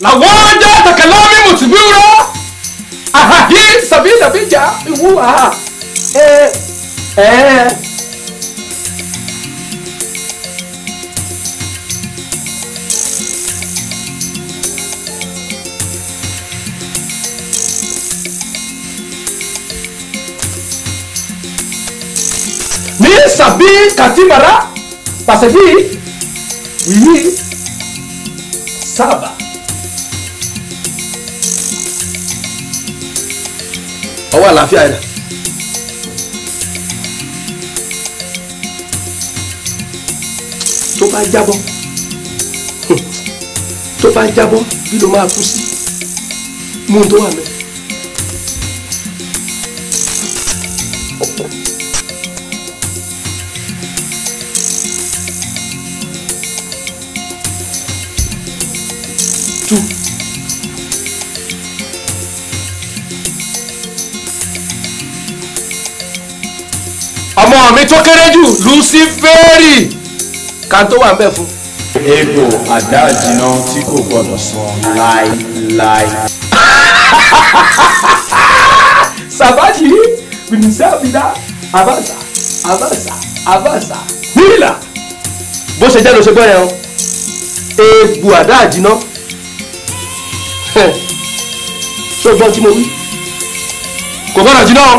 lawonja takalami mutsibiro ahahi sabina bija iwuha eh, eh. ni sabi katibara pasebi wili saba ọwọ́ àlàáfíà rẹ̀. tó bá jábọ́ tó bá jábọ́ bí ló máa kú sí mú un tó wà mẹ́. tó kéré jù luciferi kan tó wà ń bẹ̀ fún. egbò àdá jìnnà tí kò gbọdọ̀ sọ láéláé. sàbájì bìnnìṣẹ́ àbídá àbáṣà àbáṣà àbáṣà nílà bó ṣe jẹ́ ló ṣe gbọ́ yẹn o egbò àdá àjìnnà ṣó tí mo wí kò gbọ́dọ̀ jìnnà o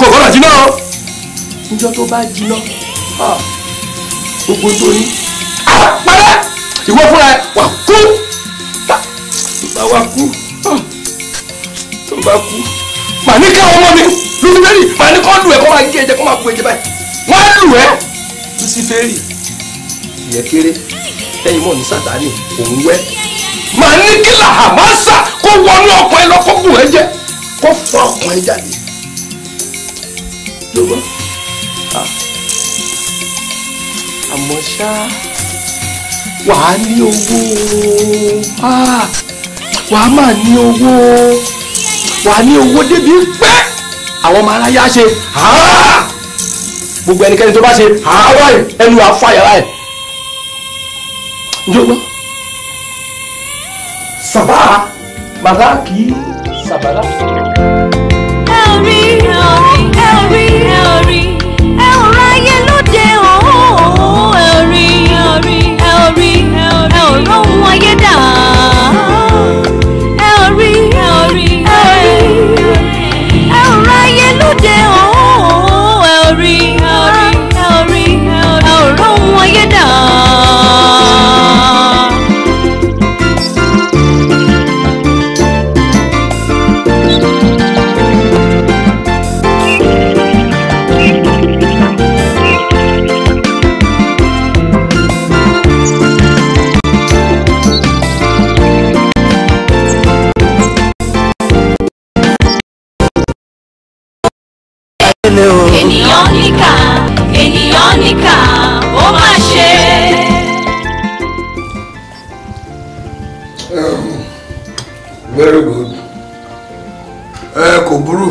kò gbọ́dọ̀ jìnnà o níjọ́ tó bá jiná gbogbo tó ní. àpẹẹrẹ ìwọ fúnra ẹ wà kú bá wà kú tó bá kú mà ní ká ọmọ mi lùfẹ́rì mà ní kọ́ lù ẹ́ kó máa gé ẹ̀jẹ̀ kó máa kú ẹ̀jẹ̀ báyìí wọ́n á lù ẹ́ lùsífẹ́rì ìyẹn kéré lẹ́yìn mọ́ ní sátani òun wẹ́ mà ní kí làhàmásà kó wọnú ọkàn ẹ lọ kó bù ẹ jẹ kó fọ ọkàn ẹ jáde. Yorùbá. àmọ́ ṣá wàá ní owó ah, wàá máa ní owó wàá ní owó débi pé àwọn ọmọ aráyá ṣe ah! gbogbo ẹnikẹ́ni tó bá ṣe àárọ̀ ah! ẹ̀ ẹnu àfàyàrá ẹ̀ ǹjẹ́ sàbá bàbá kì í sàbàlá. ẹ ò rí ẹ ò rí ẹ ò very good ẹ kò burú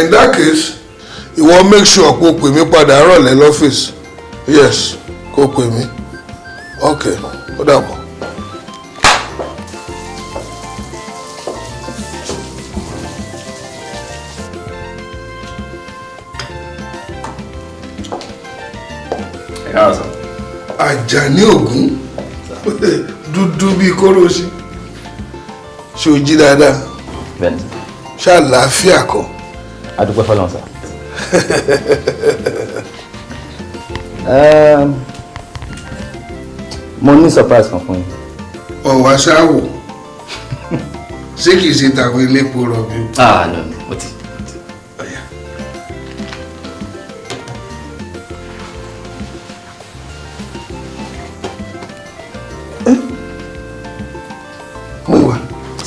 in that case you ìwọ make sure me pè the padà rọ̀lẹ́ office. yes kó pè mí ok ó dàbọ̀. Ajani Ògún dúdú bíi kóró sí ṣé o jí dáadáa bẹ́ẹ̀ni ṣé àlàáfíà kọ́. a dúpẹ́ fọlọ́n sá. Ehm, mo ní surprise kan fún yín. ọ̀wá ṣáà wò ṣé kìí ṣe tàwọn elépo rọ̀bì. ah no no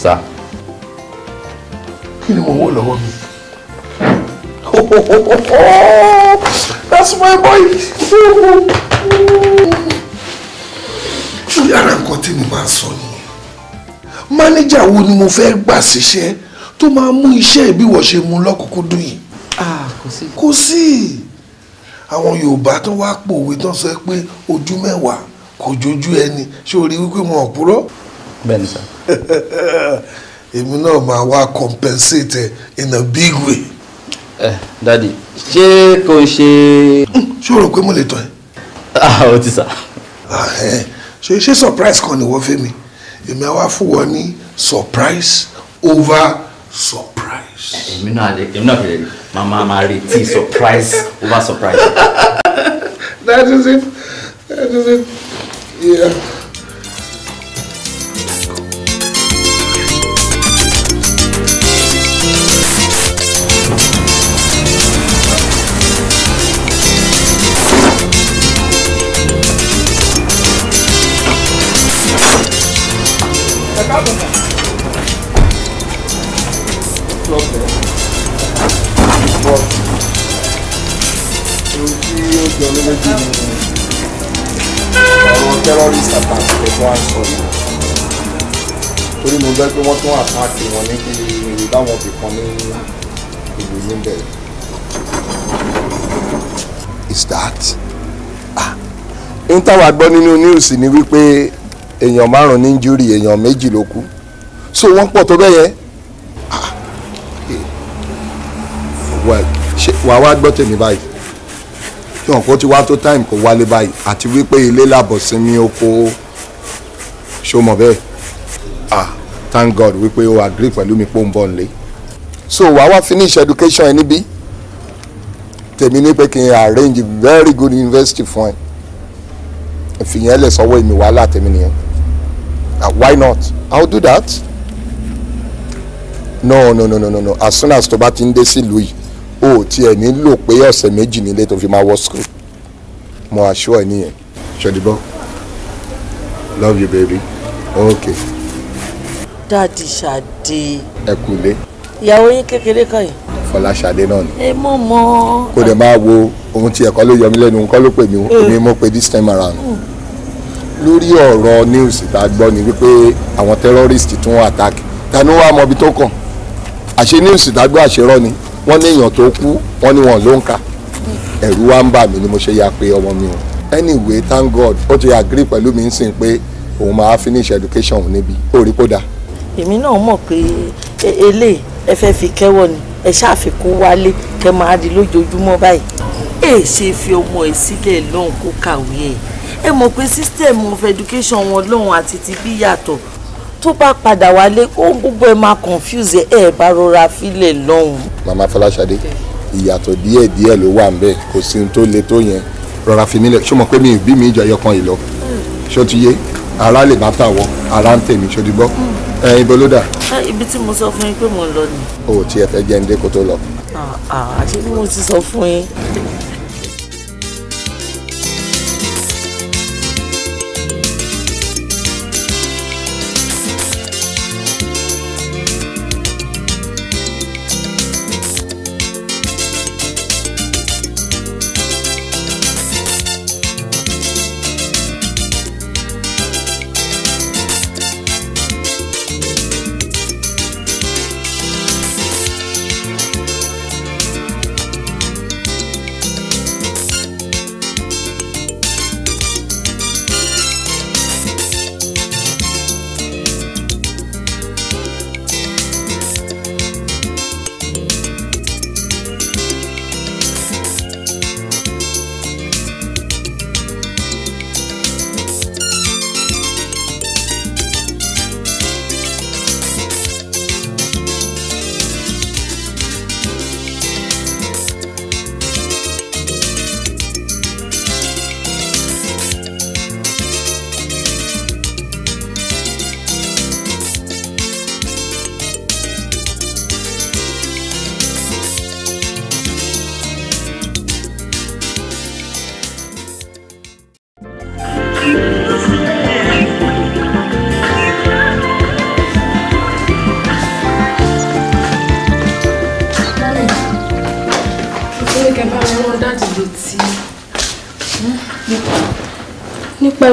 sá. kí ni mo wò lọ́wọ́ mi. that's my boy. ṣùgbọ́n ara nǹkan tí mo máa sọ nìyẹn mánéjà wo ni mo fẹ́ gbà síṣẹ́ tó máa mú iṣẹ́ ìbíwọ̀ ṣe mu lọ́kùnkúndùn yìí. kò sí àwọn Yorùbá tó wá pòwe tó sọ pé ojú mẹ́wàá kò jojú ẹni ṣé o rí wípé wọn ò purọ́ bẹ́ẹ̀ni sá. you know my wá compensated in a big way. Eh, daddy. She, kò ń ṣe. ṣé o rò Ah, mo lè tọ́ ah o She, sá. ṣe ṣe surprise kan ni wọ́n fẹ́ mi èmi àwa fún wọn surprise over surprise. èmi náà lè èmi náà fi lè rí màmá surprise over surprise. that is it that is it yeah. wá ń sọ yìí torí mo gbẹ́ pé wọ́n tún àtàkì wọn ní kí ìlú táwọn fi kan ní ìlú níbẹ̀. is that ah n táwa gbọ́ nínú news ni wípé èèyàn márùn-ún ní injury èèyàn méjì ló kú so wọ́n pọ̀ tó bẹ́ẹ̀ yẹn ah well wàá wá gbọ́ tèmi báyìí tí wọn kò ti wá tó time kò wálé báyìí àti wípé ilé làbọ̀ sinmi oko ṣé o mọ̀ bẹ́ẹ̀ ah thank god wípé o agree pẹ̀lú mi pé o ń bọ̀ nílé so wàá wá finish education ẹ níbí tèmi ní pé kí n arrange very good university fún ẹ fìyẹn lè sọwọ́ èmi wàhálà tèmi nìyẹn why not I'll do that no no no no no no as soon as to bá ti ń dé sílùú yìí o ò tiẹ̀ nílò pé ọ̀sẹ̀ méjì nílé tó fi máa wọ school mo assure ẹ nìyẹn ṣọdibọ love you baby ok. dáàdì ṣàdé. ẹ kú ilé. ìyàwó yín kékeré kan yìí. fọláṣadé náà ni. ẹ mọ̀ mọ́. kó dẹ̀ máa wo ohun tí ẹ̀kọ́ ló yọ mí lẹ́nu nǹkan ló pè mí mm. èmi mo pè this time around. Mm. lórí ọ̀rọ̀ news tá gbọ́ ni wípé àwọn terrorist tún attack ta ni wàá mọ ibi tó kàn àṣẹ news tá gbọ́ àṣẹrọ́ ni wọ́n ní èèyàn tó kú wọ́n ní wọn ló ń kà ẹ̀rù wa ń bà mí ni mo ṣe ya pé ọmọ mi o anyway thank god ó ti agree pẹ̀lú mi ń sìn pé òun máa finish education òun níbi ó rí kó dáa. èmi náà mọ̀ pé e, eléyìí ẹ fẹ́ fi kẹ́wọ́ ni ẹ ṣàfikún wálé kẹ́ máa di lójoojúmọ́ báyìí. ẹ ṣe fi ọmọ ẹ sílẹ̀ lọ́hùn kó kàwé ẹ̀ ẹ mọ̀ pé system of education wọn lọ́hùn àti ti bí yàtọ̀ tó bá padà wálé ó gbogbo ẹ máa confuse ẹ ẹ bá rọra filẹ̀ lọ́hùn. màmá fọláṣadé ìyàtọ̀ díẹ̀ díẹ̀ ló wà nbẹ̀ kò sí ohun tó le tó yẹn rọra fi mí lẹ̀ ṣó mọ̀ pé mi ì bí mi ìjọ ayọ̀kan yìí lọ hmm. ṣó ara lè bá tà wọ ara ń tèmi ṣòdìgbọ́ mm. ẹyin bolódà. ibi tí mo sọ fún yín pé mo ń lọ ni. o ò tiẹ̀ fẹ́ jẹ́ ndé kó tó lọ. Ah, ah, àṣé mo ti sọ fún yín.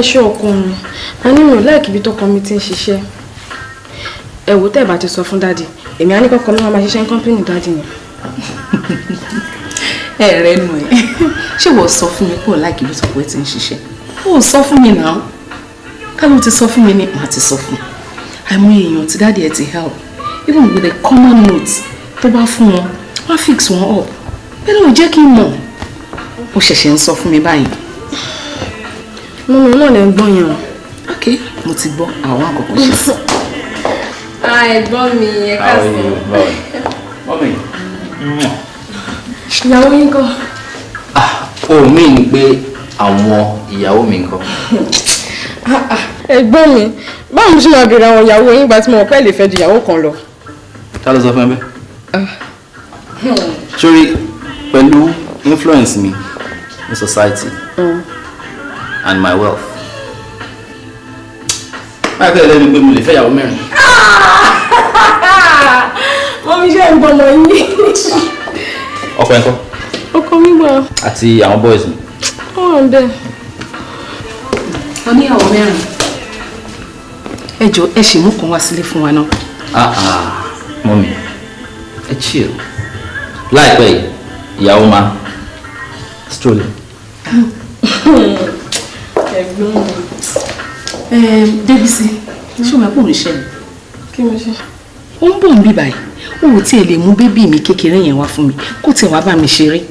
ṣe ọkàn mi a ní mi ò láìkí ibi tọkàn mi ti ń ṣiṣẹ́ ẹ wò tẹ́ ẹ bá ti sọ fún dáàdì èmi á ní kọ́kọ́ mi máa máa ṣiṣẹ́ ní kọ́mpínì dáàdì yẹn. ẹ rẹ nù ẹ ṣé wọ́n sọ fún mi pé ò láìkí ibi tọkàn ẹ ti ń ṣiṣẹ́ ó sọ fún mi náà kálù ti sọ fún mi ní màá ti sọ fún àìmọ̀ èèyàn tí dáàdì ẹ ti help even with a common note tó bá fún wọn wọ́n fix wọn up bẹ́ẹ̀ ló jẹ́ kí n mọ̀ ó ṣẹ̀ṣẹ̀ ń sọ fún mi báyìí mo mọ náà lè gbọ́n yẹn o. ok mo ti gbọ́ àwọn àkọ́kọ́ ṣe. ẹ̀gbọ́n mi ẹ káàsán. ìyàwó yín kọ́. Ah, o mi ni pé àwọn ìyàwó mi kọ́. Ah, ah, ẹ̀gbọ́n mi báwo mo ṣe máa bèrè àwọn ìyàwó yín gba tí mo mọ̀ pé lè fẹ́ ju ìyàwó kan lọ. ta ló sọ fún ẹ bẹ́ẹ̀. sórí pẹ̀lú influence mi ní society. Mm and my wealth. Máa tẹ̀lé mi pé mo lè fẹ́ ìyàwó mẹ́rin. Wọ́n mi ṣe ń bọ̀mọ̀ yín. Ọkọ ẹ̀ ń Ọkọ mi gbà. Àti àwọn boys mi. Ó wà ń bẹ̀. Mo ní ìyàwó mẹ́rin. Ẹ jọ ẹ ṣì mú kan wá sílé fún wa náà. Ah ah, mọ́mi, ẹ chill. Láìpẹ́ yìí, ìyàwó máa strolling. débísí ṣé o máa pò ń ṣe ni. kí mo ṣe. ó ń bọ̀ ń bí báyìí o ò tiẹ̀ lè mú bébì mi kékeré yẹn wá fún mi kó tiẹ̀ wá bá mi ṣeré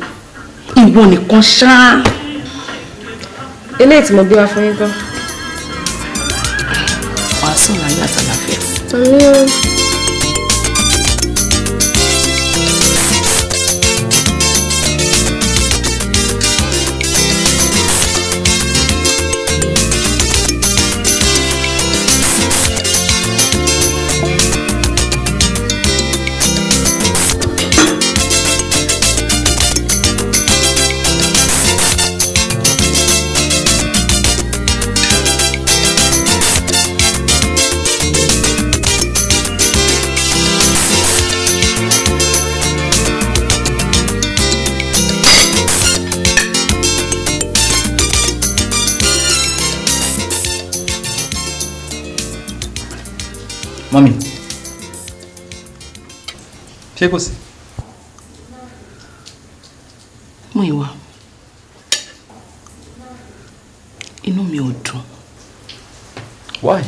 ìwọ nìkan ṣáá. eléyìí tí mo gbé wá fún yín gan. wàásù láyé àtàlàfẹ́. àmì ò. mọ́mì ṣé kò sí. mú ìwà inú mi ò dùn. why.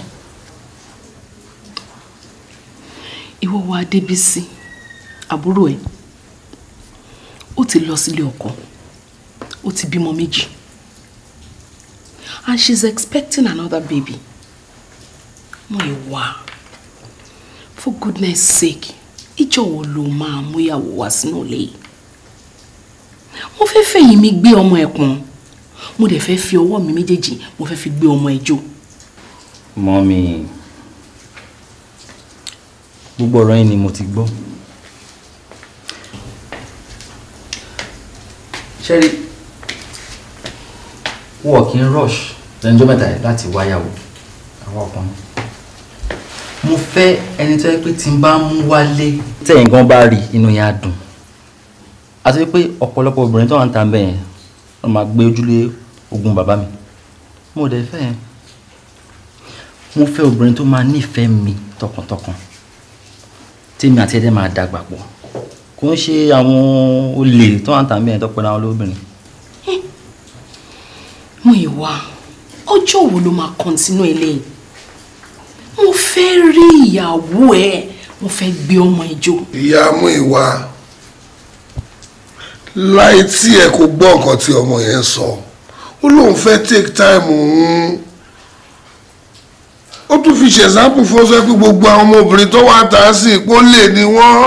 Iwo wa DBC, aburu e. ó ti lọ sílé ọkọ ó ti bímọ méjì and she's expecting another baby. Mú ìwà for goodness sake ìjọ wo ló máa múyàwó wá sínú ilé yìí mo fẹ́ fẹ̀yìn mi gbé ọmọ ẹ̀ pọ̀n mo dẹ̀ fẹ́ fi ọwọ́ mi méjèèjì mo fẹ́ fi gbé ọmọ ẹ̀ jó. mọ́mí gbogbo ọ̀rọ̀ yín ni mo ti gbọ́. ṣẹ́rí wọ́ọ̀kì rush lẹ́nu ọjọ́ mẹ́ta láti wáyàwó àwọn ọkùnrin mo fẹ́ ẹni tó yẹ pé tí n bá mú wálé. tẹ̀yìn gan bá rí inú yẹn á dùn àti pé ọ̀pọ̀lọpọ̀ obìnrin tó wà ń ta bẹ́ẹ̀ yẹn wọ́n máa gbé ojúlé ogun bàbá mi mo dẹ̀ fẹ́ yẹn mo fẹ́ obìnrin tó máa nífẹ̀ẹ́ mi tọkàntọkàn tèmi àti ẹ̀dẹ̀ máa dàgbà pọ̀ kò ń ṣe àwọn olè tó wà ń ta bẹ́ẹ̀ yẹn tó pẹ̀lú olóbìnrin. mo ìwà ọjọ́ wo ló máa kàn sínú eléyìí mo fẹ́ rí ìyàwó ẹ mo fẹ́ gbé ọmọ ìjó. ìyá mú ìwà láì tí ẹ kò gbọ́ nǹkan tí ọmọ yẹn sọ ó lóun fẹ́ take time òun ó tún fi ṣẹ̀sáàpù fọ́sọ́ pé gbogbo àwọn ọmọbìnrin tó wà tà sí ipò lè ní wọ́n.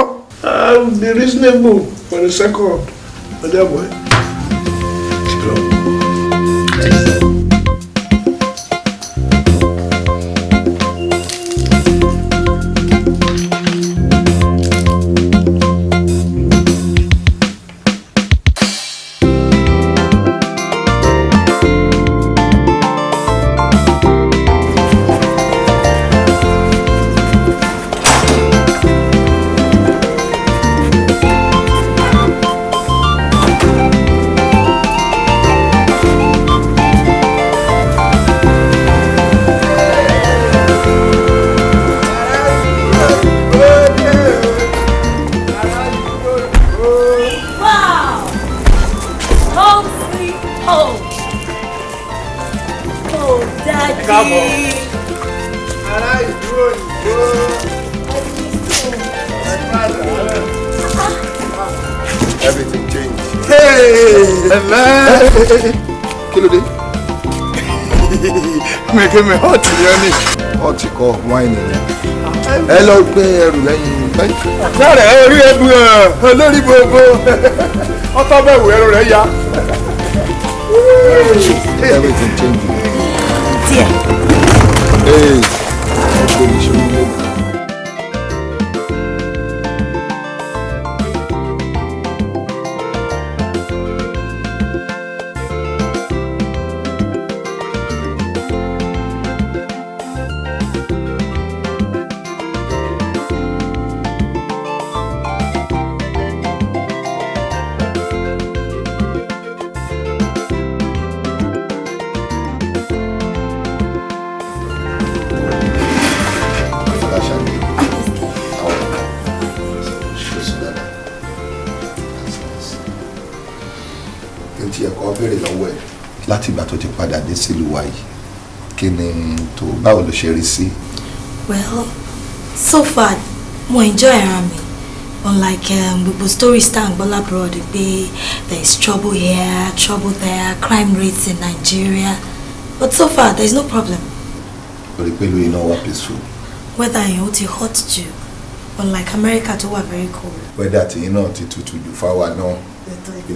I'll be reasonable for a second ọjọ́ bọ̀ ẹ́. bionic ọtí kọ wáìnì ẹ lọ gbé ẹrù lẹ́yìn báyìí. sáré orí ẹbu olórí gbogbo ọtọ bẹ̀wò ẹrù rẹ̀ ya. everything change. tiẹ̀. sílùú wa kí ni tó báwo ló ṣe rí sí. well so far mo enjoy ara mi unlike um, gbogbo um, stories tá à ń gbọ́ labroad pé there is trouble here trouble there crime rates in Nigeria but so far there is no problem. orí pẹ̀lú iná wa peaceful. weather yẹn ó ti hot jù unlike America tó wà very cold. weather tìyín náà ti tutù jù fáwa náà. No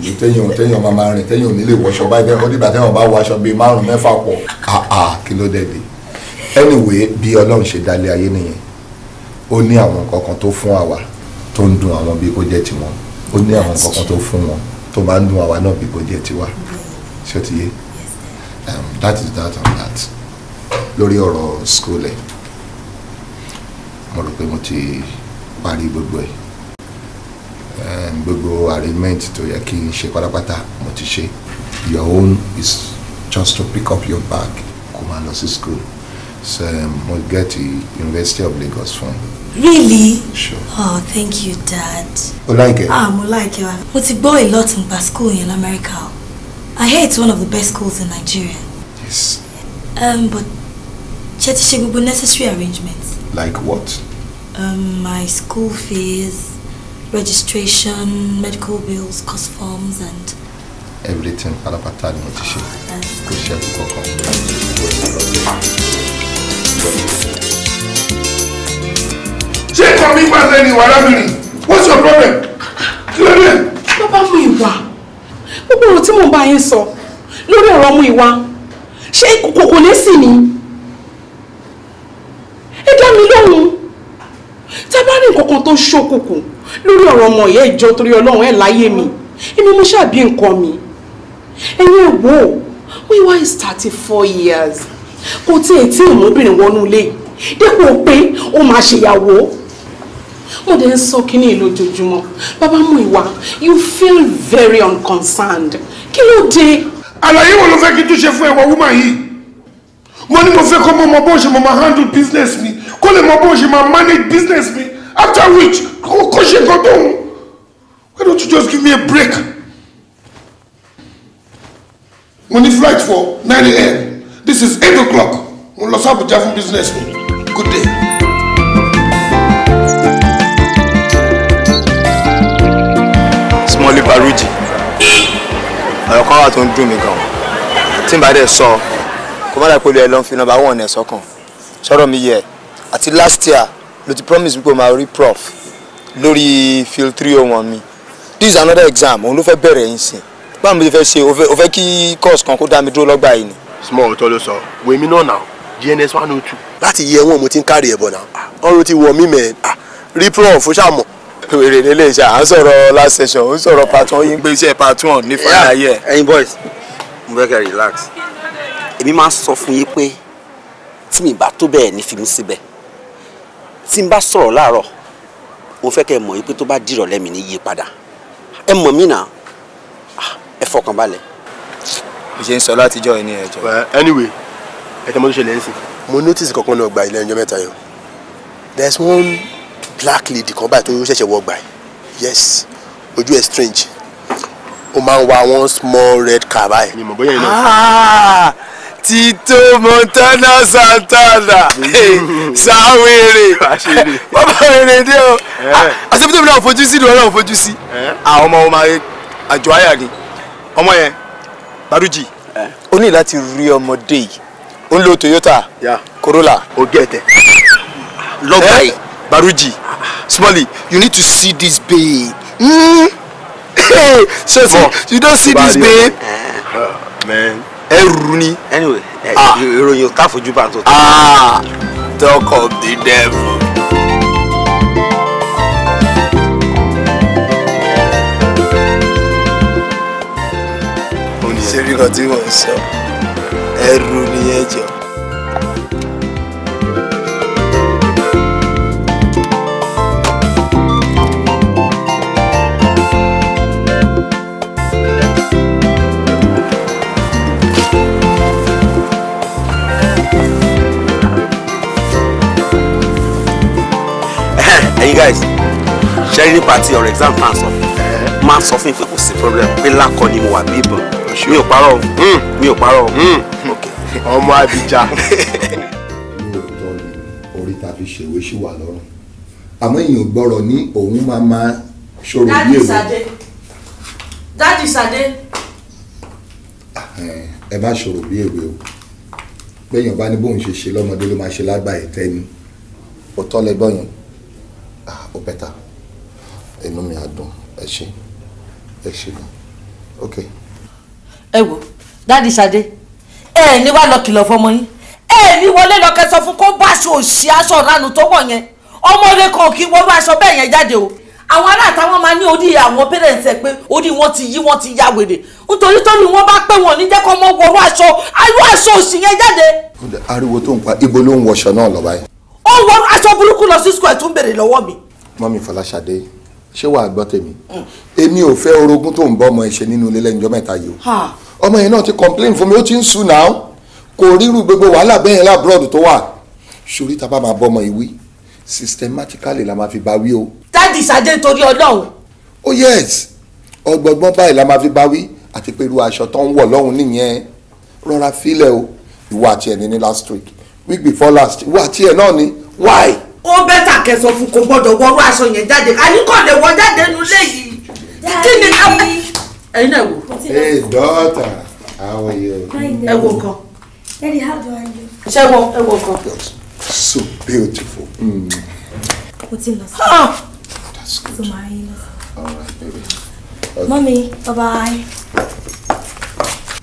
ìlú téèyàn téèyàn máa máa rìn téèyàn ò ní wọṣọ báyìí ó dìgbà téèyàn bá wọṣọ bíi márùn mẹ́fà pọ̀ àà kí ló dé dé anyway bí ọlọ́run ṣe dalẹ̀ ayé nìyẹn ó ní àwọn nǹkan kan tó fún àwa tó ń dùn àwọn bíi kó jẹ́ tiwọn ó ní àwọn nǹkan kan tó fún wọn tó máa ń dùn àwa náà bíi kó jẹ́ tiwa ṣé o ti yé um, that is that and that lórí ọ̀rọ̀ school ẹ̀ mo rò pé mo ti parí gbogbo ẹ̀ arrangement to yẹ kí n ṣe pátápátá mo ti ṣe your own is just to pick up your bag kó máa lọ sí school so um, mo um, get the University of Lagos fún. really sure. oh thank you dad. o like it. ah mo like it mo ti gbọ́ a lot nípa school yẹn lamẹ́ríkà o I hear it's one of the best schools in Nigeria. yes. Um, but ṣé ti ṣe gbogbo necessary arrangements. like what. Um, my school fees registration, medical bills, cost forms, and everything. Parapata ni mo ti ṣe. check ṣe àkókò kan. Ṣé ìtàn mi gbà sẹ́ni ìwà What's your problem? Kí ló dé? Bàbá mú ìwà. Gbogbo ọ̀rọ̀ tí mò ń bá yín sọ lórí ọ̀rọ̀ mú ìwà. Ṣé kòkò ní ni? kankan tó ṣókùnkùn lórí ọ̀rọ̀ ọmọ ìyá ìjọ torí ọlọ́run ẹ̀ láyé mi èmi mo ṣàbí nǹkan mi ẹ̀yin ẹ̀wò wíwá is thirty four years kò tí ì tí ì mọ́bìnrin wọnú ilé dípò pé ó máa ṣèyàwó mo dẹ̀ ń sọ kínní lójoojúmọ́ bàbá mú ìwà you feel very unconcerned kí ló dé. àlàyé wo ló fẹ́ kí n tún fún ẹ̀wọ̀ woman yìí mo ní mo fẹ́ kọ́ mọ́ mọ́ bó ṣe mọ́ máa handle business mi kó lè mọ́ bó ṣe máa manage business mi after which kò ṣe nǹkan tó ń why don't you just give me a break mo ní flight for nine a.m. this is 8 o'clock mo lọ sí Abuja fún business good day. Mọ́lí Baruji ọ̀rọ̀ kan wà tó ń dùn mí gan tí n bá dẹ̀ sọ kó má dàpọ̀ lóye ló ń fi nọ́mbà Show me here. sọ̀rọ̀ mi last year ló ti promise wípé o máa rí prof lórí field three oh one mi this is another exam òun ló fẹ́ bẹ̀rẹ̀ yín sìn báwo ni mo ti fẹ́ ṣe o fẹ́ kí course kan kó dá mi dúró lọ́gbà yìí ni. small ọ̀tọ̀ ló sọ wo èmi náà náà gns one oh two. láti yẹ wọn mo ti ń kárí ẹ̀bọ̀n náà ọ̀run ti wọ̀ mí mẹ́ rí prof ṣàmọ̀ wèrè nílé iṣẹ́ à ń sọ̀rọ̀ last session ó ń sọ̀rọ̀ part one yín gbé part one ní final year. ẹ̀yin boys mo fẹ́ kẹ́ relax èmi máa ń sọ fún yín pé tí mi bá tó bẹ́ẹ̀ ní fi mí síbẹ̀ tí n bá sọ̀rọ̀ láàárọ̀ mo fẹ́ kẹ́ ẹ mọ̀ yìí pé tó bá dìrọ̀ lẹ́mìí ní yí padà ẹ mọ̀ mí nà ah, ẹ fọkàn balẹ̀. mo ṣe ń sọ látijọ́ yìí ní ẹjọ́. anyway ẹ̀tọ́ mo tún ṣẹlẹ̀ ń sìn mo notice kankan náà gbà ilé ẹjọ́ mẹ́ta yọ there is one black lady kan báyìí tó ṣẹ̀ṣẹ̀ wọ gbà yes ojú ẹ̀ strange O máa ń wa one small red car báyìí. mi mọ̀ bóyá iná. Ah! Tito Montana Santana sáwéré bàbá wèrè dé o eh. ah, àṣepítọ́ mi náà fojú sí ìdúró náà fojú sí eh. àwọn ọmọ ọmọ àjọ àyà ni ọmọ yẹn Bàrújì eh. ó ní láti rí ọmọdé yìí ó ń lo Toyota Corolla ogete lọgbà yìí Bàrújì Smally you need to see this babe mm. so see, you don see this babe. Uh, man ẹrù ni. anyway ah. ìròyìn ò tá bá tó. Ah. talk of the devil. ṣe rí kan tí wọ́n sọ ẹrù ni ẹjọ́. ẹ̀yin guys ṣẹ́rí ní pàtí ọ̀rọ̀ exam máa sọ máa sọ fún mi pé kò sí problem pé lákọ ni mo wà bí ìbọn mi ò parọ́ hmm. mi ò parọ́ hmm. ọmọ Abija. lóòótọ́ ni orí ta fi ṣèwé sí wà lọ́rùn àmọ́ èèyàn gbọ́rọ̀ ní òun máa máa ṣòro bí èèwọ̀. dájú Sade dájú Sade. ẹ má ṣòro bí èèwọ̀ o péèyàn bá ní bóun ṣe ṣe lọ́mọdé ló máa ṣe lágbàá ẹ̀tẹ́ ni òótọ́ lẹ́gbọ́n yẹn ó bẹ́tà inú mi á dùn ẹ ṣe ẹ ṣe gan ok. ẹ wo dáàdi ṣadé ẹ ẹ ní wàá lọ kìlọ̀ fọmọ yín ẹ ẹ ní wọlé lọ kẹsàn fún kó bá aṣọ òṣì aṣọ ránù tó wọ̀ yẹn ọmọdé kan kì í wọlé aṣọ bẹ́ẹ̀ yẹn o àwọn aláàtà wọn máa ní orí àwọn parents ẹ pé orí wọn ti yí wọn ti ya wèrè nítorí tó ni wọn bá pé wọn ní jẹ́ kó mọ wọrú aṣọ àìrú aṣọ òsì yẹn jáde. ariwo tó ń pa ibo ló ń wọṣọ náà lọ báyìí. ó wọ aṣọ burúkú lọ sí school ẹ̀ tún béèrè lọ́wọ́ mi mọ́mí fọláṣadé ṣé wàá gbọ́ tèmi èmi ò fẹ́ orogún tó ń bọ́ ọmọ ìṣe nínú ilé lẹ́yìn ọjọ́ mẹ́ta yìí o ọmọ yẹn náà ti complain fún mi ó ti ń sùn náà kò ríru gbogbo wàhálà bẹ́ẹ̀ lábúrọ̀d tó wà sórí ta bá máa bọ́ ọmọ ìwí systematically la máa fi bá wí o. dáàdì ìsàdé nítorí ọlọ́run. oh yes ọgbọgbọn báyìí la máa fi bá wí àti pé irú aṣọ tó ń wọ̀ lọ́hùn nìyẹn rọra fílẹ̀ o ìwọ àti ẹ̀ ní ní last week week before last ìwọ àti ẹ̀ náà ni why ó bẹ́tà kẹsàn fún kò gbọ́dọ̀ wọrú aṣọ yẹn jáde àníkọ̀lẹ̀ wọ jáde nu léyìí kí ni ká ẹyin náà wò. hey daughter how are you. ẹ wo nǹkan. daddy how do I do. ṣé wọn ẹ wo nǹkan. so beautiful. Hmm. mo ti lọ sí. Ah! that's good. so máa yín lọ sí. all baby. Okay. mọ́mi bye bye.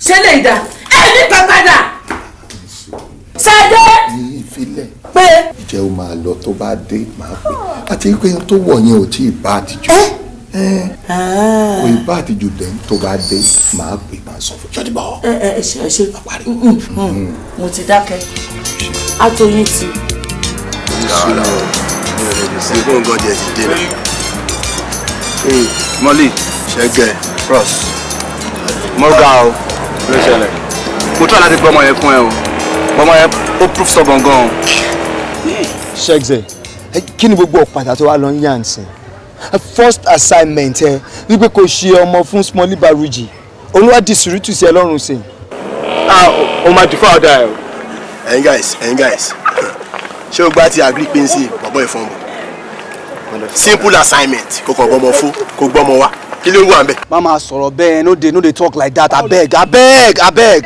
ṣé lè dà ẹ ní bàbá dà ṣáde. ní ìfilẹ̀ pé. ìjẹ́ o máa lọ tó bá dé máa pè àti pé tó wọ̀ yẹn ò tí ì bá àtijọ́ ah. kò ì bá àtijọ́ dẹ̀ tó bá dé máa pè máa sọ fún ṣọ́ọ́dì bọ́. ẹ ẹ ṣe ẹ ṣe àparí. Mm, mm, mm. mm-hmm. mo ti dákẹ́ atoyin ti. rárá o ṣe kó nǹkan jẹ ti dé náà. mọ́lì ṣẹ́gẹ̀ cross mọ́gà o ló ṣẹlẹ̀ mo tọ́ láti gbọ́ ọmọ yẹn fún ẹ o mama yẹn proof sọ gangan. ṣẹ́gzẹ̀ kí ni gbogbo ọ̀pàtà tó wà lọ ń first assignment ẹ wípé kò ṣe ọmọ fún small baruji olúwa dìsírìtù sí ẹ lọ́rùn sí. o máa dìfọ́ ọ̀dà o. ẹ̀yin guys ẹ̀yin guys ṣé o gbá ti agree pé n sí bọ̀bọ̀ ìfọ̀n simple assignment kò kàn gbọ́mọ fún kò gbọ́mọ wá kí ló wà ń bẹ̀. má máa sọ̀rọ̀ bẹ́ẹ̀ no dey no dey talk like that abeg abeg abeg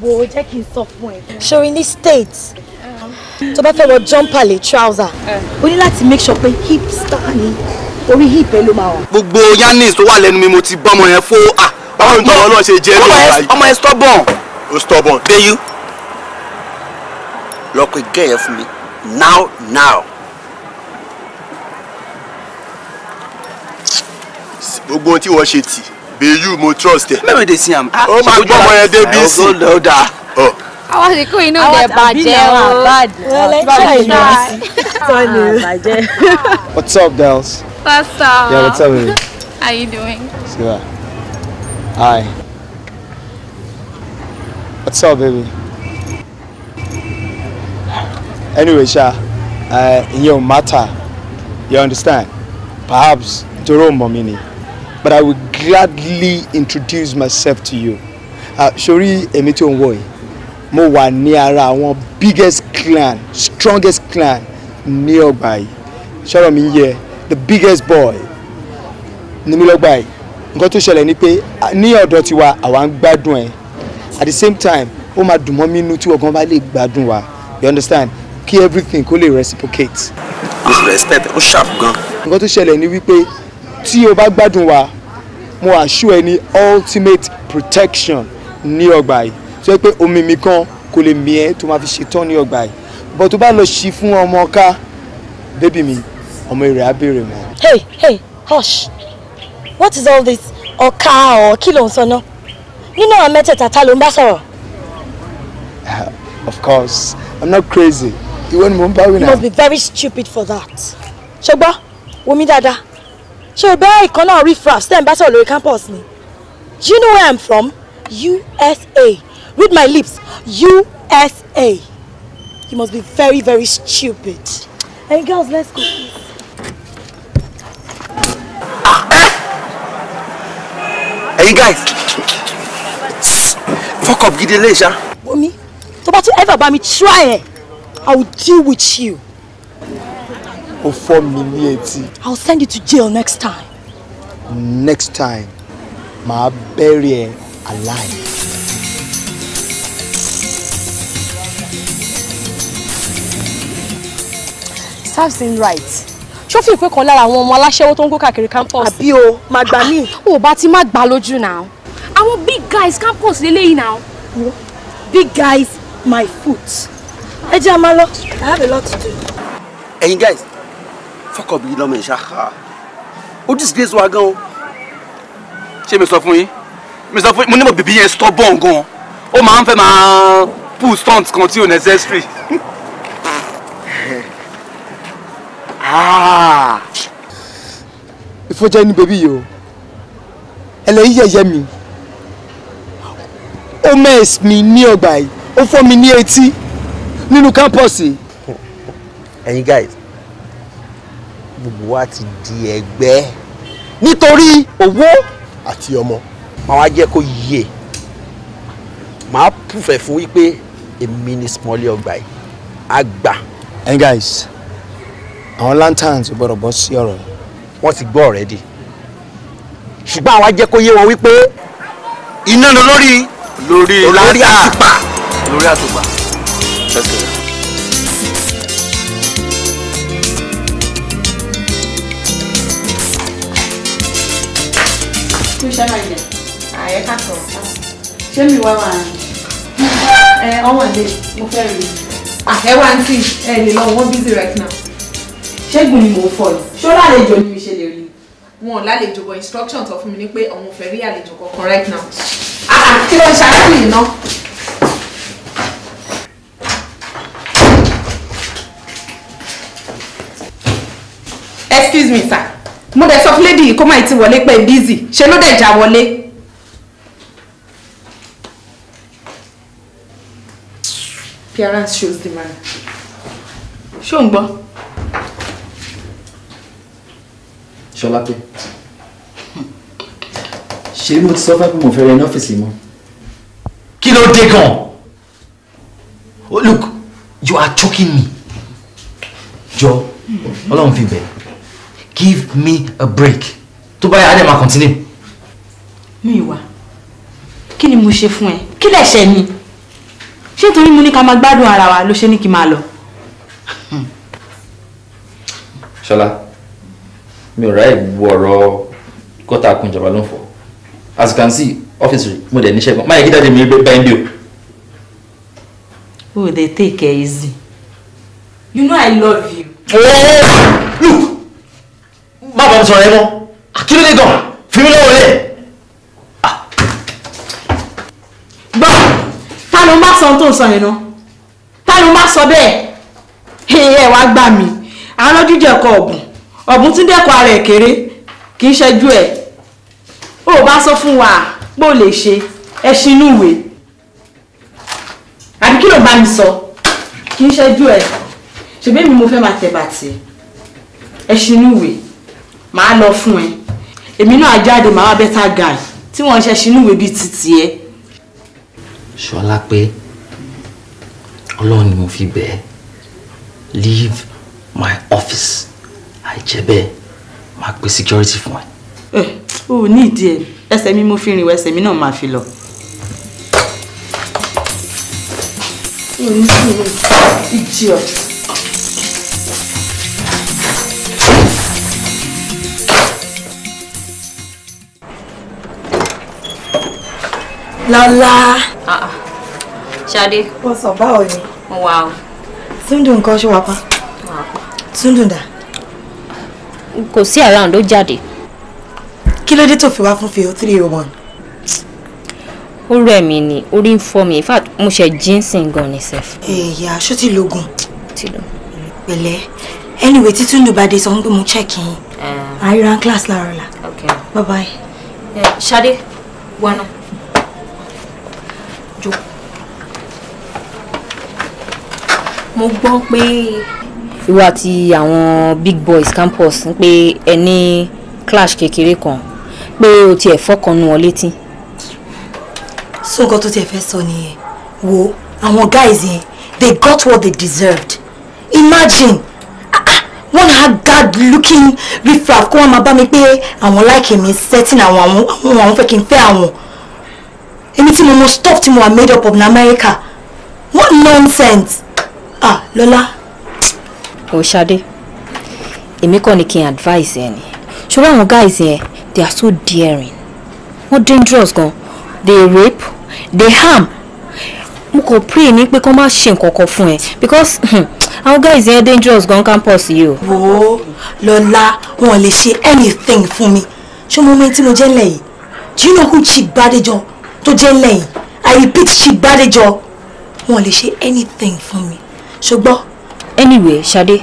wo jẹ́ kí n sọ fún ẹ. ṣorí ní state um. tó bá fẹ́ wọ jumper lè trouser eh. o ní láti make sure pé hip star ni orí hip ẹ ló máa wà. gbogbo yannis tó wà lẹ́nu mi mo ti bọ́mọ yẹn fó à ah, báwo ni tọ́wọ́ náà ṣe jẹ́ ní ìgbà yìí. ọmọ ẹ stubborn. o stubborn dey you. lọ pe gẹ́yẹ fún mi now now. gbogbo ohun tí wọ́n ṣe tì. be you mo trust ẹ. mẹ́rin de Oh my God! maa gbo omo yen de bi Oh ogo lo da awon asiko yii naa de baje o. what's up girls. pastor. yeah what's up baby. how you doing. siva hi. what's up baby. anyway sha uh, it do matter you understand perhaps joro mọ but I will gladly introduce myself to you. Uh, sori èmi tí mo wà ní ara àwọn biggest clan strongest clan ní ọgbà yìí sọ̀rọ̀ mi yẹ the biggest boy ní mi lọ́gbà yìí nǹkan tó ṣẹlẹ̀ ni pé ní ọ̀dọ̀ tiwa àwa ń gbádùn ẹ̀ at the same time ó máa dùn mọ́ mi inú tí ọ̀gán bá lè gbádùn wa you understand kí everything kó lè reciprocate. mo respect ó ṣàfù gan. nǹkan tó ṣẹlẹ̀ ni wípé tí o bá gbádùn wa mo assure ẹ ní ultimate protection ní ọgbà yìí tó yẹ pé omi mi kan kò lè mí ẹ tó máa fi ṣetán ní ọgbà yìí but tó bá lọ ṣí fún ọmọ ká bébì mi ọmọ rẹ̀ á béèrè mọ́. hey hey hush what is all this ọ̀ka ọ̀ kí ló ń sọ náà nínú àwọn mẹ́tẹ̀ẹ̀ta ta ló ń bá sọ̀rọ̀. Uh, of course i'm not crazy ìwọ ni mo ń bá wí náà. you must be very stupid for that ṣùgbọ́n wo mi dáadáa ṣé o bẹ́ẹ̀ ìkan náà rí fraps tẹ́ ń bá sọ̀rọ̀ lórí campus ni do you know where i'm from usa read my lips usa you must be very very stupid hey girls let's go please. ẹ̀yin guys Fuck up, lè ṣá. omi tó bá tún ever bá mi try ẹ̀ i will deal with you ó fọ́ mi ní etí. I will send you to jail next time. Next time màá bury ẹ alive. serves him right ṣófin ìpín kan lára àwọn ọmọ aláṣẹwó tó ń kó káàkiri campus. àbí o máa gbà mí. o ah, bá ti má gbà lójú náà. àwọn big guys campus lélẹ́yìn náà. big guys my foot. ẹ jẹ́ a I have a lot to do. ẹ̀yin hey guys fọkọ̀bù yìí lọ́mọ ìṣá ó disgrace wa gan o. ṣé mi sọ fún yín mi sọ fún yín mo ní mo bèbí yẹn stubborn gan ó máa ń fẹ́ máa pull stunt kan tí ò necessary. Ah! ìfọ̀jẹ̀ ni bèbí yìí o ẹlẹ́yìí yẹ̀yẹ́ mi ó mẹ́ẹ̀sì mi ní ọgbà yìí ó fọ́ mi ní etí nínú kámpọ̀sì. ẹ̀yin guys gbogbo wa ti di ẹgbẹ́ nítorí owó àti ọmọ màá wá jẹ́ kó yé màá pùfẹ̀ fún wípé èmi ni small ọgbà yìí àgbà. ẹ guys àwọn lanterns gbọ́dọ̀ bọ́ sí ọ̀rọ̀ yìí. wọ́n ti gbọ́ already ṣùgbọ́n àwa jẹ́ kó yé wọn wípé iná lọ lórí lórí lórí àtùpà lórí àtùpà. ẹ káàtó ṣé mi wá wàá ẹ ọmọ ìdè mo fẹ́ rí ẹ wá ní tí ẹ lè busy right now ṣẹ́gun ni mo fọ ọ ṣọ́lá àlejò ni mi ṣe lè rí. wọn ò lálejò bọ instruction tó fún mi ni pé àwọn ò fẹ́ rí àlejò kankan right now. kí ló ń ṣàkóyè náà. excuse me sir mo dẹ̀ sọ fún lady yìí kó má ti wọlé pé busy ṣe ló dẹ̀ já wọlé. Appearance shows the man. Ṣé ò ń mo ti sọ fẹ́ pé mo fẹ́ rẹ ní ọ́fíìsì mọ́? Kí ló dé gan? Oh, look, you are choking me. Jọ, Ọlọ́run fi bẹ̀. Give me a break. Tó bá yà á dẹ̀ máa continue. Mi wá, kí ni mo ṣe fún ẹ? Kí lẹ̀ṣẹ̀ ni? ṣé torí mo ní ká máa gbádùn ara wa ló ṣe ní kí n máa lọ. ṣọlá mi ò ráyè bu ọ̀rọ̀ gọ́tà kun ló ń fọ as you can see ọ́fíìsì mo dẹ̀ níṣẹ́ gan máyì kí dáadé mi bá ń bí o. o dey take it easy you know i love you. ooo oh, look má bàa mi sọ̀rọ̀ ẹ mọ́ àkílódé gan fi mí lọ́wọ́ lẹ́ẹ̀. ń sọ yẹn náà táyọ̀ má sọ bẹ́ẹ̀ ẹ wá gbà mí àná jíjẹ kọ ọ̀bùn ọ̀bùn tí dẹ́kọ̀ ara ẹ̀ kéré kì í ṣẹ́jú ẹ̀ ó bá sọ fún wa pé ó lè ṣe ẹ ṣinú ìwé àbí kí ló bá mi sọ kì í ṣẹ́jú ẹ̀ ṣèbí mi mo fẹ́ máa tẹ̀ bàtì ẹ ṣinú ìwé màá lọ fún ẹ èmi náà jáde màá wá bẹ́tà guy tí wọ́n ń ṣe ṣinú ìwé bíi títì ẹ. ṣọlá pé ọlọ́run ni mo fi bẹ̀ leave my office àìjẹ́ bẹ́ẹ̀ máa pe security fún ẹ. ẹ eh, ò ní ìdí ẹ ẹsẹ̀ mi mo fi rìn wọ ẹsẹ̀ mi náà máa fi lọ. idiot. Lọ́lá. Ah, ah. Ṣadé. What's up, báwo ni? Wow, wà o. túndùn nǹkan ṣe wà pa túndùn dà. kò sí around ó jáde. kí ló dé fi wá fún fi o three oh one. ó rẹ̀ mí ni orí ń fọ́ mi in fact mo ṣe jíǹsìn gan ni sef. èèyàn aṣọ ti lo ti lo. pẹ̀lẹ́ anyway tí túndùn bá dé sọ ń pé mo check in. Eh. àríran class lára la. okay. bye bye. Eh, ṣadé wọnà jókòó. mo gbọ́ pé. ìwà ti àwọn big boys campus ń pé ẹ clash kékeré kan pé o tiẹ̀ fọ́kànnú wọn létí. so nǹkan tó tiẹ̀ fẹ́ sọ nìyẹn wo àwọn guys yẹn they got what they deserved imagine wọ́n náà gad looking riffraff kó wọ́n máa bá mi pé àwọn láìkè mi setting àwọn àwọn àwọn fẹ́ kí n fẹ́ àwọn èmi tí mo mo stop tí mo wà made up of in America what nonsense ah lọ́lá. ò ṣadé èmi kọ́ ni kí n advise ẹ ni ṣùgbọ́n àwọn guys yẹn they are so daring wọ́n dangerous gan they rape they harm mo kò pray ní pé kó má ṣe nǹkan fún ẹ because hmm, àwọn guys yẹn dangerous gan campus yìí o. wo lọ́lá wọn lè ṣe anything fún mi ṣé mo mẹ́tí mo jẹ́ lẹ́yìn do you know who Chief Bádéjọ tó jẹ́ lẹ́yìn i repeat Chief Bádéjọ wọn lè ṣe anything fún mi ṣùgbọ́n. anyway Ṣadé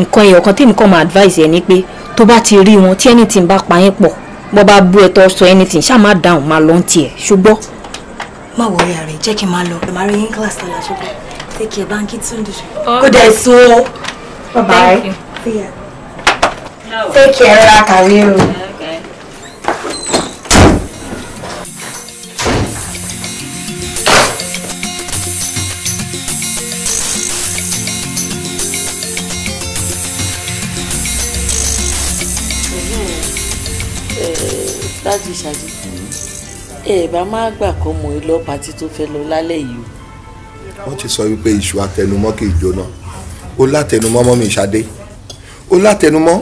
nǹkan ẹ̀yọ̀ kan tèmi kàn máa advise ẹ ni pé tó bá ti rí wọn tí anything bá pa yín pọ̀ bó bá bú ẹ sọ anything ṣáà má dáhùn má lọ ń tiẹ̀ ṣùgbọ́n. má wọrí ààrẹ jẹ́ kí n máa lọ ẹ̀ rí yín class lọ́la ṣùgbọ́n take care báńkì tún dùn. kó dẹ̀ sun o. bye bye. See ya. Take care, Rakariro. Okay. dájú ṣáájú ẹ bá má gbà kọ́ mọ̀ ẹ lọ pàtí tó fẹ́ lọ lálẹ́ yìí o. wọ́n ti sọ wípé iṣu atẹnumọ́ kì í jóná ó látẹnumọ́ mọ́ mi ṣadé ó látẹnumọ́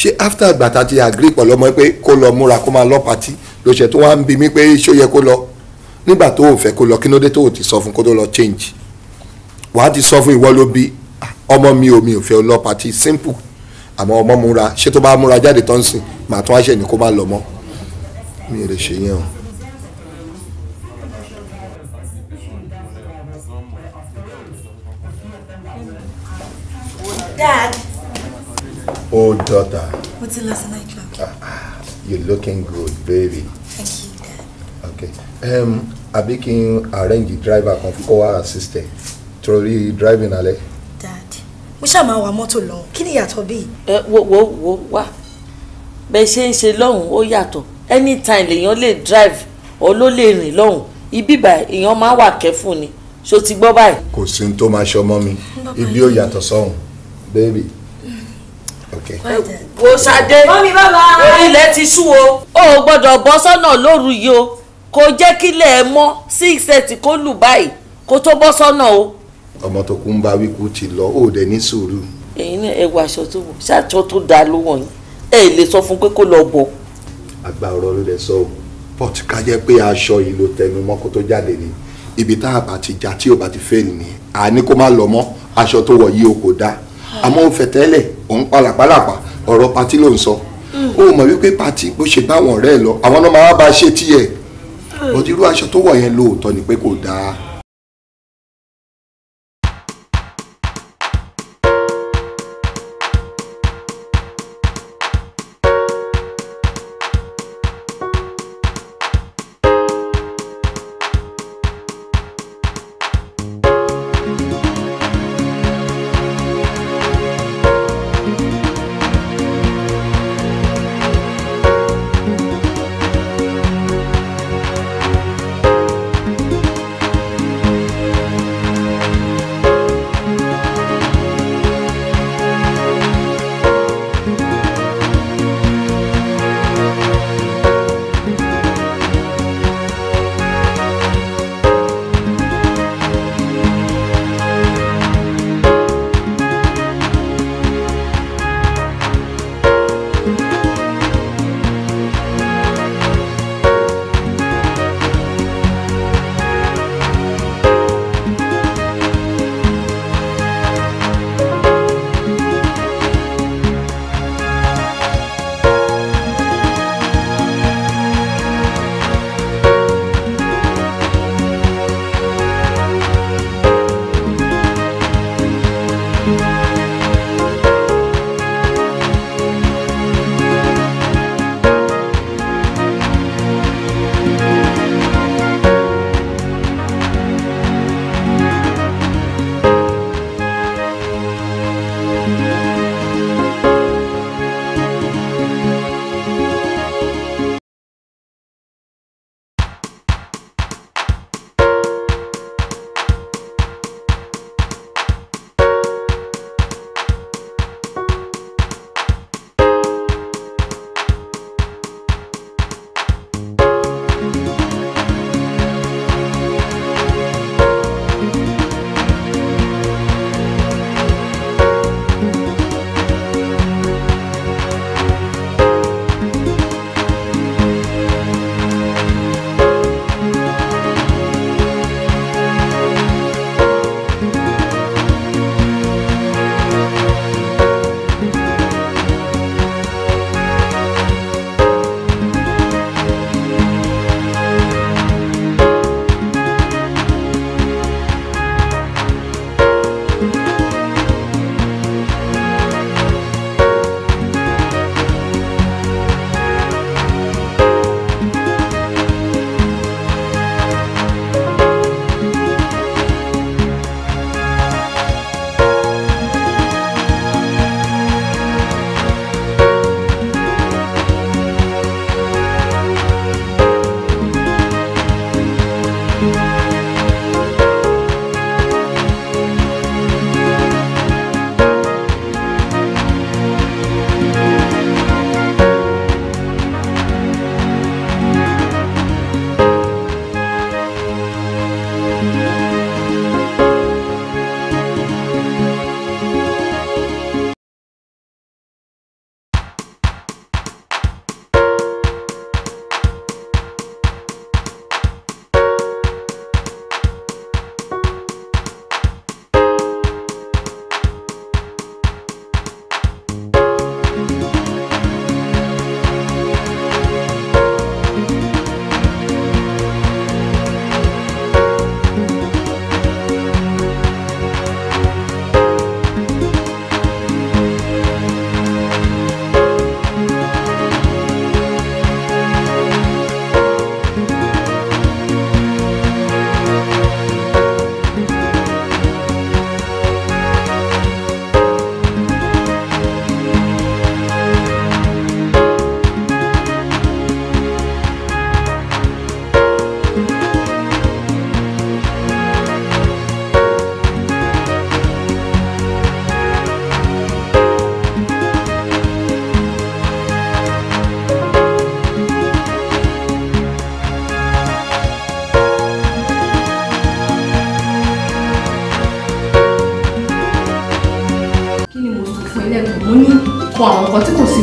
ṣé after àgbà tá ti agree pọ̀ lọ́mọ pé kó lọ múra kó máa lọ pàtí lóṣẹ̀ tó wá ń bi mí pé ṣó yẹ kó lọ nígbà tó o fẹ́ kó lọ kí ló dé tó o ti sọ fún kó tó lọ change wàá ti sọ fún ìwọ ló bí ọmọ mi ò mi ò fẹ́ lọ pàtí simple àmọ́ ọmọ múra ṣé tó bá múra jáde tán sìn màá tún àṣẹ ní kó má lọ mọ́ mi ò lè Dad. Oh, daughter. What's the last night look? Ah, ah, you're looking good, baby. Thank you, Dad. Okay. Um, àbí kí arrange the driver kan fún wa assist ẹ driving Ale. Dad, we shall máa wa mọ́tò lọ. Kí ni ìyàtọ̀ bíi? Eh, wo wo wo wa. Bẹ́ẹ̀ ṣe ń ṣe lọ́hùn-ún ó anytime lèèyàn lè drive ọ ló lè rìn lọ́hùn ibi ìbà èèyàn máa wà kẹ́fùn ni ṣó ti gbọ́ báyìí. kò sí ní tó máa ṣe ọmọ mi ibi ò yàtọ̀ sọ́hùn bẹ́ẹ̀bì. wo ṣàdé orílẹ̀ ti ṣú o ò gbọ́dọ̀ bọ́ sọ́nà lóru yìí o kò jẹ́ kílẹ̀ ẹ mọ́ six thirty kó lù báyìí kó tó bọ́ sọ́nà o. ọmọ tó kún bá wíkú ti lọ ó dẹ ní sùúrù. èyí ni ẹ wọ aṣọ tó wọ ṣáà tó tó dáa ló wọ̀nyí ẹ lè sọ fún pé kó lọ bọ̀ àgbà ọ̀rọ̀ ló lè sọ o port ká jẹ́ pé aṣọ yìí ló tẹnu mọ́ kó tó jáde ni ibi tá a bá ti já tí o bá ti fẹ́ nìyẹn àní kó má lọ mọ́ aṣọ tó wọ̀ yìí o kò dáa àmọ́ o fẹ̀ tẹ́lẹ̀ òun pàlàpàlàpà ọ̀rọ̀ patí ló ń sọ hmm. o mọ̀ wípé patí bó ṣe báwọn ọ̀rẹ́ ẹ lọ àwọn náà máa bá ṣe tiẹ̀ hmm. bọ́dí irú aṣọ tó wọ̀ yẹn lóòótọ́ ni pé kò dáa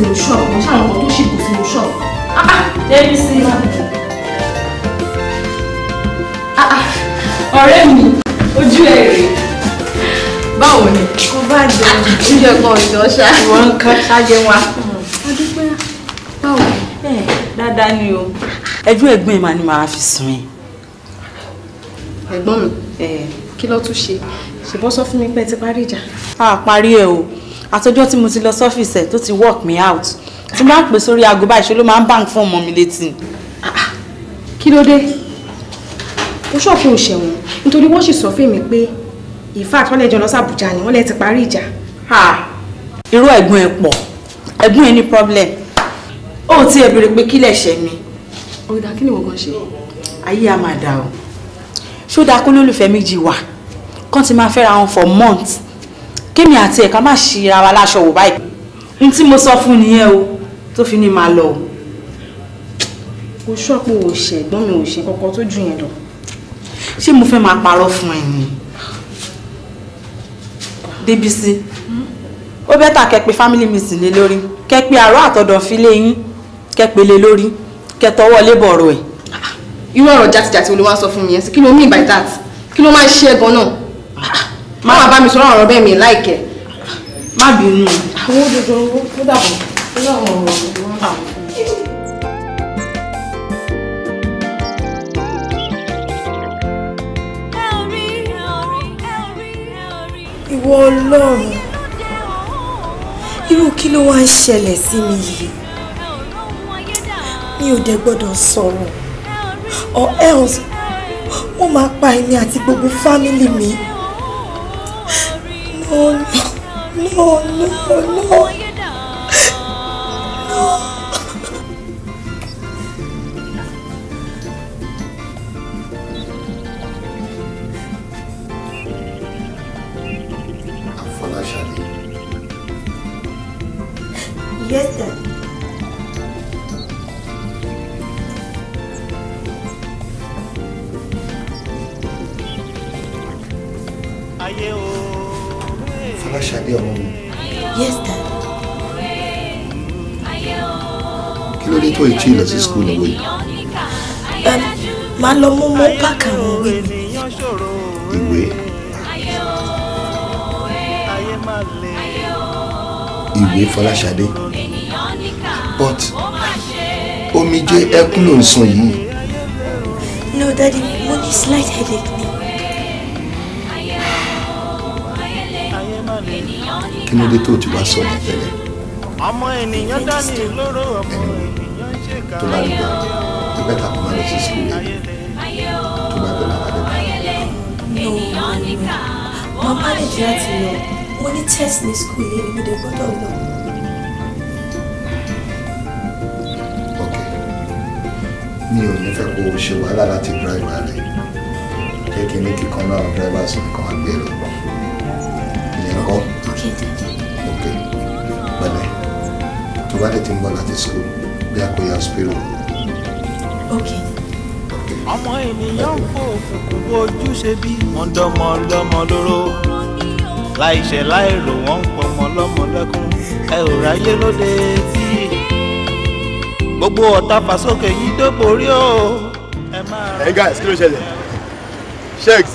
sínú ṣọ́ọ̀bù mo ṣàwọn ọkọ̀ tó ṣì kù Ah, ṣọ́ọ̀bù. Ah, Dẹ́bí sí i. Ah, ah, ọ̀rẹ́ mi, ojú ẹ̀ rè. Báwo ni? Kò bá jẹ oúnjẹ kan ìjọ ṣá. Wọ́n ń kan ṣáájẹ wa. Adúpẹ́ báwo? Bẹ́ẹ̀ dáadáa ni o. Ẹjọ́ ẹ̀gbọ́n ẹ̀ máa ní màá fi sùn yín. Ẹ̀gbọ́n mi, kí ló tún ṣe? Ṣèbọ́ sọ fún mi pé ẹ ti parí ìjà. A parí ẹ o àtọjọ́ tí mo ti lọ sọ́fíìsì ẹ̀ tó ti work me out tí máa ń pè sórí aago báyìí ṣe ló máa ń bá nǹkan ọmọ mi létí. Ah, kí ló dé ó ṣọ̀fù òṣèwọ̀n nítorí wọ́n sì sọ fún mi pé ìfà àtọ́lẹ̀ jọ lọ sí Àbújá ni wọ́n lè ti parí ìjà. Ah, irú ẹ̀gbọ́n ẹ̀ pọ̀ ẹ̀gbọ́n ẹ̀ ní problem ó ti ẹ̀ béèrè pé kí lẹ̀ ṣẹ̀ mi. ọ̀dà kí ni wọ́n kàn ṣe. ayé a máa dà o ṣó dáa kó lólùfẹ́ méjì wà kán ti máa fẹ́ra wọn for months kémi àti ẹ̀ka má ṣe ara láṣọ wò báyìí n tí mo sọ fún nìyẹn o tó fi ní máa lọ o. o ṣọ́pọ̀ ò ṣe ẹ̀gbọ́n mi ò ṣe kọ́kọ́ tó jù yẹn lọ ṣé mo fẹ́ máa parọ́ fún ẹ ni Débísí ó bẹ́tà kẹ́ pe family meeting lé lórí kẹ́ pe àárọ̀ àtọ̀dọ̀ fi lé yín kẹ́ pe lé lórí kẹ́ tọwọ́ lébọ̀ ọ̀rọ̀ ẹ̀. irú ọ̀rọ̀ játijàti olówó sọ fún mi yẹn sí kí ló mean by that kí ló máa ń ṣe é náà má wàá bá mi sọ̀rọ̀ ọ̀rọ̀ bẹ́ẹ̀ mi láìkẹ́ má bínú. àwọn òdodo ó dàbọ̀ ó dàbọ̀ ọ̀rọ̀ ìwọ ọlọ́run irú kí ló wá ń ṣẹlẹ̀ sí mi yìí mi ò dẹ̀ gbọ́dọ̀ sọ̀rọ̀ or else wọ́n máa pa èmi àti gbogbo fámìlì mi. no, no, no, no. olùgbé Fọláṣadé but omijé ẹkún ló ń sun yìí. no daddy mo ní slight headache ni. kí ló dé tó ti wá sọ̀rọ̀ tẹ́lẹ̀. ọmọ ènìyàn dání lóró ọmọ ènìyàn ṣe ká. tó bá rí bá ẹ bẹ́ẹ̀ tàbí máa lọ sí sukùl yìí tó bá bẹ̀rẹ̀ àdébà. no no no màmá jẹ́ àtìlẹ́yìn ní test ní school yìí ni mo dé gbọ́dọ̀ lọ. ok mi ò ní fẹ́ kó o ṣe wàhálà láti driver rẹ̀ jẹ́ kí ní kíkan náà driver sùn kan àgbẹ̀ lọ. ìyẹn kọ́ ok pẹ̀lẹ́ tó bá lè ti ń bọ̀ láti school bí a kò yà spiro. ok ọmọ ènìyàn kò fòkòrò ojúṣe bí wọ́n dánmọ́ lọ́mọ lóró láìṣẹ̀ láìrò wọ́n ń pọmọ lọ́mọ lẹ́kún ẹ ò ráyé lóde tí gbogbo ọ̀tá fàsókè yìí dé borí o ẹ máa. ẹ guys kí ló ṣẹlẹ̀ shegs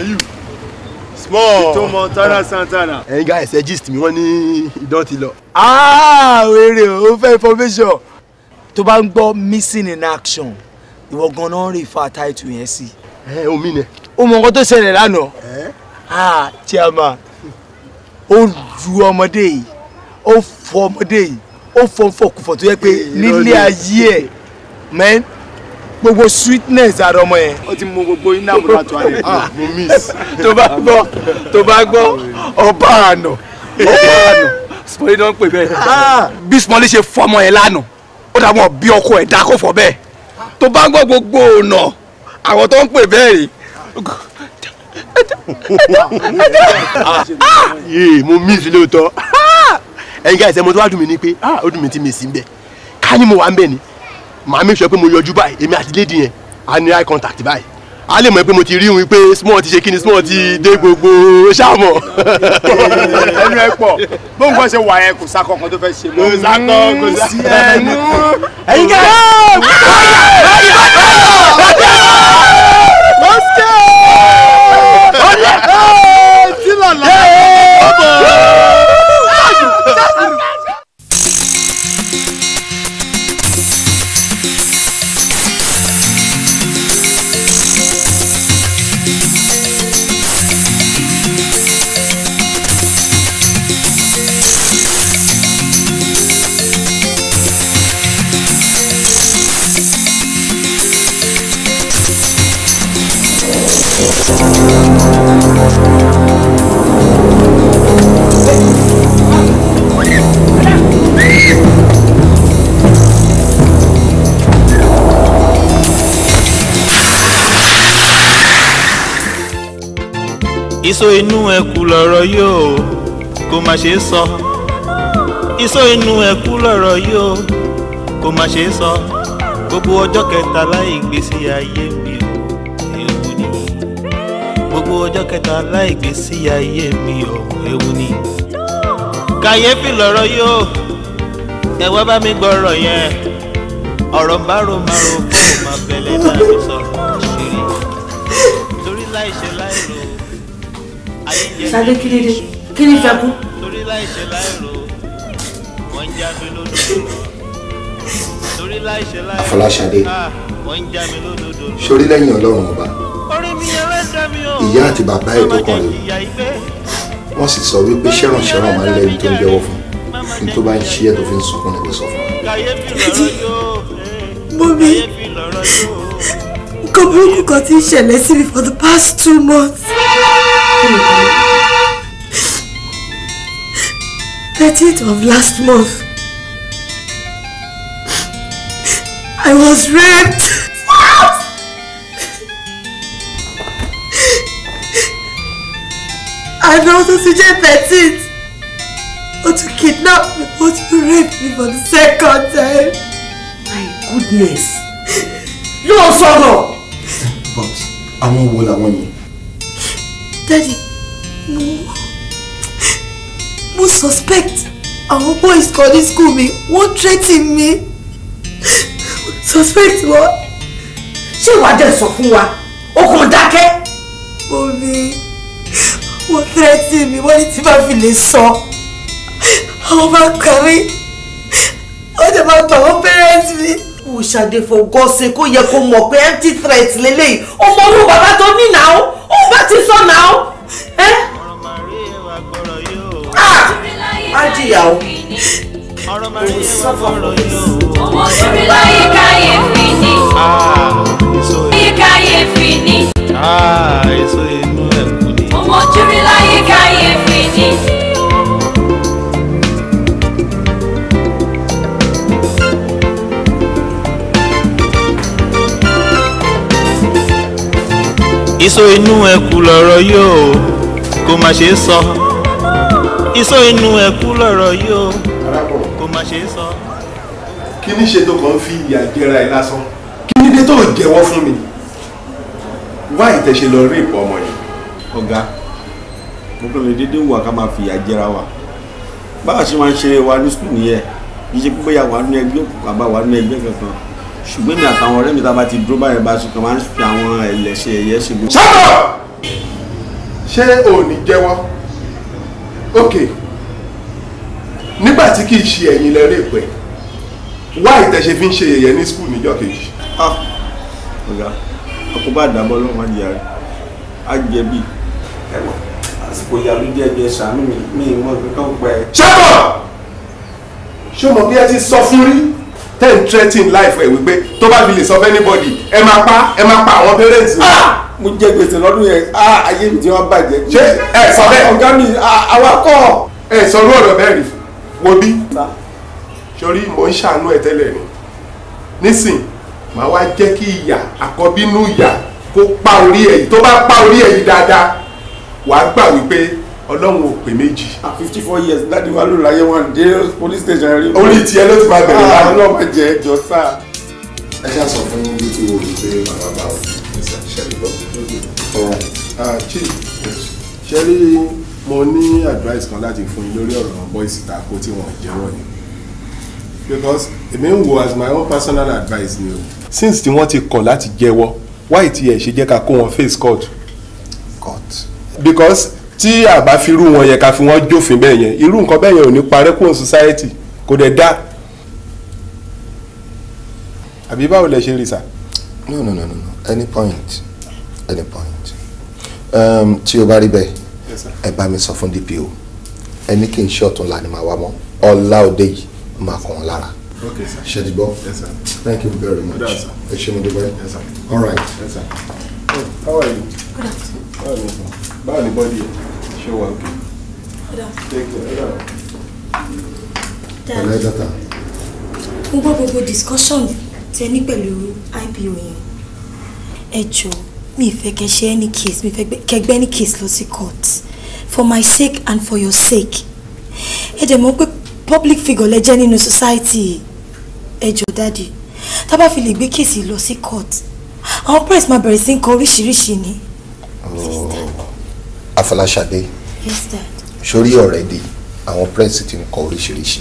eyu small ìtòmọ tara santana. ẹ guys ẹ gist mi wọ́n ní idán ti lọ. Ah, wèrè o fẹ́ information tó bá ń gbọ́ missing in action ìwọ gan-an rí fa title yẹn sí i ẹ eh, omi nẹ. ó mọ nǹkan tó ṣẹlẹ̀ lánàá eh? chiama ó ju ọmọdé yìí ó fọ ọmọdé yìí ó fọ fọkùfọ tó yẹ pé eh, nílé ayé ẹ mẹ́n gbogbo sweetness ara ọmọ yẹn. ó ti mú gbogbo iná àmúlò àtọ àlẹ mo miss. tó bá gbọ́ tó bá gbọ́ ọba àná ọba àná sọlí náà ń pè bẹ́ẹ̀. Ah. bí sọlí ṣe fọ ọmọ yẹn lánàá ó dàbọ̀ bí ọkọ ẹ̀ dákọ̀ fọ bẹ́ẹ̀ tó bá gbọ́ gbogbo ọ̀nà àwọn tó ń pè bẹ́ẹ̀ rèé yéé mo miss lóòótọ́ ẹ̀yin gáàsì ẹ̀mọ́ tó wá dùn mí ni pé ah, ó dùn mí tí mi sì ń bẹ̀ ká ní mo wà ń bẹ̀ ni màá make sure pé mo yọjú báyìí èmi àti lady yẹn a ní eye contact báyìí a lè mọ̀ pé mo ti rí òun pé small ti ṣe kí ni small ti dé gbogbo ṣáàmọ̀. ẹnu ẹ pọ̀ bó ń gbọ́ ṣe wà ẹ kò sá kankan tó fẹ́ ṣe mọ́. kò sá kankan kò sí ẹnu. ẹ̀yin gáàsì. Iso inú ẹkú lọ̀rọ̀ yóò kó má ṣe sọ ìsó inú ẹkú lọ̀rọ̀ yóò kó má ṣe sọ gbogbo ọjọ́ kẹtàlá ìgbésí ayé mi ò ewu ni gbogbo ọjọ́ kẹtàlá ìgbésí ayé mi ò ewu ni kàyéfì lọ̀rọ̀ yóò ẹ bá mi gbọ́rọ̀ yẹn ọ̀rọ̀ bárò máa ro fóònù náà mi sọ ṣírí torí láìṣe láì sáré kílódé Kiri. ni fẹ́ kú. torí láìṣe láìro wọ́n ń já mi lódodo torí láìṣe láìro Afọláṣadé wọ́n ń já mi lódodo. sórí lẹ́yìn ọlọ́run ọba ìyá àti bàbá ẹ̀ tó kàn lè wọ́n sì sọ wípé ṣẹ́rànṣẹ́ràn máa ń lẹ́yìn tó ń jẹ́wọ́ fún un tó bá ń ṣí tó fi ń sunkún níbi sọ fún un. mọ́mí nǹkan burúkú kan ti ń ṣẹlẹ̀ sí mi for the past two months. 30th of last month, I was raped. What? And also to get 13th, or to kidnap me, or to rape me for the second time. My goodness. You are so But I won't hold I want you. Daddy, mo mo suspect our boy is calling school me? What threaten me? suspect what? She ìwà dẹ̀ sọ fún wa? O kò dákẹ́. Omi wọ́n threaten mi wọ́n ní tí màá fi lè sọ. Àwọn máa kàwé, wọ́n jẹ́ máa gbà parents mi o ṣàdé for God's yẹ kó mọ̀ pé empty threat lélẹ́yìí ọmọ olú bàbá tó ní náà ó bá ti sọ náà ẹ́. Ah! má jìyà o kò ọmọ orí láyé káyé fi ni ah! káyé fi ni. Ah! iṣó inú ẹkú lọ̀rọ̀ yóò kó má ṣe sọ iṣó inú ẹkú lọ̀rọ̀ yóò kó má ṣe sọ. kí ni ṣe tó kàn ń fi ìyà jẹra ẹ lásán kí ni dé tó jẹ́wọ́ fún mi wá ìtẹ̀sẹ̀ lọ rí ìpọ̀ ọmọ yìí. ọ̀gá mo kàn lè dédé wà ká máa fìyà jẹra wa báwa ṣe máa ń ṣeré wa ní sùkúù nìyẹn kì í ṣe pé bóyá wà nínú ẹgbẹ́ òkùnkùn àbá wà nínú ẹgbẹ́ kankan ṣùgbọ́n mi àtàwọn ọ̀rẹ́ mi tá a bá ti dúró báyẹn bá ṣùkọ́ máa ń fi àwọn ẹlẹ́ṣẹ̀ ẹ̀yẹ ṣe gbogbo. sọ́tọ̀ ṣé o ò ní jẹ́wọ́ ok nígbà tí kì í ṣe ẹ̀yin lẹ rí ìpẹ́ wá ìtẹ̀ṣe fi ń ṣe yẹ̀yẹ́ ní skul níjọ́ kejì. Ah, ọ̀gá ọkọ̀ bá dàbọ̀ lọ́wọ́ á jẹ́ á jẹ́ bíi ẹ̀wọ̀n àsìkò ìyàlú díẹ̀ díẹ̀ ṣàánú mi mi ìmọ̀ ìpínlẹ̀ ọ̀pẹ. ṣé o mọ̀ bí ẹ ti sọ fún rí ten threatening life ẹ wípé tó bá fi lè sọ fún anybody ẹ máa pa ẹ máa pa àwọn parents. Ah! mo jẹ gbèsè lọ́dún yẹn ah! ayé mi ti wá bàjẹ́. ṣé ẹ sọ bẹ́ẹ̀ ah! ọ̀gá mi awakọ̀. ẹ sọ irú ọ̀rọ̀ bẹ́ẹ̀ rí wo bí sori mo ń ṣàánú ẹ tẹ́lẹ̀ ni nísìn màá wá jẹ́ kí ìyà àkọ́bínú ìyà kó pa orí ẹ̀ yìí tó bá pa orí ẹ̀ yìí dáadáa wàá gbà wípé ọlọ́run ò pè méjì. Ah, fifty four years dáàdi wa ló láyé wọn dé police station rí. orí tiẹ̀ ló ti máa bẹ̀rẹ̀ láàrín. Ah, ọlọ́run máa jẹ ẹjọ́ sáà. ẹ ṣáà sọ fún mi tí o rí pé màmá bá wà ṣẹlẹ̀ lọ. chief ṣẹ́rí mo ní advice kan láti fún yín lórí ọ̀rọ̀ boys ta kó tí wọ́n jẹ́wọ́ ni because èmi ń wo as my own personal advice ni o. since tí wọ́n ti kọ̀ láti jẹ́wọ́ why ti ẹ̀ ṣe jẹ́ ká kó wọn face court. court. because tí àbá fi irú wọn yẹn ká fi wọn jófin bẹ́ẹ̀ yẹn irú nǹkan bẹ́ẹ̀ yẹn ò ní parẹ́ kúrò society kò dẹ̀ dá àbí báwo lẹ ṣe rí sà. no no no no any point any point um, tí o bá rí bẹ́ẹ̀ ẹ bá mi sọ fún DPO ẹni kì í ṣe ọ̀tún la ni wá mọ́ ọ̀la òde yìí máa kàn án lára. Okay, sir. Ṣé Yes, sir. Thank you very much. Yes, sir. Ẹ ṣé mo dúpẹ́. Yes, sir. All right. Yes, sir. Oh, how are you? Good afternoon. How are you? báwo ni bọ́dì ẹ̀ Thank you. òkè. ọ̀lẹ́ dọ́tà. mo gbọ́ gbogbo discussion tell ní pẹ̀lú IPO yẹn ẹ jọ mi fẹ́ kẹ́ ṣe any case mi fẹ́ can gbé any case lọ sí court for my sake and for your sake ẹ jẹ́ mọ̀ public figure lẹ jẹ́ nínú society ẹ jọ dáàdi tá bá fi lè gbé kéèsì court I'll press my bẹ̀rẹ̀ sí ń kọ oríṣiríṣi Afọláṣadé. Yes, Dad. Sórí already àwọn pírẹ́sì ti ń kọ oríṣiríṣi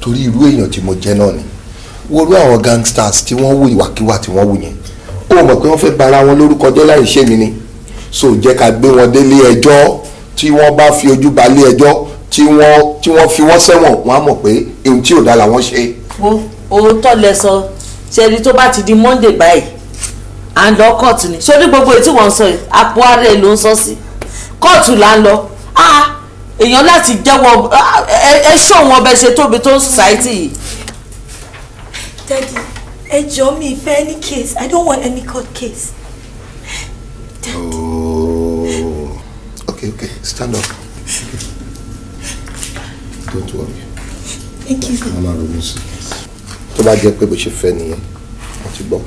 torí irú èèyàn tí mo jẹ́ náà ni wọ́n rú àwọn gangsters tí wọ́n wù ìwàkiwà tí wọ́n wù yẹn ó mọ̀ pé wọ́n fẹ́ bara wọn lórúkọ jẹ́ láì ṣe mi ni so jẹ́ ká gbé wọn délé ẹjọ́ tí wọ́n bá fi ojú balẹ̀ ẹjọ́ tí wọ́n tí wọ́n fi wọ́n sẹ́wọ̀n wọ́n á mọ̀ pé ohun tí ò dára wọ́n ṣe. wo òótọ́ lẹ sọ ṣẹ́ni tó bá ti di Monday báyìí à ń lọ kóòtù ni ṣé ó ní gbogbo ètí wọ́n sọ yìí àpò ara ẹ̀ ló ń sọ sí kóòtù là ń lọ èèyàn láti jẹ́wọ́ ẹ ṣọ̀wọ́n ọbẹ̀ ṣe tóbi tó society yìí. daddy ẹ jọ̀ọ́ mi ìfẹ́ any case i don't want any court case. Oh. okay okay stand up don't worry. thank you. mama robinson tó bá jẹ́ pé bó ṣe fẹ́ nìyẹn wọ́n ti gbọ́.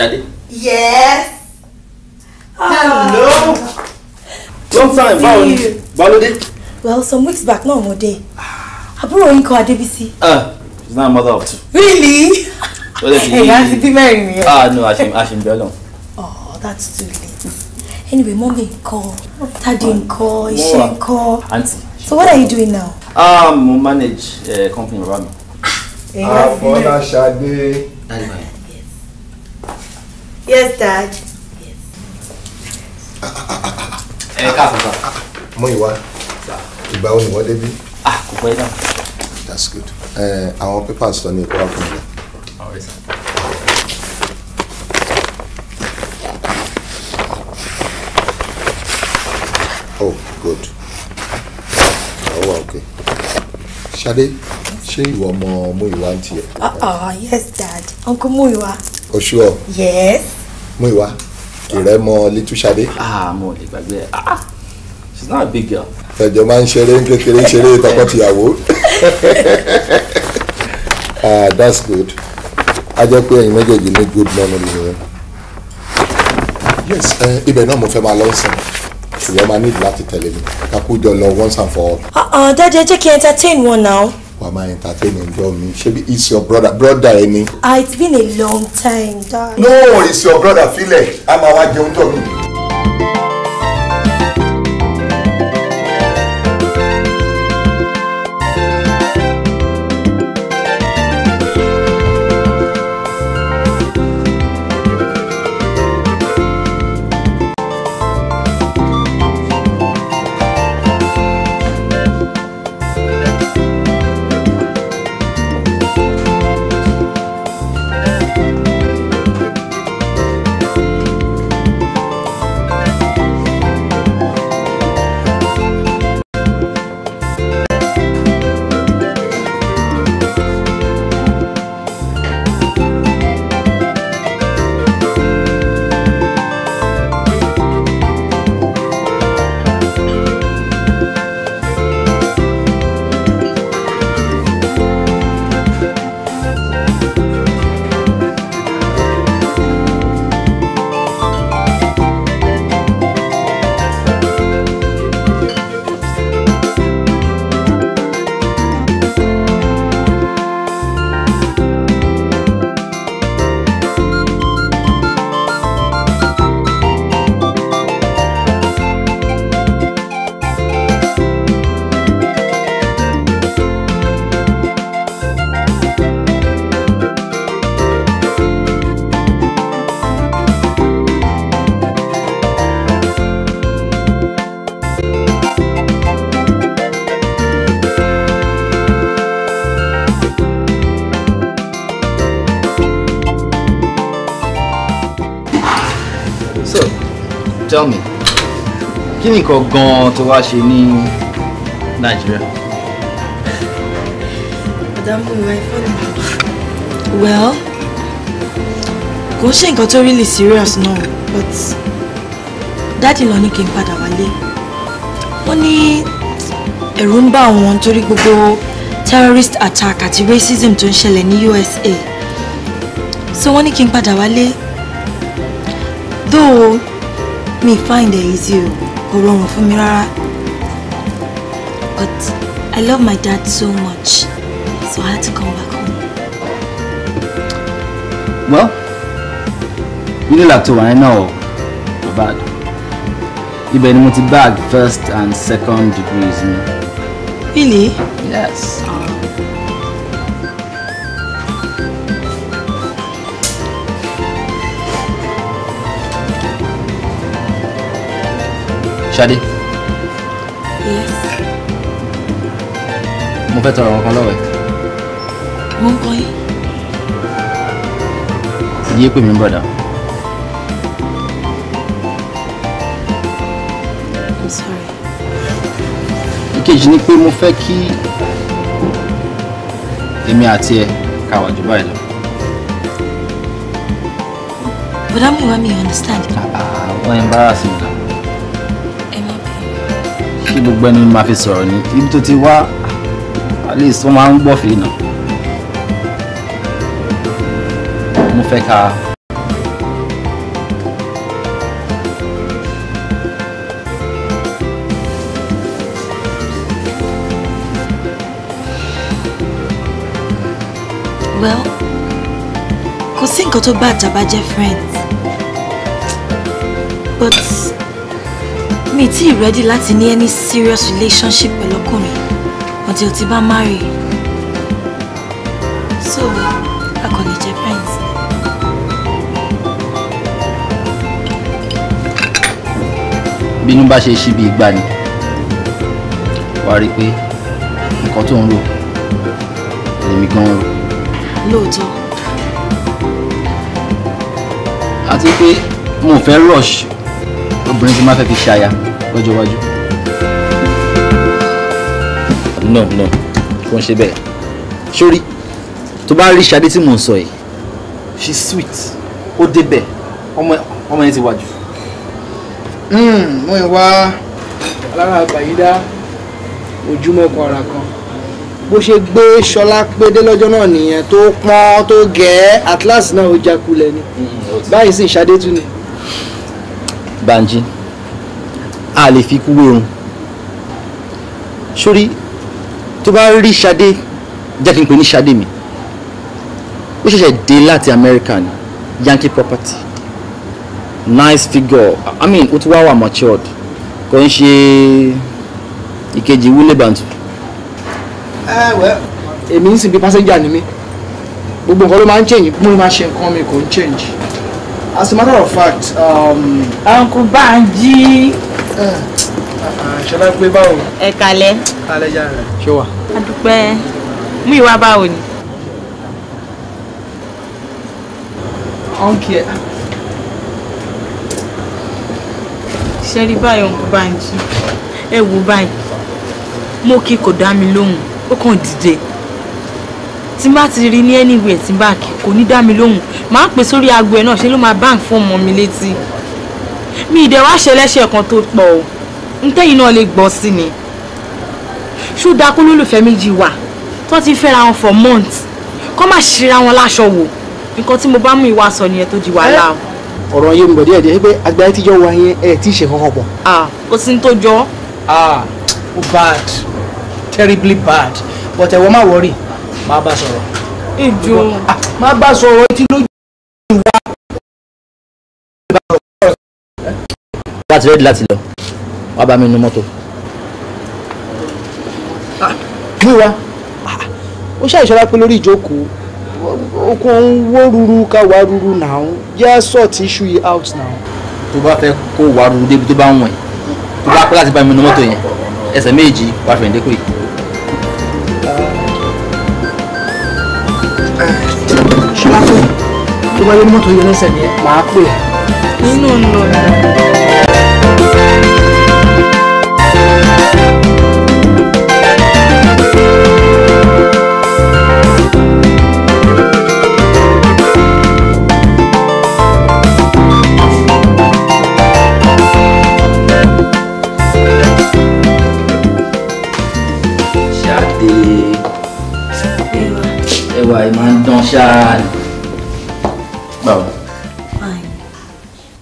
Ṣadé. Yes. Hello. Ah. Long time, báwo ni? Well, some weeks back náà mo I brought yín kọ Adébísí. Ah, she's now a mother of two. Really? has ti been marrying me? Ah no, a ṣe ń bẹ́ lọ. Oh, that's too late. Anyway, mọ́mí ńkọ́, tádé ńkọ́, ah, iṣẹ́ ńkọ́. Aunty. So what are you doing now? Ah, mo manage uh, company around me. Àfọláṣadé. Ah, Shadi. báyìí. Yes, Dad. Yes. Ẹ káàsán sá. Mú ìwá. Ìgbà wo ni wọ́n débí? Ah, kò pẹ́ náà. That's good. Àwọn papers sọ ní ìkọ́ra fún mi. Oh, good. Oh, wà okay. Ṣadé, ṣé ìwọ ọmọ Múyìwá ń tiẹ̀? Yes, Dad. Uncle Múyìwá. Oṣù ọ. Yes mú ìwà ìrẹ́mọ létúṣadé. ah mo lè gbàgbé ẹ ah, ah she's not a big girl. ẹjọ máa ń ṣeré ń kékeré ṣeré tọkọtìyàwó ah that's good a jẹ pé ẹ̀yin méjèèjì ní good memory rẹ yes eh, ibẹ̀ náà mo fẹ́ máa lọ sàn ṣùgbọ́n máa need láti tẹ̀lé mi kakú jọ lọ once and for all. jẹ́jẹ́ uh-uh, jẹ́ kí entertain one now wà máa entertain ẹjọ́ mi ṣebí it's your brother brother ẹni. ah it's been a long time dad. no it's your brother filẹ̀ a máa wá jẹun jọ mi. kí gan tó wá ṣe ní nàìjíríà. àdàmú ìwà ìfọ́nà. well kò ń ṣe nǹkan tó really serious náà but dáàdì lọ ní kí n padà wálé wọ́n ní ẹ̀rù ń bà wọ́n torí gbogbo terrorist attack àti racism tó ń ṣẹlẹ̀ ní USA so wọ́n ní kí n padà wálé though me find it easy kò rọrùn fún mi rárá but I love my dad so much so I had to come back home. well nílé làtò wà nínú ọ̀ Mohbad ibẹ̀ ni mo ti bag first and second degrees mi. really? yes. Ṣadé. Yes. Mo fẹ́ tọrọ kankan lọ́wọ́ ẹ̀. Mo ń kọ́ yín. Yé pè mí bọ̀dà. I'm sorry. Ìkejì ni pé mo fẹ́ kí èmi àti ẹ ká wà jù báyìí lọ. Bọ̀dá mi wá mi understand. Ah ah, wọ́n embarrass me kí gbogbo ẹnu máa fi sọ̀rọ̀ ní ibi tó ti wá at least wọ́n máa ń gbọ́ fìlà. mo fẹ́ ka. well kò sí nǹkan tó bá àtàbà jẹ́ friends but mi tí ready láti ní any serious relationship pẹ̀lú ọkùnrin until tí bá marry so a kò lè jẹ́ friends. bínú bá ṣe ṣíbi ìgbà ni wàá rí i pé nǹkan tó ń rò èmi gan-an rò. lóòótọ́. àti mo fẹ́ rush obìnrin tí máa fẹ́ fi ṣaya lọ́jọ́ iwájú. no no wọ́n ṣe bẹ́ẹ̀ sórí tó bá rí Ṣadé tí mò ń sọ yìí she sweet ó débẹ̀ ọmọ ọmọ yẹn ti wájú. Hmm, mo ń wá alára àgbàyídá ojúmọ́ kan ara kan bó ṣe gbé ṣọlá pédé lọ́jọ́ náà nìyẹn tó pọ́n tó gẹ̀ẹ́ atlas náà ó jakulẹ̀ ni hmm, báyìí sì Ṣadé tún ni. Banji a lè fi kú wéhun sórí tó bá rí Ṣadé jẹ́ kí n pè ní Ṣadé mi ó ṣẹ̀ṣẹ̀ dé láti America ni Yankee property nice figure I mean ó ti wá wà matured kò ń ṣe ìkejì wúlé bàǹtù. èmi ń sìn bí pásẹ́njà ni mí gbogbo nǹkan ló máa ń change mo máa ṣe nǹkan mi kò ń change as a matter of fact. Um, Uncle Banji. Ah, ṣọlá pé báwo. ẹ kalẹ̀. kalẹ̀ ya rẹ. ṣé wà. a dúpẹ́ mú ìwà báwo ni. ọ̀nkì ẹ̀. ṣe rí báyìí ọ̀nkù báńkì ẹ wò báyìí mo kí kò dá mi lóhùn ó kàn dìde tí n bá ti rí ní anywhere tí n bá kí kò ní dá mi lóhùn máa pè sórí aago ẹ náà ṣe ló máa bá ń fún ọmọ mi létí mi ìdẹ̀ wá ṣe lẹ́ṣẹ̀ kan tó pọ̀ o ntẹ́yìn náà lè gbọ́ sí ni ṣúdà kó lólùfẹ́ méjì wà tó ti fẹ́ra wọn for months kó má ṣíra wọn láṣọ wò nǹkan tí mo bá mú ìwà sọ nìyẹn tó di wàhálà o. Eh, ọ̀rọ̀ yé mi bọ̀ díẹ̀ díẹ̀ pé agbáyé tíjọ́ wa yẹn ẹ̀ tí ì ṣe kankan pọ̀. ah kò sí ní tó jọ. ah o bad terribly bad but ẹ̀wọ̀n má wọrí má bá sọ̀rọ̀. ìjọ ah, má bá sọ̀rọ̀ etí lójú ìwà bá ti rẹ́dí láti lọ wá bá mi nu mọ́tò. Ah, mú wa ah, ó ṣe ìṣọ́ra pé lórí ìjókòó okun òun wó ruru ká wá ruru now jẹ́ sort issue yìí out now. tó bá fẹ́ kó wá ruru débi tó bá ń wọ̀n tó bá pẹ́ láti bá mi nu mọ́tò yẹn ẹsẹ̀ méjì wà fẹ̀ ǹdẹ́kùn yìí. ṣọlá pé tó bá yẹ mọ́tò yẹn lẹ́sẹ̀ ni màá pè é. inú ń lọ náà. gan ṣáà ni. báwo.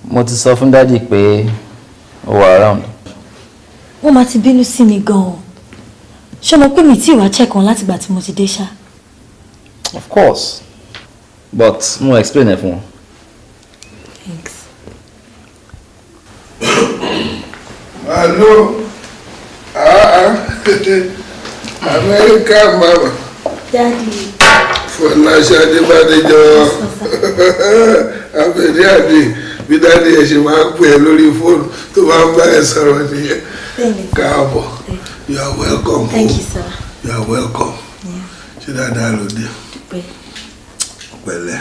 mo ti sọ fún dádì pé ó wà around. wọ́n máa ti bínú sí mi gan-an ṣé mo pé mi tí ìwà chẹ́kan látìgbà tí mo ti dé ṣá. of course but mo explain ẹ fún wọn. thanks. hello ah ah America mama. daddy fọláṣẹ adébádéjọ abẹdí àdé bí ẹ ṣe máa ń pè ẹ lórí fóònù tó bá ń bá ẹ sọ̀rọ̀ nìyẹn káàbọ̀ you are welcome Thank you, sir. you are welcome ṣé dáadáa ló dé pẹ̀lẹ́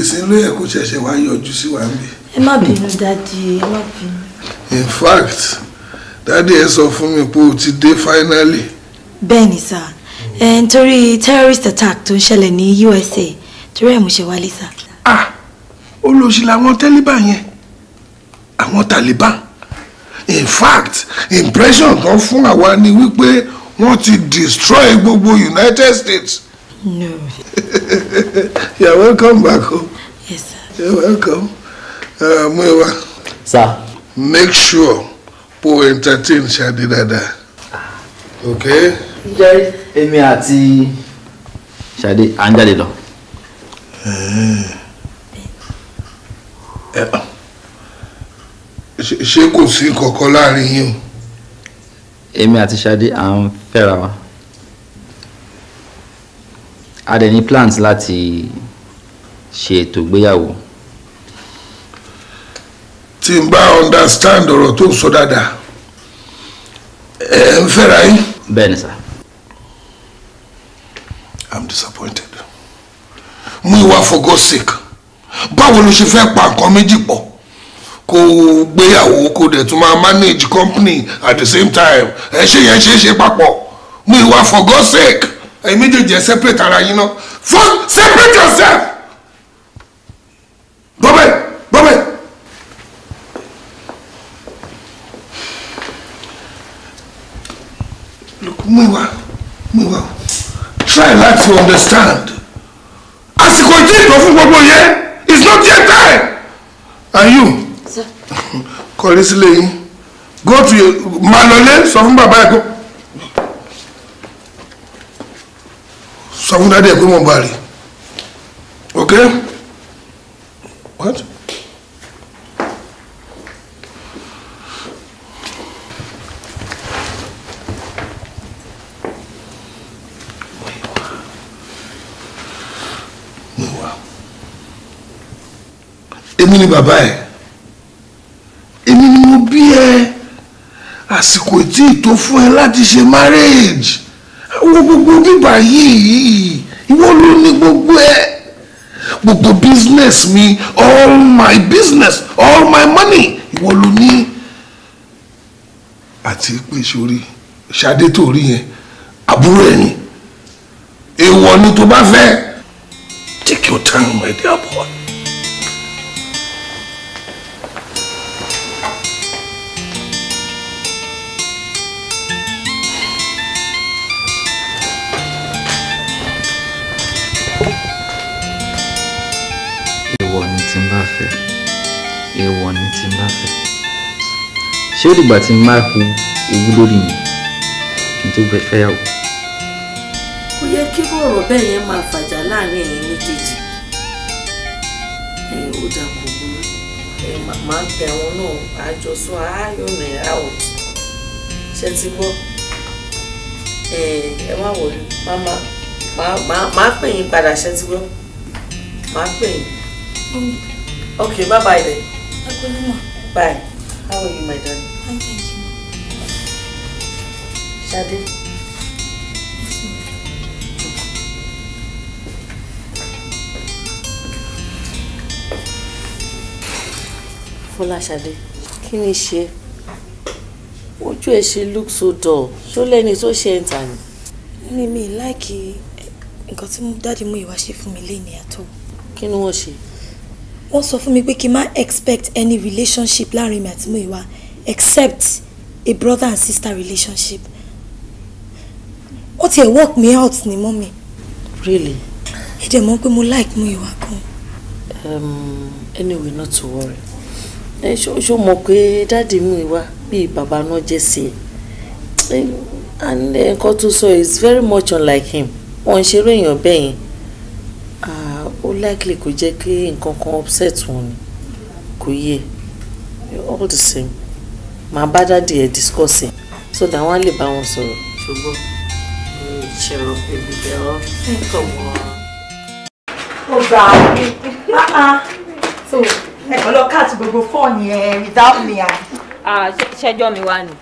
ìsinú ẹ kò ṣẹ̀ṣẹ̀ wá yọjú sí wa níbí. ẹ má bínú dáadé ẹ má bínú. in fact dáadé ẹ sọ fún mi pé o ti dé finally. bẹ́ẹ̀ ni sáà nítorí terrorist attack tó ń ṣẹlẹ̀ ní USA torí ẹ̀ mo ṣe wálé sá. ah olóṣì làwọn Taliban yẹn àwọn Taliban in fact impression kan fún àwa ni wípé wọ́n ti destroy gbogbo United States. no. you are welcome back home. yes sir. you are welcome. Uh, Muyiwa. sir. make sure po entertain Ṣadé dada. Ah. okay. yes èmi àti Ṣadé à ń jáde lọ. ṣé kò sí kankan láàrin yín o. èmi àti Ṣadé à ń fẹ́ra wa a dẹ̀ ní plans láti ṣe ètò ìgbéyàwó. tí n bá understand ọ̀rọ̀ tó sọ dáadáa ẹ̀ ń fẹ́ra yín. bẹ́ẹ̀ ni sà. I'm disappointed. Múyìwá for God's sake. Báwo ló ṣe fẹ́ pa nǹkan méjì pọ̀? Kò gbéyàwó kò dẹ̀ tún máa manage company at the same time. Ẹ ṣe yẹn ṣe é ṣe papọ̀. Múyìwá for God's sake. Ẹ̀yin méjèèjì ẹ separate ara yín náà. Fún separate yourself. Bọ́bẹ̀ Bọ́bẹ̀. Look, Múyìwá Múyìwá o try to understand àsìkò ìdí ìtọ́ fún gbogbo yẹn it's not yet time and you call this yín go to máa lọlé sọ fún bàbá ẹ kó sọ fún mo bá rí what. èmi ni bàbá ẹ èmi ni mo bí ẹ àsìkò tí ìtò fún ẹ láti ṣe marriage àwọn gbogbo bíbà yìí ìwọ ló ní gbogbo ẹ gbogbo business mi all my business all my money ìwọ ló ní àti pé sórí ṣadé tó rí yẹn àbúrò ẹ ni èèwọ̀ ni tó bá fẹ́ take your time my dear boy. ṣé ó dìgbà tí n máa hu ewu lórí mi kí n tó fẹ́ fẹ́yàwó. kò yẹ kí ọ̀rọ̀ bẹ́ẹ̀ yẹn máa fàjà láàrin ẹ̀yin méjèèjì ẹ̀ ò dà kó burú ẹ̀ màá tẹ àwọn náà àjọsọ ààyò rẹ̀ out ṣe ti gbọ́ ẹ̀ ẹ̀ má wọlé màmá màá pè yín padà ṣe ti gbọ́ màá pè yín. Okay, bye bye then. Bye. How are you, my darling? Ṣadé. Fọláṣadé kí ni ṣe ojú ẹ ṣe look so dull ṣó lẹ́ni tó ṣe ń tà ní. ní mi láìkí nǹkan tí dáàdi mú ìwà ṣe fún mi léèní àtọ. kí ni wọ́n ṣe. wọ́n sọ fún mi pé kí n má expect any relationship láàrin mi àti Múyìwá except a brother and sister relationship ó tiẹ̀ work me out ni mọ́ mi. really. ẹ dẹ̀ mọ̀ pé mo like mú ìwà kan. Um, anyway not to worry ẹ ṣó mọ̀ pé dáàdi mú ìwà bíi bàbá náà jẹ́ sí ẹ um, and nǹkan tó sọ is very much unlike him wọ́n ń ṣeré èèyàn bẹ́ẹ̀ yẹn ó likely kò jẹ́ pé nǹkan kan upset wọn ni kò yẹ all the same màá bá dáàdi ẹ̀ discuss ẹ̀ so that wọ́n á lè bá wọn sọ̀rọ̀ ṣùgbọ́n picture of baby girl. Come on. Oh, God. Uh-uh. So, ẹ̀kọ́ lọ káàtì gbogbo fọ́ọ̀nù yẹn without me. Ah, Ṣẹjọ́ mi wá ni.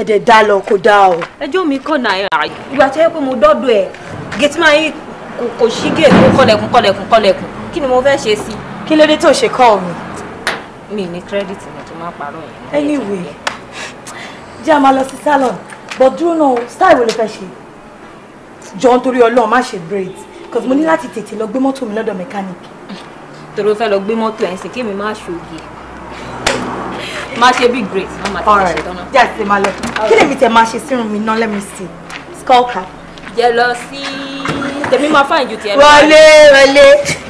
Ẹ̀dẹ̀ dá lọ kó dá o. Ẹjọ́ mi kọ̀ náírà. Ìgbà tó yẹ pé mo dọ́dọ̀ ẹ̀, gẹ̀tí máa yí kò sí gèèkó kọlẹ̀kùn kọlẹ̀kùn kọlẹ̀kùn. Kí ni mo fẹ́ ṣe sí? Kí ló dé tó ṣe call mi? Mi ní kírẹ́dìtì mi tó máa parọ́ yẹn. Anyway, jẹ́ a máa lọ sí salon but dúró know style wo ló fẹ́ ṣe jọ nítorí ọlọ́run má ṣe braids because mo ní láti tètè lọ gbé mọ́tò mi lọ́dọ̀ mechanic. torí o fẹ́ lọ gbé mọ́tò ẹ̀ sìn kí èmi má ṣògì má big braids má má tẹ̀lé ṣe tọ́nà. díẹ̀ sí ma lọ kí lèmi tẹ̀ máa ṣe sírun mi náà let me see skull cap. Jealousy. lọ sí find you. fáìn ju tiẹ̀ lọ.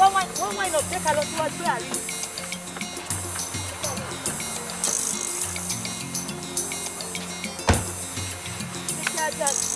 one wọ́n ìnà pé ká lọ síwájú àárín. Thank you.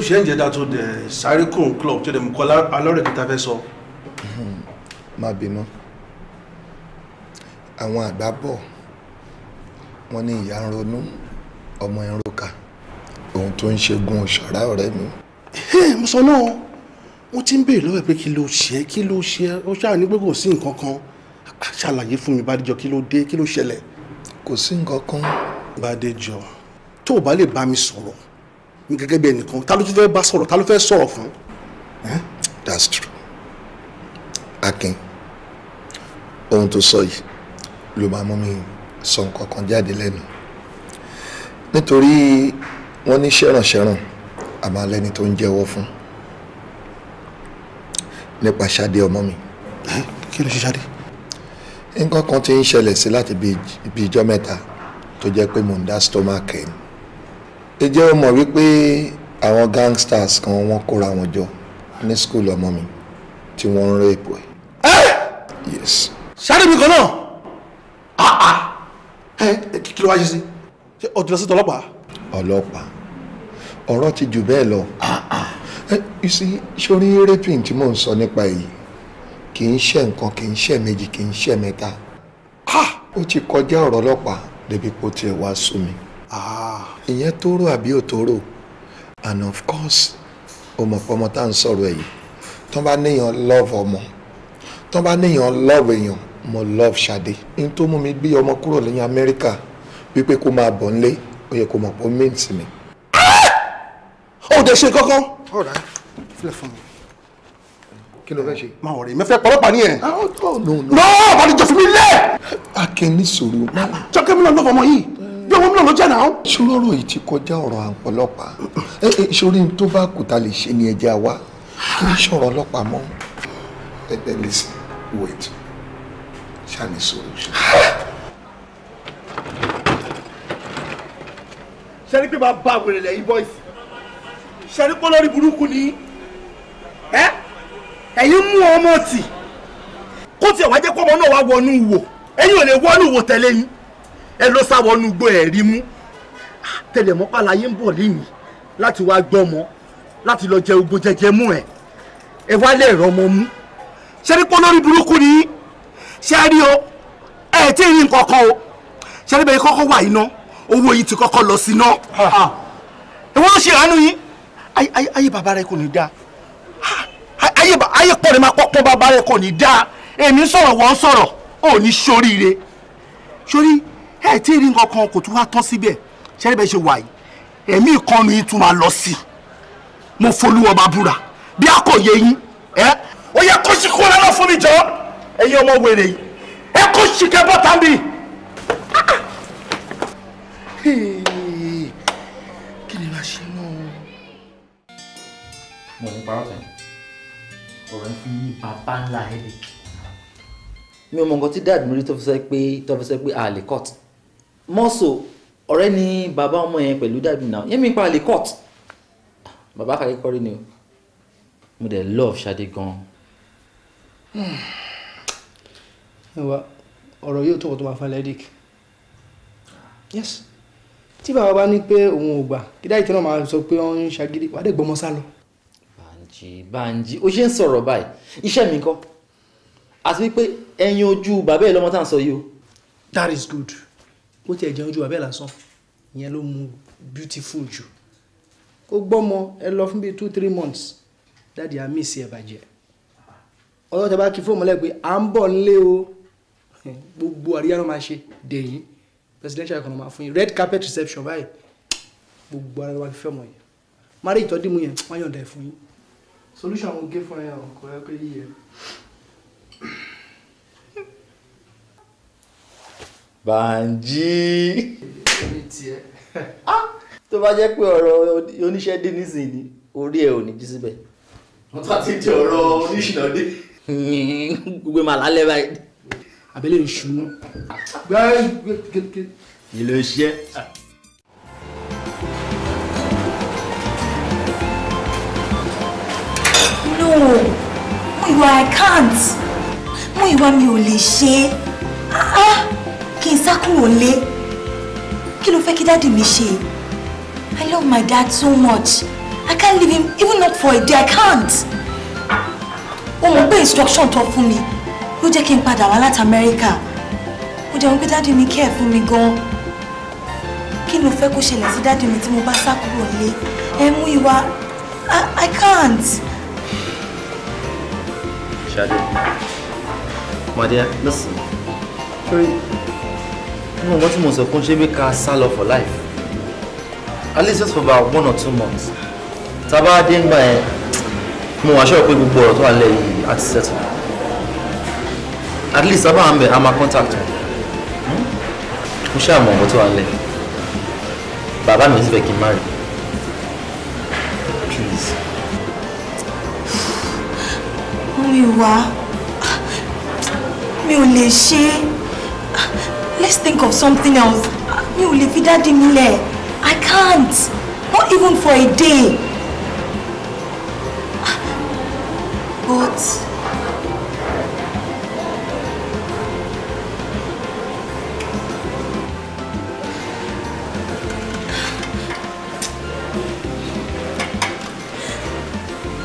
ṣe ń jẹ́dá tó dẹ̀ sáré kùn club tó dẹ̀ mú kọ́ alọ́rẹ̀ kí ta fẹ́ sọ. Hmm, má bínú àwọn àgbà bọ̀ wọ́n ní ìyá ń ronú ọmọ ń roka ohun tó ń ṣẹ́gun ọ̀ṣọ́rá ọ̀rẹ́ mi. mo sọ náà wọ́n ti ń béèrè lọ́wọ́ ẹ̀ pé kí ló ṣe é kí ló ṣe é ó ṣáà ní pé kò sí nǹkan kan ṣàlàyé fún mi Bádéjọ kí ló dé kí ló ṣẹlẹ̀. kò sí nǹkan kan. Bádéjọ tó o bá lè bá mi sọ̀rọ̀ gẹ́gẹ́ bí ẹnìkan ta ló tún fẹ́ bá sọ̀rọ̀ ta ló fẹ́ sọ̀rọ̀ fún. that's true akin ohun tó sọ yìí ló máa mú mi sọ nǹkan kan jáde lẹ́nu nítorí wọ́n ní ṣẹ̀rànṣẹ̀ràn àmọ́ lẹ́ni tó ń jẹ́wọ́ fún nípa ṣáde ọmọ mi. kí ló ṣe ṣáde. nǹkan kan ti ń ṣẹlẹ̀ sí láti bíi ijọ́ mẹ́ta tó jẹ́ pé mò ń dá stomach pain ẹ jẹ́ ó mọ̀ wípé àwọn gangsters kan wọ́n kóra wọn jọ ní skul ọmọ mi tí wọ́n ń rẹ́ẹ̀pù ẹ̀. ẹ yes. sáré mi kan náà ah ah ẹ kí ló wá ṣe sí ṣé o ti lọ sí tọlọ́pàá. ọlọ́pàá ọ̀rọ̀ ti jù bẹ́ẹ̀ lọ ah, ah! sórí raping tí mò ń sọ nípa èyí kì í ṣe nǹkan kì í ṣe méjì kì í ṣe mẹ́ta ah! ó ti kọjá ọ̀rọ̀ ọlọ́pàá débi kó tiẹ̀ wá sú mi. Ah ìyẹn tó àbí ò and of course ọmọ pọmọ tá à ń sọ̀rọ̀ ẹ̀ tó bá níyàn love ọmọ tó bá níyàn love èèyàn mo love Ṣadé n tó mú mi gbé ọmọ kúrò lẹ́yìn Amẹ́ríkà wípé kó máa bọ̀ nílé ó yẹ kó mọ̀ pé ó mint mi. Ah! ó dẹ̀ ṣe kankan. ọ̀rẹ́ filẹ̀ fún mi kí ló fẹ́ ṣe. máa wọ̀rẹ́ mi fẹ́ pọ̀lọ́pàá ẹ̀. Ah, oh, oh, no no no. no bàdìjọ́ fi mi lẹ̀. a kì í ní sùúrù. jọ́kẹ́ mi náà lọ́fọ̀ọ́mọ yìí bí ọmọ mìíràn ló jẹ́ náà. ìṣòro ọ̀rọ̀ yìí ti kọjá ọ̀rọ̀ ọlọ́pàá ìṣòro yìí tó bá kùtà lè ṣe ni ẹja wa kí n ṣọ̀rọ̀ ọlọ́pàá mọ́. ẹ ẹ listen wait ṣáà ní solution. ṣe ni pé máa bá wèrè lẹ́yìn bọ́ìsì ṣe ni pé lórí burúkú ni ẹ ẹ̀yin mú ọmọ tì kó tiẹ̀ wá jẹ́ kọ́mọ náà wá wọnú wò ẹ̀yin ò lè wọnú wò tẹ̀lé yín ẹ ló sá wọnú igbó ẹ̀ rí mú ah, tẹlẹmọ́pàlà yín ń bọ̀ lẹ́yìn láti wá gbọ́mọ láti lọ jẹ ogbó jẹjẹ mú ẹ ẹ wá lè rọmọ mú ṣe rí polórí burúkú ni ṣe o ẹ tí ì rí nǹkan kan o ṣe rí bẹ́ẹ̀ kọ́kọ́ wà yìí ná owó yìí ti kọ́kọ́ lọ sí náà ìwọ ah. ló ṣe ìránú yín ayé bàbá rẹ kò ní dáa ayé pọ̀ ní máa pọ́pọ́ bàbá rẹ kò ní dáa èmi sọ̀rọ̀ wọ́n sọ̀rọ̀ ò ní ṣoríire ṣorí ẹ tí ì rí nǹkan kan kò tún wá tán síbẹ̀ ṣẹ́ni bẹ́ẹ̀ ṣe wà yìí ẹ̀mí ìkànnì yìí tún máa lọ sí i mo folúwọ́ bá búra bí a kò yẹ yín ẹ. ó yẹ kó ṣìkú rẹ lọ fún mi jọ ẹ̀yin ọmọ wèrè yìí ẹ kó ṣìkẹ́ bọ́tà mi. kí ni màá ṣe náà. mo ní parọ́ tẹ̀ ọ̀rẹ́ fún mi bàbá ńlá ẹ̀ lè. mi ò mọ̀ nǹkan tí dáàdì mi rí tó fi sọ pé tó fi sọ pé a lè mọ́sò ọ̀rẹ́ ni bàbá ọmọ yẹn pẹ̀lú dàbí náà yẹ́n mi pa àlè court bàbá kàkẹ́ kọ́rí ni o mo dẹ̀ love Ṣadé gan. ẹ wá ọ̀rọ̀ yóò tó kọ́ tó máa fa lẹ́díkì yes tí bàbá bá ní pé òun ò gbà kí dáì tí náà máa sọ pé wọ́n ń ṣagídí wàá dẹ̀ gbọ́mọ sá lọ. Bánjí Bánjí ó ṣe ń sọ̀rọ̀ báyìí iṣẹ́ mi kọ́ àti wípé ẹyin ojú bàbá ẹ̀ lọ́mọ tá à ń sọ yìí o. that is good kó tiẹ̀ jẹun ju abẹ́ lásán ìyẹn ló mu beautiful jù kó gbọ́mọ ẹ lọ fún bíi two three months dáàdi á mí sí ẹ bàjẹ́ ọjọ́ tẹ bá kí fóònù lẹ́gbẹ̀ẹ́ à ń bọ̀ nílé o gbogbo àríyá ló máa ṣe dèyìn presidential economy máa fún yín red carpet reception báyìí gbogbo ara wa fẹ́ mọ̀ yẹn marriage tọ́dí mu yẹn wọ́n yọ̀ǹda ẹ̀ fún yín solution àwọn gé fún ẹ ọkọ̀ ẹ pé yíyẹ. Banji. Ah, tó bá jẹ́ pé ọ̀rọ̀ oníṣẹ́ dé nísìnyí orí ẹ̀ ò ní jí síbẹ̀. wọ́n tún àti jẹ́ ọ̀rọ̀ oníṣìnà dé. gbogbo màá lálẹ́ báyìí. abẹ́lẹ̀ ìṣúná. kí ló ṣe é. no mo ìwà i can't mo ìwà mi ò lè ṣe é. Ah, ah kí n sá kúrò lé kí ló fẹ́ kí dáàdì mi ṣe I love my dad so much I can't leave him even not for a day I can't o mọ̀ pé instruction tó fún mi ló jẹ́ kí n padà wá láti Amẹ́ríkà ó jẹun pé dáàdì mi kẹ́ ẹ̀ fún mi gan-an kí ló fẹ́ kó ṣẹlẹ̀ sí dáàdì mi tí mo bá sá kúrò lé ẹ mú ìwà I can't. Shade, my dear, listen. Sorry. No, ọmọ tí mo sọ fún ṣé bí ká sá lọ for life at least just for about one or two months tábà dé ń gbà yẹn mo wà ṣọ́ọ̀ pé gbogbo ọ̀rọ̀ tó wà settle at least tábà ń bẹ̀ á contact wọn hmm? mo ṣe àmọ̀ ọ̀rọ̀ tó wà lẹ́yìn bàbá mi ti please. orí wa mi ò Let's think of something else. You leave lè fi dáàdì mi I can't. Not even for a day. But...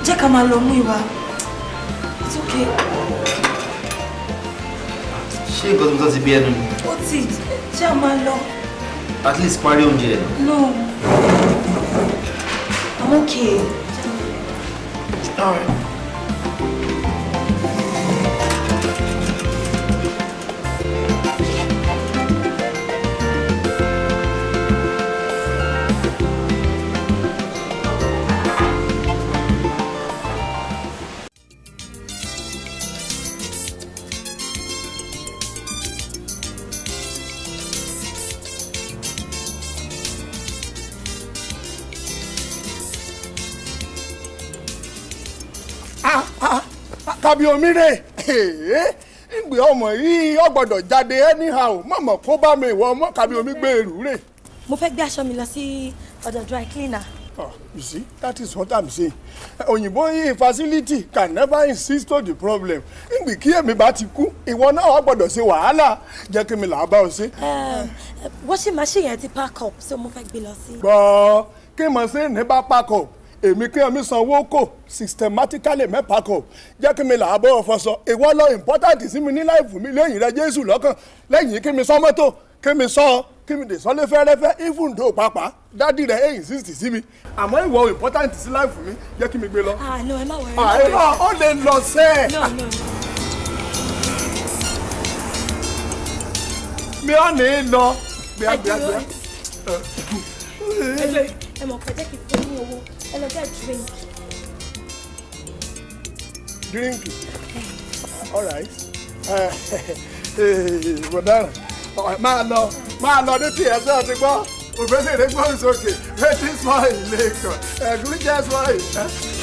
Jẹ́ ká máa It's okay. She ìgbọ́n tó ti bí ẹnu ti já máa lọ. at least parí oúnjẹ. no i'm okay. all right. bí omi rè ìgbé ọmọ yìí ọgbọ́dọ̀ jáde anyhow mọ̀mọ́ kó bá mi ìwọ ọmọ kàbí omi gbé èrú rè. mo fẹ́ gbé aṣọ mi lọ sí ọ̀dọ̀ dry cleaner. Oh, you see, that is what I'm saying. Òyìnbó yìí facility can never insist on the problem. Ngbì kí èmi bá ti kú, ìwọ náà wá gbọ́dọ̀ ṣe wàhálà. Jẹ́ kí mi làá bá ọ ṣe. Ehm, washing machine yẹn ti pack up, so mo fẹ́ gbé lọ sí. Gbọ́ kí mo ṣe ní bá pack up èmi kí ẹmí sanwó kò systematically mẹ́pàá kò jẹ́ kí mi làá bọ́ọ̀ ìwọ lọ important sí mi ní láìfù mi lẹ́yìn rẹ jésù lọ́kàn lẹ́yìn kí mi sọ mọ́tò kí mi sọ ọ kí mi dè sọ lé fẹ́rẹ́fẹ́ even though pàápàá dádì rẹ èyí sísì sí mi àmọ́ ìwọ important sí láìfù mi jẹ́ kí mi gbé lọ. àná ah, ẹ ah, ó lè lọ sẹ́ẹ̀. mi ò ní lọ. ẹ dúró ẹ mọ̀ pé jẹ́ kí n fún owó ẹ lọ get drink. drink all right eh, eh, bọ̀dára máa lọ máa lọ ní tiẹ̀ sọ́ọ́ ti gbọ́ òbẹ́lẹ̀ rẹ̀ It's okay. wetin small in lagos ẹ̀gúrú jẹ́ small in.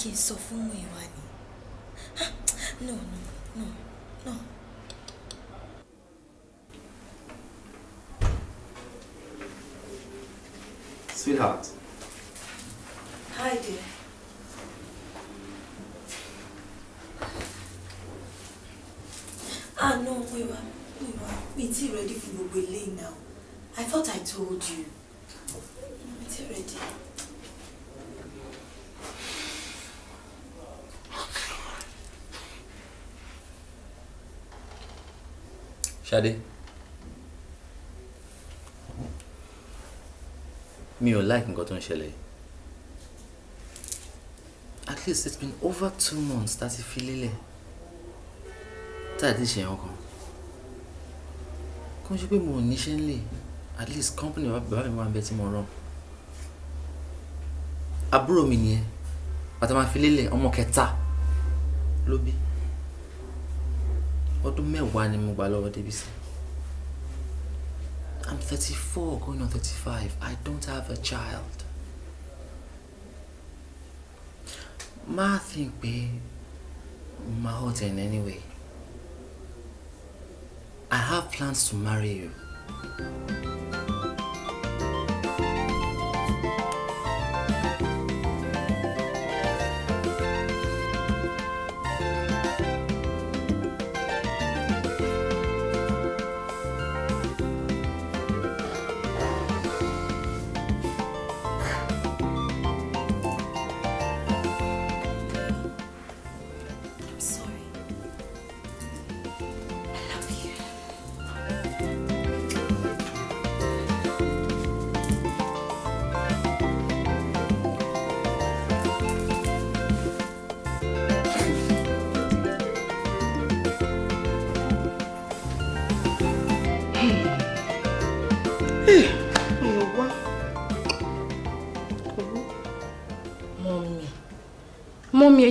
kí n sọ fún Múyìwá ni no no no no. Sweetheart. Ṣadé mi ò like nǹkan tó ń ṣẹlẹ̀ at least it's been over two months tá a ti fi lélẹ̀ tá a ti ṣe ẹ̀wọ̀n kan kó ń ṣe pé mo ò níṣẹ́ ń lè at least company bàbá mi máa ń bẹ tí mo rán àbúrò mi nìyẹn bàtà máa fi lélẹ̀ ọmọ kẹta ló bí ọdún mẹ́wàá ni mo gbà lọ́wọ́ Débísí. I'm 34, going on thirty-five. I don't have a child. Má think pé ma hot in any way. I have plans to marry you.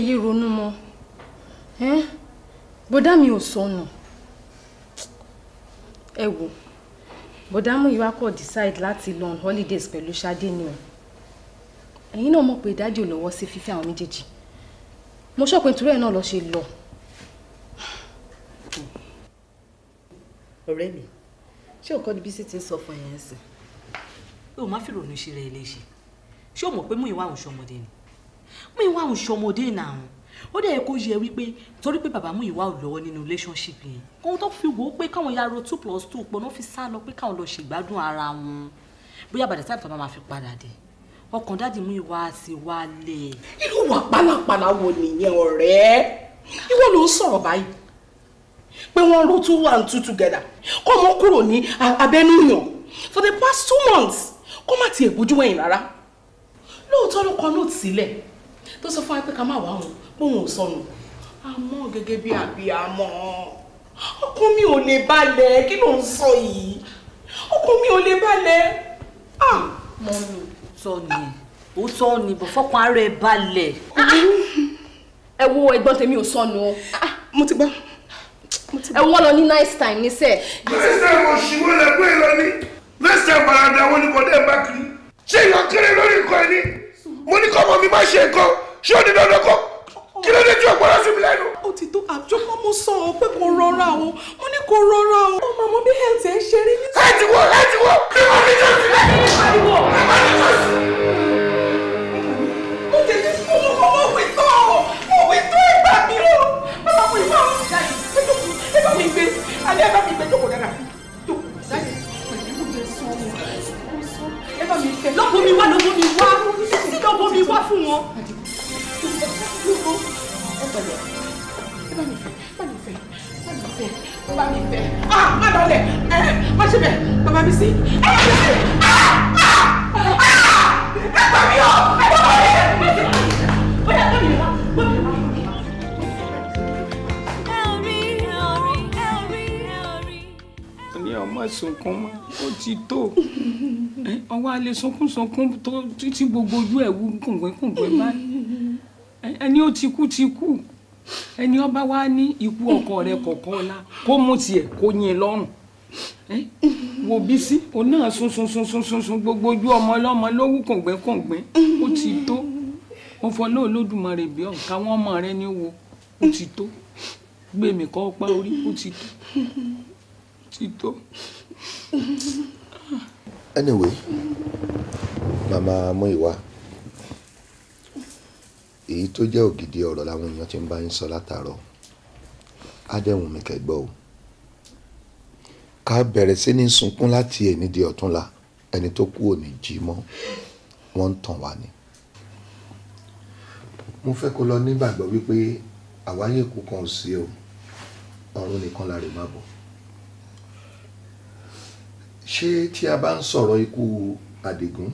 yí ronú mọ́ bọ́dá mi ò sọnù ẹ wò bọ́dá mú ìwà kọ̀ decide láti lọ on holidays pẹ̀lú Ṣadé ni o ẹ̀yin náà mọ̀ pé dájú ò lọ́wọ́ sí fífẹ́ àwọn méjèèjì mo ṣọ́pin torí ẹ̀ náà lọ ṣe lọ. ọ̀rẹ́ mi ṣé òkọ́ ni Bísí ti ń sọ fún ẹ̀yẹ́ ẹ̀sìn. o má fi rònú ṣe rẹ̀ léṣe ṣé o mọ̀ pé mú ìwà àwọn ọ̀ṣọ́mọdé ni mú ìwà òun ṣọmọdé náà ó dẹ̀ kó yẹ wípé torí pé bàbá mú ìwà ò lọ́wọ́ nínú relationship yẹn kóhun tó fi wò ó pé káwọn ya ro two plus two pọ̀ náà fi sá lọ pé káwọn lọ ṣègbádùn ara wọn bóyá bàdà táàbù tó máa fi padà dé ọkàn dáàdì mú ìwà àti wálé. irú wà pálapàla wo nìyẹn ọ̀rẹ́ ìwọ ló ń sọ̀rọ̀ báyìí pé wọ́n ro two and two together kó mọ́ kúrò ní abẹ́núyàn for the past two months kó má ti ègbójú wẹ̀yìn rárá lóòótọ́ ló kọ nóòtù sílẹ̀ tó sọ fún wa pé ká má wá wọn pé òun ò sọnù àmọ́ gẹ́gẹ́ bí àbíàmọ́ ọkàn mi ò lè balẹ̀ kí ló ń sọ yìí ọkàn mi ò lè balẹ̀. mo ń tọ́ ni ó tọ́ ni bọ̀ fọ́pọ̀ ara ẹ balẹ̀. ẹ wo ẹ̀gbọ́n tèmi ò sọnù o. Ah! mo ti gbọ́ ẹ wọ́n lọ ní nice time ní sẹ́ẹ̀. next time òṣìwọ́ lẹ pé lọ ní next time bàràdà wọn ni kò dé bá kiri ṣé ìyọkẹrẹ lórí nǹkan ẹni mo ní kọ́ ọmọ mi má ṣe nǹkan ṣé ó ní dandan kọ́ kí ló dé tí ọ̀gbọ́n sí mi lẹ́nu. ó ti tó àjọpọ̀ mo sọ ọ pé kò rọra o mo ní kò rọra o. ó máa mọ bí health ẹ ṣe rí. health wo health wo kí wọ́n fi jọ́sí lẹ́yìn ìpariwo ìpariwo jọ́sí. mo tètè fún un mo mọ òwe tó mo òwe tó ìgbà mi o mo máa mọ ìwà àwọn ìjà yìí ẹ bá mi gbé alẹ́ ẹ bá mi gbé jókòó dára dára pẹ̀lú mi wá lọ́gbọ́n mi wá lọ́gbọ́n mi wá fún wọn ẹ pẹ̀lẹ́ ẹ bá mi fẹ́ bá mi fẹ́ bá mi fẹ́ bá mi fẹ́ ah má lọlẹ̀ ẹ má ṣe bẹ̀ bàbá mi sí ẹ má ṣe ah ah ah ẹ o ti pa mi o yà gbọ́ mi ti gbogbo ojú ẹ̀ wú kùngbẹ́kùngbẹ́ báyìí ẹni ó ti kú ti kú ẹni ọba wa ní ikú ọkọ rẹ kọ̀ọ̀kan la kó mú tiẹ̀ kó yin lọ́rùn wo Bísí o náà sun gbogbo ojú ọmọ ọlọ́mọ lówú kòǹgbẹ́ kòǹgbẹ́ ó ti tó mo fọ lóò lódùmarè bí ọ̀ káwọn ọmọ rẹ ní wo ó ti tó gbèmí kọ́ pa orí ó ti tó ó ti tó. anyway màmá mú ìwà èyí tó jẹ́ ògidì ọ̀rọ̀ làwọn èèyàn ti ń bá yín sọ látàárọ̀ ádẹ́wùn mi kẹ́gbọ́ o ká bẹ̀rẹ̀ sí ní sunkún láti ẹni di ọ̀túnla ẹni tó kú òní jí mọ́ wọ́n ń tàn wá ni. mo fẹ́ kó lọ nígbàgbọ́ wípé àwáyé kù kan ò sí o ọ̀run nìkan la rè má bọ̀. ṣé tí a bá ń sọ̀rọ̀ ikú àdìgún.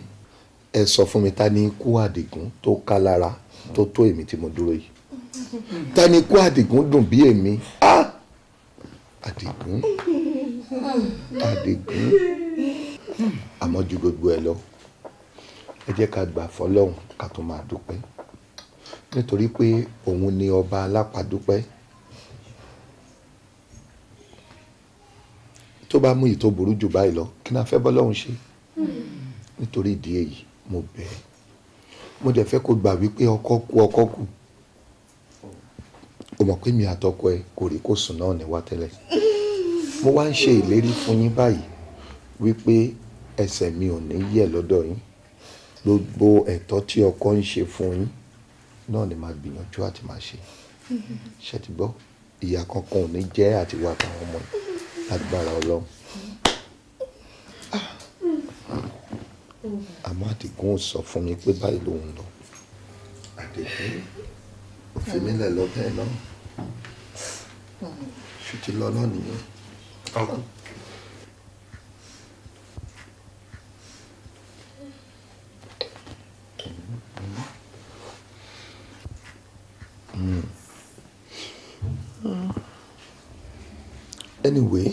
ẹ sọ fún mi ta ni ikú àdìgún tó ká lára tó tó èmi tí mo dúró yìí tani kó àdìgún dùn bí èmi àdìgún àdìgún àmọ́ ju gbogbo ẹ lọ ẹ jẹ́ ká gbà fọlọ́hún ká tó máa dúpẹ́ nítorí pé òun ni ọba alápàdúpẹ́ tó bá mú èyí burú jù báyìí lọ kí náà fẹ́ bọ́lọ́hún ṣe nítorí ìdí èyí mo bẹ̀ ẹ́ mo dẹ̀ fẹ́ kó gbà wípé ọkọ kú ọkọ kù o mọ̀ pé mi àtọkọ ẹ kò rí kò sùn náà ní wá tẹ́lẹ̀ mo wá ń ṣe ìlérí fún yín báyìí wípé ẹsẹ̀ mi ò ní yẹ̀ lọ́dọ̀ yín gbogbo ẹ̀tọ́ tí ọkọ ń ṣe fún yín náà ni màá gbìyànjú àti màá ṣe ṣe ti ìyá kankan ò ní jẹ́ àti wà táwọn ọmọ yìí lágbára ọlọ́run àmọ́ àdìgún ò sọ fún mi pé báyìí lòun lọ àdìgún ò fi mí lẹ̀ lọ́bẹ̀ náà ṣù ti lọ náà nìyẹn. anyway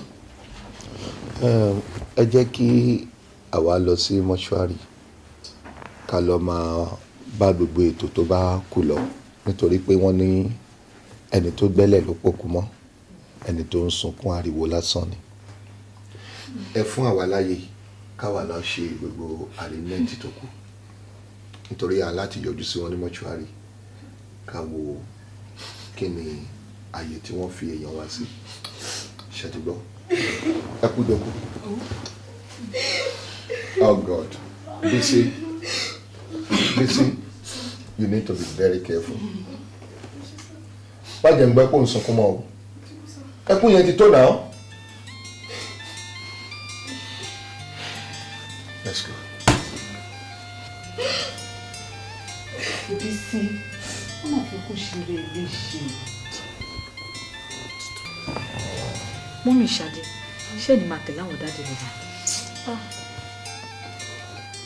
ẹ jẹ́ kí àwa lọ sí mọ́ṣúárì ká lọ máa bá gbogbo ètò tó bá kù lọ nítorí pé wọ́n ní ẹni tó gbẹ́lẹ̀ ló pòkú mọ́ ẹni tó ń sunkún ariwo lásán ni ẹ fún àwa láyè káwa lọ ṣe gbogbo àrímẹ́ǹtì tó kù nítorí aláti yọjú sí wọn ní mọ́ṣúárì ká wo kí ni àyè tí wọ́n fi èèyàn wá sí ṣètìgbọ́ ẹ kú dọ́kú. Oh God. Bisi, Bisi, you need to be very careful. Why jẹ́ ń gbọ́ ẹkún sunkún mọ́ o. Ẹkún yẹn ti tó Let's go. Bisi, wọ́n máa fi kú ṣeré Mommy, ṣe. Mọ́mí Ṣadé, ṣé ni màá tẹ̀lé àwọn dáàdì rẹ̀? Ah.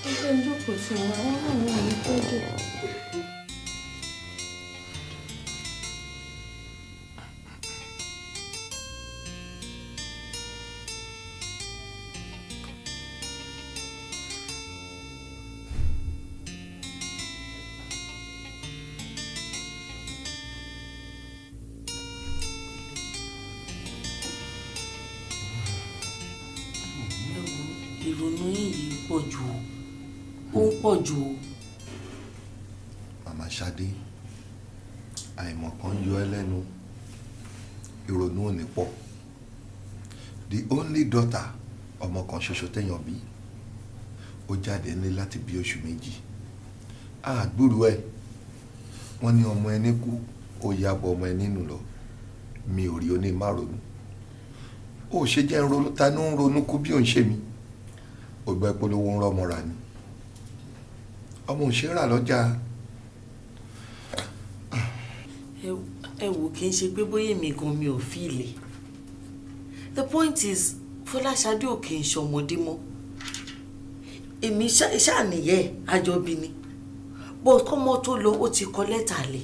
我人就不行了，我我我我我。aṣọ tẹ̀yàn bí ó jáde ní láti bí oṣù méjì àgbúrò ẹ̀ wọ́n ní ọmọ ẹni kú ó ya bọ ọmọ ẹni nù lọ mi ò rí oní má ronú ó ṣe jẹ́ ń ronú ta ní ń ronú kú bí òun ṣe mi ògbà ìpolówó ń rọmọ rà ni ọmọ òṣèré rà lọ́jà. ẹ wò kí n ṣe pé bóyá èmi gan mi ò fi ilé the point is fọláṣadé ò kì í ṣọmọdé mọ́ èmi ṣàníyẹ àjọbí ni bó kọ́mọ tó lọ ó ti kọ lẹ́tà lé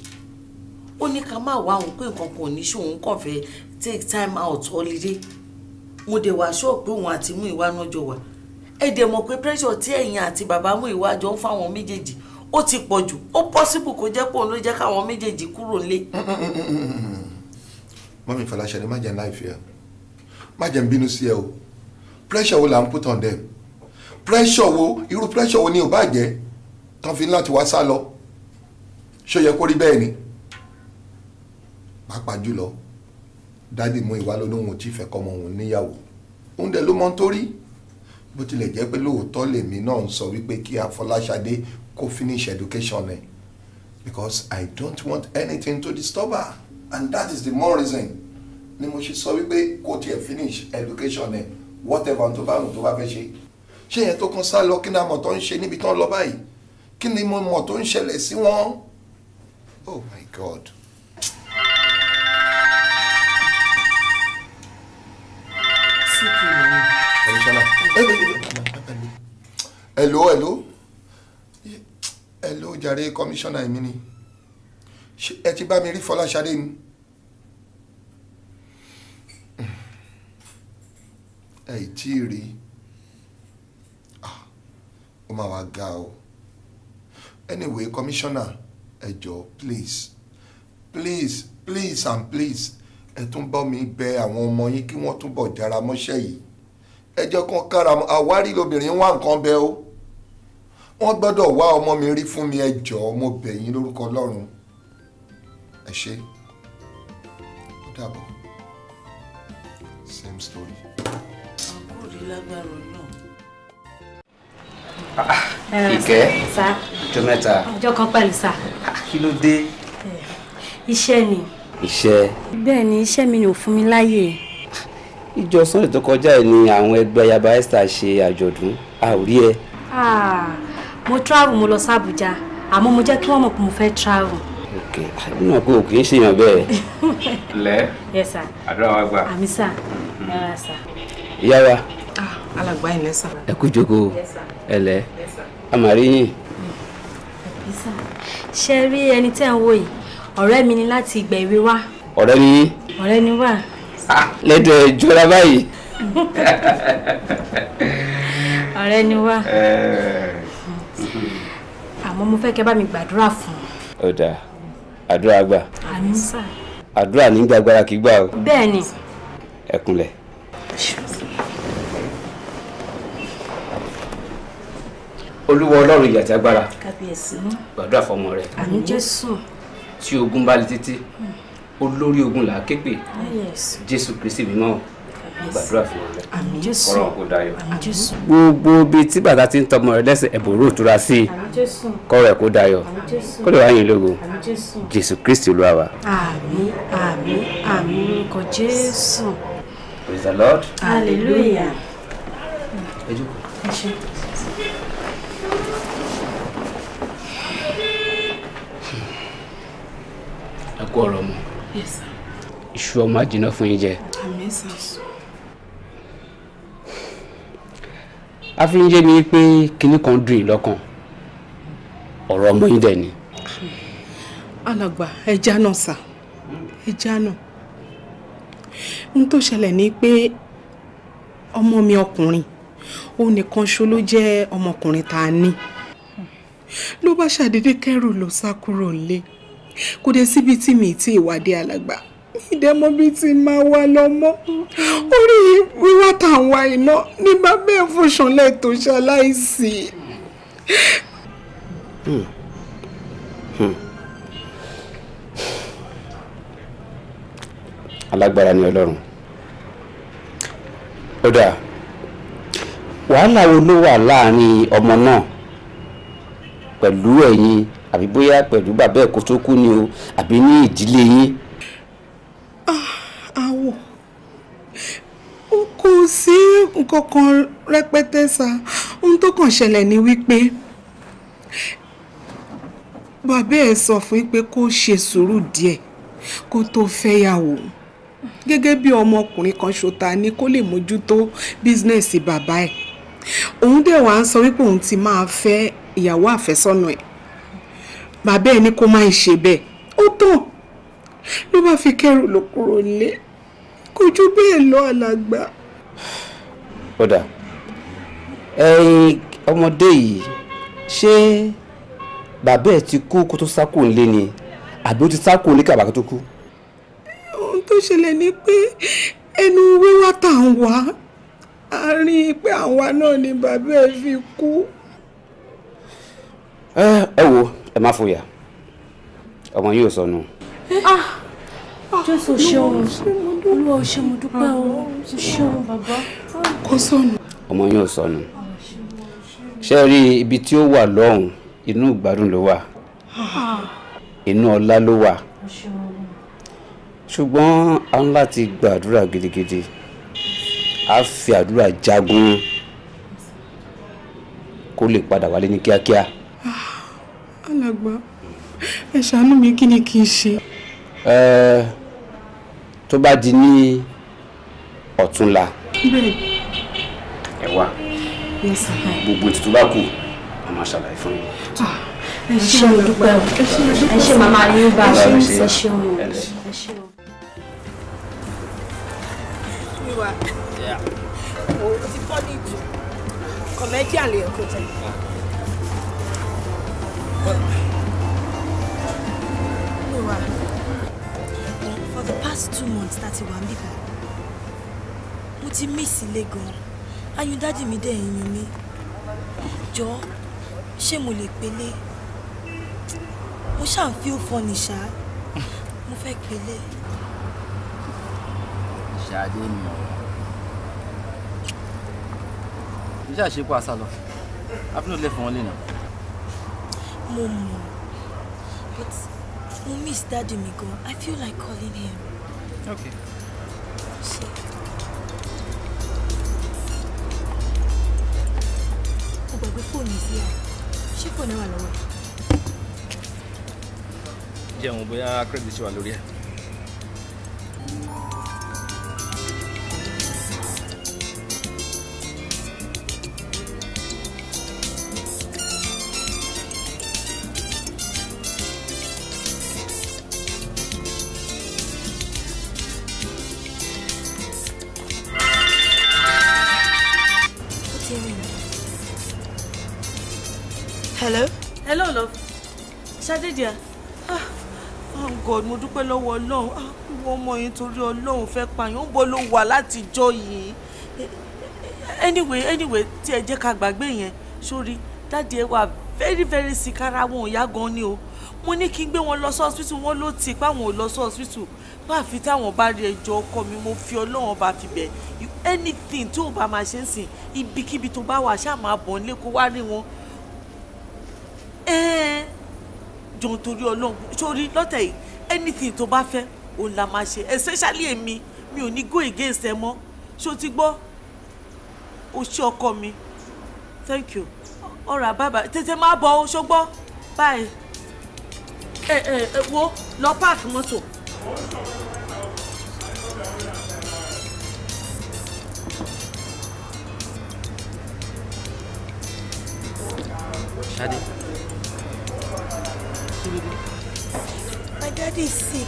ó ní ká má wá òun pé nǹkan kan ní ṣe òun kàn fẹ́ take time out holiday mo dé wá ṣọ́ọ̀pù òun àti mú ìwà náà jọ wà ẹ dẹ̀ mọ̀ pé pressure tí ẹ̀yin àti bàbá mú ìwà jọ ń fáwọn méjèèjì ó ti pọ̀ jù ó possible kó jẹ́ pé òun ló jẹ́ káwọn méjèèjì kúrò nílé. mọ́mí Fọláṣadé má jẹ́ láì fi hàn má jẹ́ n bínú sí ẹ o pressure wo là ń put on them pressure wo irú pressure wo ni ò bá jẹ́ tán fi láti wá sá lọ ṣó yẹ kó rí bẹ́ẹ̀ ni pàápàá jùlọ dádì mú ìwà lóhùn tí ìfẹ́ kọ́mọ òun níyàwó òun dẹ̀ ló mọ ń torí bó tilẹ̀ jẹ́ pé lóòótọ́ lèmi náà ń sọ wípé kí Afọláṣadé kó finish education ẹ̀ because I don't want anything to disturb her and that is the more reason ni mo ṣe sọ wípé kò tiẹ̀ finish education ẹ̀ whatever tó bá wù tó bá fẹ́ ṣe ṣé yẹn tó kàn sá lọ kí ni a tó ń ṣe níbi tó ń lọ báyìí kí ni mo mọ̀ tó ń ṣẹlẹ̀ sí wọn oh my god. hello hello hello jàre kọmíṣánná mi ni ẹ ti bá mi rí Fọláṣadé ni. ẹ ì tí ì rí ó máa wá ga o anyway commissioner ẹ jọ̀ọ́ please please please and please ẹ tún bọ́ mi bẹ àwọn ọmọ yín kí wọ́n túbọ̀ jára mọ́ṣẹ́ yìí ẹ jẹ́ kán kára àwárí lobìnrin wá nǹkan bẹ́ẹ̀ o wọ́n gbọ́dọ̀ wá ọmọ mi rí fún mi ẹ jọ̀ọ́ mo bẹ̀ yín lórúkọ Ọlọ́run ẹ ṣé ó dàbọ̀ same story lágbára náà. Ìkẹ́ ọjọ́ mẹ́ta. Ọjọ́ kan pẹ̀lú sà. Ah, kí ló dé? Eh, iṣẹ́ ni. Iṣẹ́. Bẹ́ẹ̀ ni iṣẹ́ mi ò fún mi láyè. Ìjọ Sunday tó kọjá ẹ̀ ni àwọn ẹgbẹ́ Ayaba Esther ṣe àjọ̀dún. A ò rí ẹ. Ah, mo travel mo lọ sí Abuja àmọ́ mo jẹ́ kí wọ́n mọ̀ pé mo fẹ́ travel. Ok, àdúrà pé òkè ń ṣèyàn bẹ́ẹ̀. Lẹ́. Yes sir. Àdúrà wa gbà. Àmì sà. Mm-hmm. Ẹ ra sà. Ìyá alàgbà yìí lẹ́sà. ẹ kú jókòó ẹ lẹ a máa rí yín. ṣe rí ẹni tẹ́ ń wò yìí ọ̀rẹ́ mi ni láti ìgbà èwe wá. ọ̀rẹ́ ni yín. ọ̀rẹ́ ni wá. lẹ́dọ̀ ẹ̀ jọra báyìí. ọ̀rẹ́ ni wá. àmọ́ mo fẹ́ kẹ́ bá mi gbàdúrà fún un. ó dáa àdúrà gbà. àdúrà nígbà agbára kì í gbà o. bẹ́ẹ̀ ni. E olúwa ọlọ́run ìyà tí agbára kábíyèsí gbàdúrà fọmọ rẹ àmín jésù tí ogun bá le títí hmm. olórí ogun là á ké pè jésù kristi mímọ́ gbàdúrà fún ọ àmín jésù ọ̀rọ̀ kò dayọ̀ àmín jésù gbogbo ibi tí bàtà ti ń tọmọ rẹ lẹ́sẹ̀ ẹ̀bùrú ìtura sí i kọ́rọ̀ ẹ̀ kó dayọ̀ kó lè wá yín lógo jésù kristi olúwa wa. àmín àmín àmín orúkọ jésù. praise the lord. hallelujah. ẹ jókòó. ẹ ṣé. kú ọ̀rọ̀ mọ́ iṣu ọmọ àjìnà fún yín jẹ. àfihànjẹ mi pé kinní kan dùn yín lọ́kàn ọ̀rọ̀ ọmọ yín dẹ̀ ni. alàgbà ẹja náà sà ẹja náà ohun tó ṣẹlẹ̀ ni pé ọmọ mi ọkùnrin ó nìkan ṣo ló jẹ́ ọmọkùnrin tá a ní ló bá ṣàdédé kẹ́rù ló sá kúrò nílé kò dé síbi tí mi ti ìwádé alàgbà ìdẹ́mọ́ bíi ti máa wá lọ́mọ́ orí wíwá tàwa iná ní bàbá ẹ̀ fòṣànlẹ̀ tó ṣaláìsí. Hmm. Hmm. alágbára ni ọlọ́run ó dáa wàhálà wo ló wà láàrin ọmọ náà pẹ̀lú ẹ̀yin àbí bóyá pẹ̀lú bàbá ẹ̀ kó tó kú ni o àbí ní ìdílé yín. Ah, àwò kò sí nǹkan kan rẹpẹtẹ sá ohun tó kàn ṣẹlẹ̀ ni wípé bàbá ẹ̀ sọ fún pé kó ṣe sùúrù díẹ̀ kó tó fẹ́yàwó gẹ́gẹ́ bí ọmọkùnrin kan ṣota ni kó lè mójútó bísínẹ́sì bàbá ẹ̀ òun dẹ̀ wá sọ wípé òun ti máa fẹ́ ìyàwó àfẹ́sọ́nà ẹ̀ bàbá ẹ ní kó má ṣe bẹ́ẹ̀ ó tàn ló bá fi kẹrù ló kúrò nílé kò ju bẹ́ẹ̀ lọ alàgbà. ó dà ẹ̀yin ọmọdé yìí ṣé bàbá ẹ ti kú kó tó sákò nílé ni àbí ó ti sákò ní kàbàkà tó kú. ohun tó ṣẹlẹ̀ ni pé ẹnu wíwá tá ń wá a rí i pé àwa náà ni bàbá ẹ fi kú. ẹ wo ẹ má fòyà ọmọ yóò sọnù. Ah! jésù ṣeun olúwa ò ṣe mo dúpẹ́ o ṣeun bàbá kò sọnù. ọmọ yóò sọnù ṣé rí ibi tí ó wà lọ́hùn inú ìgbádùn ló wà ah! inú ọlá ló wà ṣùgbọ́n a ń láti gbàdúrà gidigidi a fi àdúrà jagun kó lè padà wálé ní kíákíá. Kíá. kíá alàgbà ẹ ṣàánú mi kí ni kì í ṣe. ẹ tó bá di ní ọ̀túnla. bẹ́ẹ̀. ẹ wá gbogbo ètùtù bá kù a máa ṣàlàyé fún yín. Ah, ẹ ṣe mo dúpẹ́ o ẹ ṣe màmá rí bá a ṣe ṣe o. Yeah. Oh, it's funny too. Comedian, you're Nora, for the past two months that you were bíbá, mo ti miss ilé gan-an. Ayùn dádì mi dẹ̀ yín mi. Jọ̀ọ́, ṣé mo lè pélé? Mo ṣáà ń feel funny ṣá. Mo fẹ́ pélé. Ṣadé ni ọ̀rọ̀. Iṣẹ́ àṣepọ̀ àṣà lọ. I've not left for one lane now mo but mo is daddy mi I feel like calling him. okay. ṣe. mo gbàgbé here. She ẹ ṣé fóònù Yeah, we'll jẹun a credit to lórí ẹ. Lydia ah oh God mo dúpẹ́ lọ́wọ́ ọlọ́run ah wọ́n mọ yín torí ọlọ́run fẹ́ pààyàn ń bọ́ ló wà látijọ́ yìí eh, eh, anyway anyway tí ẹ jẹ́ ká gbàgbé yẹn sórí dáàdi ẹ wà very very sick ara wọn ò yá gan ni o mo ní kí n gbé wọn lọ sí hospital wọn ló ti páwọn ò lọ sí hospital bá a fi táwọn bá rí ẹjọ́ ọkọ mi mo fi ọlọ́run bá fi bẹ̀ anything tó o bá máa ṣe ń sìn ibikíbi tó bá wà ṣáà máa bọ̀ nílé kó wá rí wọn. ẹ̀ẹ́n eh, jọ̀ọ́ torí Ọlọ́run sórí lọ́tẹ̀ yìí anything tó bá fẹ́ òun la máa ṣe especially èmi mi ò ní go against ẹ mọ́ ṣó ti gbọ́ o ṣe ọkọ mi thank you ọ̀rọ̀ àbábà tètè máa bọ̀ o ṣó gbọ́ bye ẹ ẹ ẹ wo lọ páàkì mọ́tò. Shadi my daddy is sick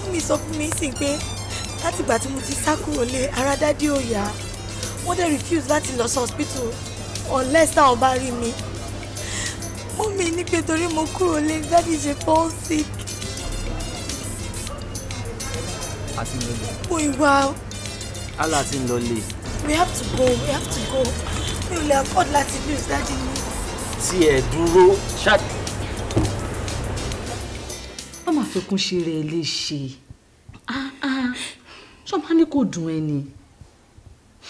mọ́mí sọ fún mi sí pé láti ìgbà tí mo ti sá kúrò lé ara dádì ò yá wọ́n dẹ̀ refuse láti lọ sí hospital unless táwọn bá rí mi mọ́mí ní pé torí mo kúrò lé dádì ṣe fall sick. a ti ń lọlé. mo ìwà. Allah ti ń lọlé. we have to go we have to go mi ò lè afford láti lose dádì mi tiẹ̀ dúró ṣáàtì. wọ́n máa fẹ́kún ṣe rẹ̀ léṣe ṣọ́ máa ní kò dùn ẹ́ ni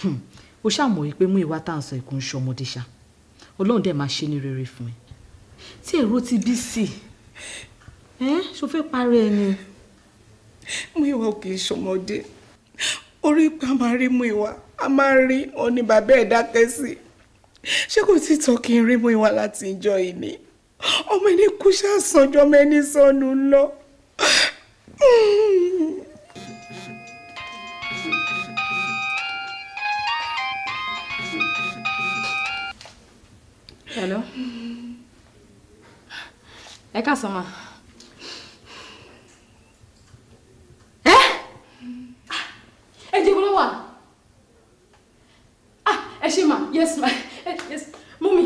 hmm. o ṣàmọ̀ yìí pé mú ìwà tá à ń sọ ìkún ṣọmọdé ṣá ọlọ́run dẹ̀ máa ṣe ní rere fún ẹ tí èrò ti bí sí ẹ ṣo fẹ́ parẹ́ ẹ ni. mú ìwà òkè ṣọmọdé orí ipa máa rí mú ìwà a máa rí òní bàbá ẹ̀ dákẹ́ sí i ṣé kò tí tán kí n rí mú ìwà láti ìjọ yìí ni ọmọ ẹni kú ṣàṣànjọ ọmọ sọnù lọ. hello ẹ káàsán ma. ẹ ah! ẹ jẹ́ kó ló wà ẹ ṣe ma yes ma yes mummy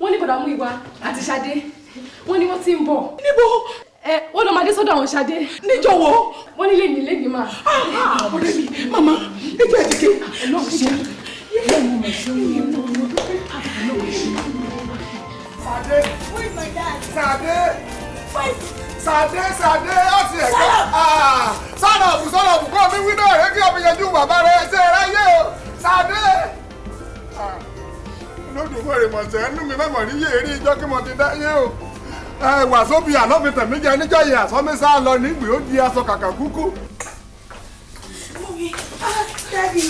wọ́n ní bọ̀dà mú ìwà àti ṣadé wọ́n ní wọ́n ti ń bọ̀. níbo. ẹ wọ́n lọ máa dé sọ́dọ̀ àwọn ṣadé. níjọ wo. wọ́n ní lèmi lèmi ma. Ah, ah, ọ̀rẹ́ mi màmá níjọ ẹ̀ dìde. ọlọ́run ṣe lẹ́nu mi ṣe ń wọ ọlọ́run ṣe. ṣadé ṣadé ṣadé ṣadé ọtí ẹ̀kọ́ sọ̀rọ̀ ọ̀bù sọ̀rọ̀ ọ̀bù kọ́ mi wí náà rẹ́ kí ọmọ yẹn ju bàbá rẹ̀ ṣe é ráyé o ṣadé olódùmarè mọ̀sẹ̀ ẹnu mi mọ̀mọ̀ rí yé eré ijọ́ kí mo ti dáyé o wàásù bíi àná fi tẹ̀mí jẹ níjọ́ yìí àsọ́mísá lọ nígbì ó di aṣọ kàkà kúkú. ṣé èyí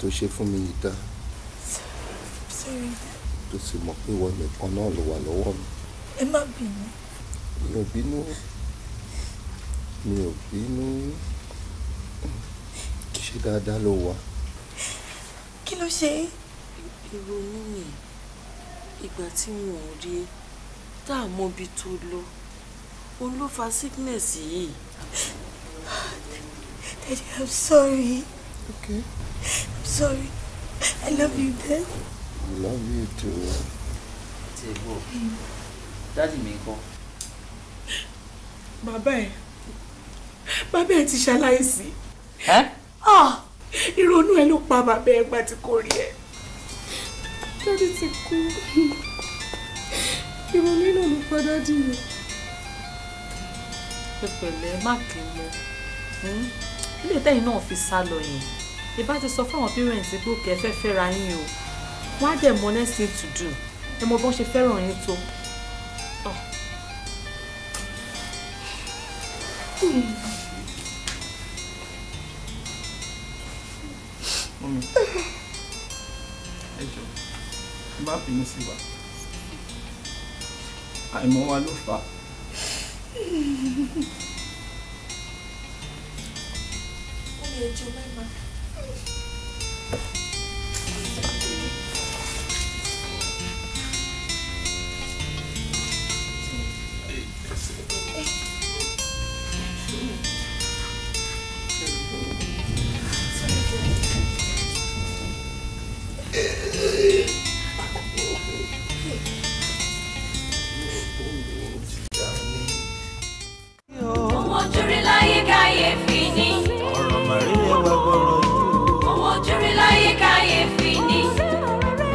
tó ṣe fún mi yìí dáa tó sì mọ̀ pé ìwọ nìkan náà ló wà lọ́wọ́ mi. ẹ má bínú. mi ò bínú mi ò bínú ṣe dáadáa ló wà. kí ló ṣe é. ìrònú mi ìgbà tí wọn ò rí tá a mọ ibi tó lọ òun ló fa sickness yìí. Daddy, I'm sorry. Okay. I'm sorry. I love you, Dad. I love you too. Tèbó, dáàdì mi kọ́. Bàbá ẹ̀, bàbá ẹ̀ ti ṣaláìsí. Ẹ́. Ah, ìrònú ẹ ló pa bàbá ẹ̀ gba tí kò rí ẹ. Dáàdì ti kú. Ìrònú náà ló pa dáàdì mi. Pẹ̀pẹ̀lẹ́ má kì hmm? í lọ. Ilé tẹ́yìn náà fi sá lọ yẹn. Ìbá ti sọ fún àwọn pírẹ̀ǹtì pé òkè fẹ́ fẹ́ ra yín o wọ́n á dẹ̀ mọ next thing to do ẹ mọ bọ́n ṣe fẹ́ràn yín tó. Oh. mọ́mí ẹ jọ bá bínú sí wa àìmọ̀ wa ló fà á. ó lè kàyéfì ni.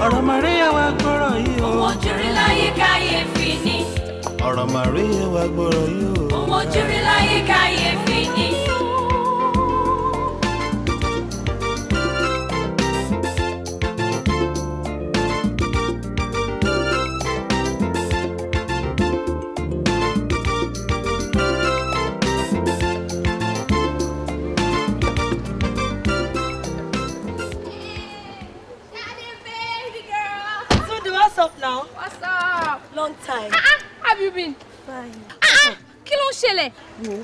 ọ̀rọ̀ Màríyá wà gbọ́rọ̀ yìí. òun ojú rí láyé kàyéfì ni. ọ̀rọ̀ Màríyá wà gbọ́rọ̀ yìí. òun ojú rí láyé kàyéfì ni. ọ̀rọ̀ Màríyá wà gbọ́rọ̀ yìí. òun ojú láyé kàyéfì ni. time. Ah, ah, have you been? Fine. Ah, ah, kí ló Wo,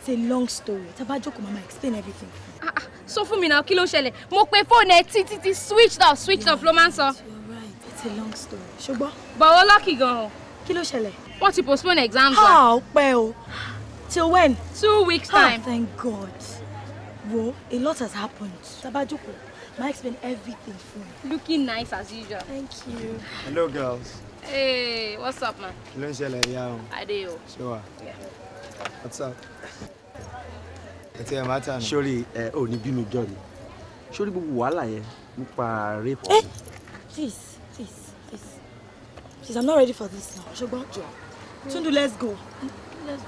it's a long story. Tá a bá jókòó, explain everything. Ah, ah, So for me now, kí ló ń phone, Mo pe fóònù ẹ switched off, switched off ló You're right, it's a long story. Ṣùgbọ́n. Bọ̀wọ́ lucky gan-an. Kí ló ṣẹlẹ̀? Wọ́n ti postpone exams wa. Ah, ó Till when? Two weeks time. Oh, thank God. Wo, a lot has happened. Tá a bá jókòó, explain everything for me. Looking nice as usual. Thank you. Hello, girls. Hey, what's up, man? Kí ló ń ṣẹlẹ̀ ìyá o? What's up? Ẹ̀tí ẹ̀ máa tà ní. Sori ẹ ò ní bínú jọ ni. Sori gbogbo wàhálà yẹn nípa rape. Eh, please please please please I'm not ready for this now. Ṣùgbọ́n jọ. Tundu let's go. Let's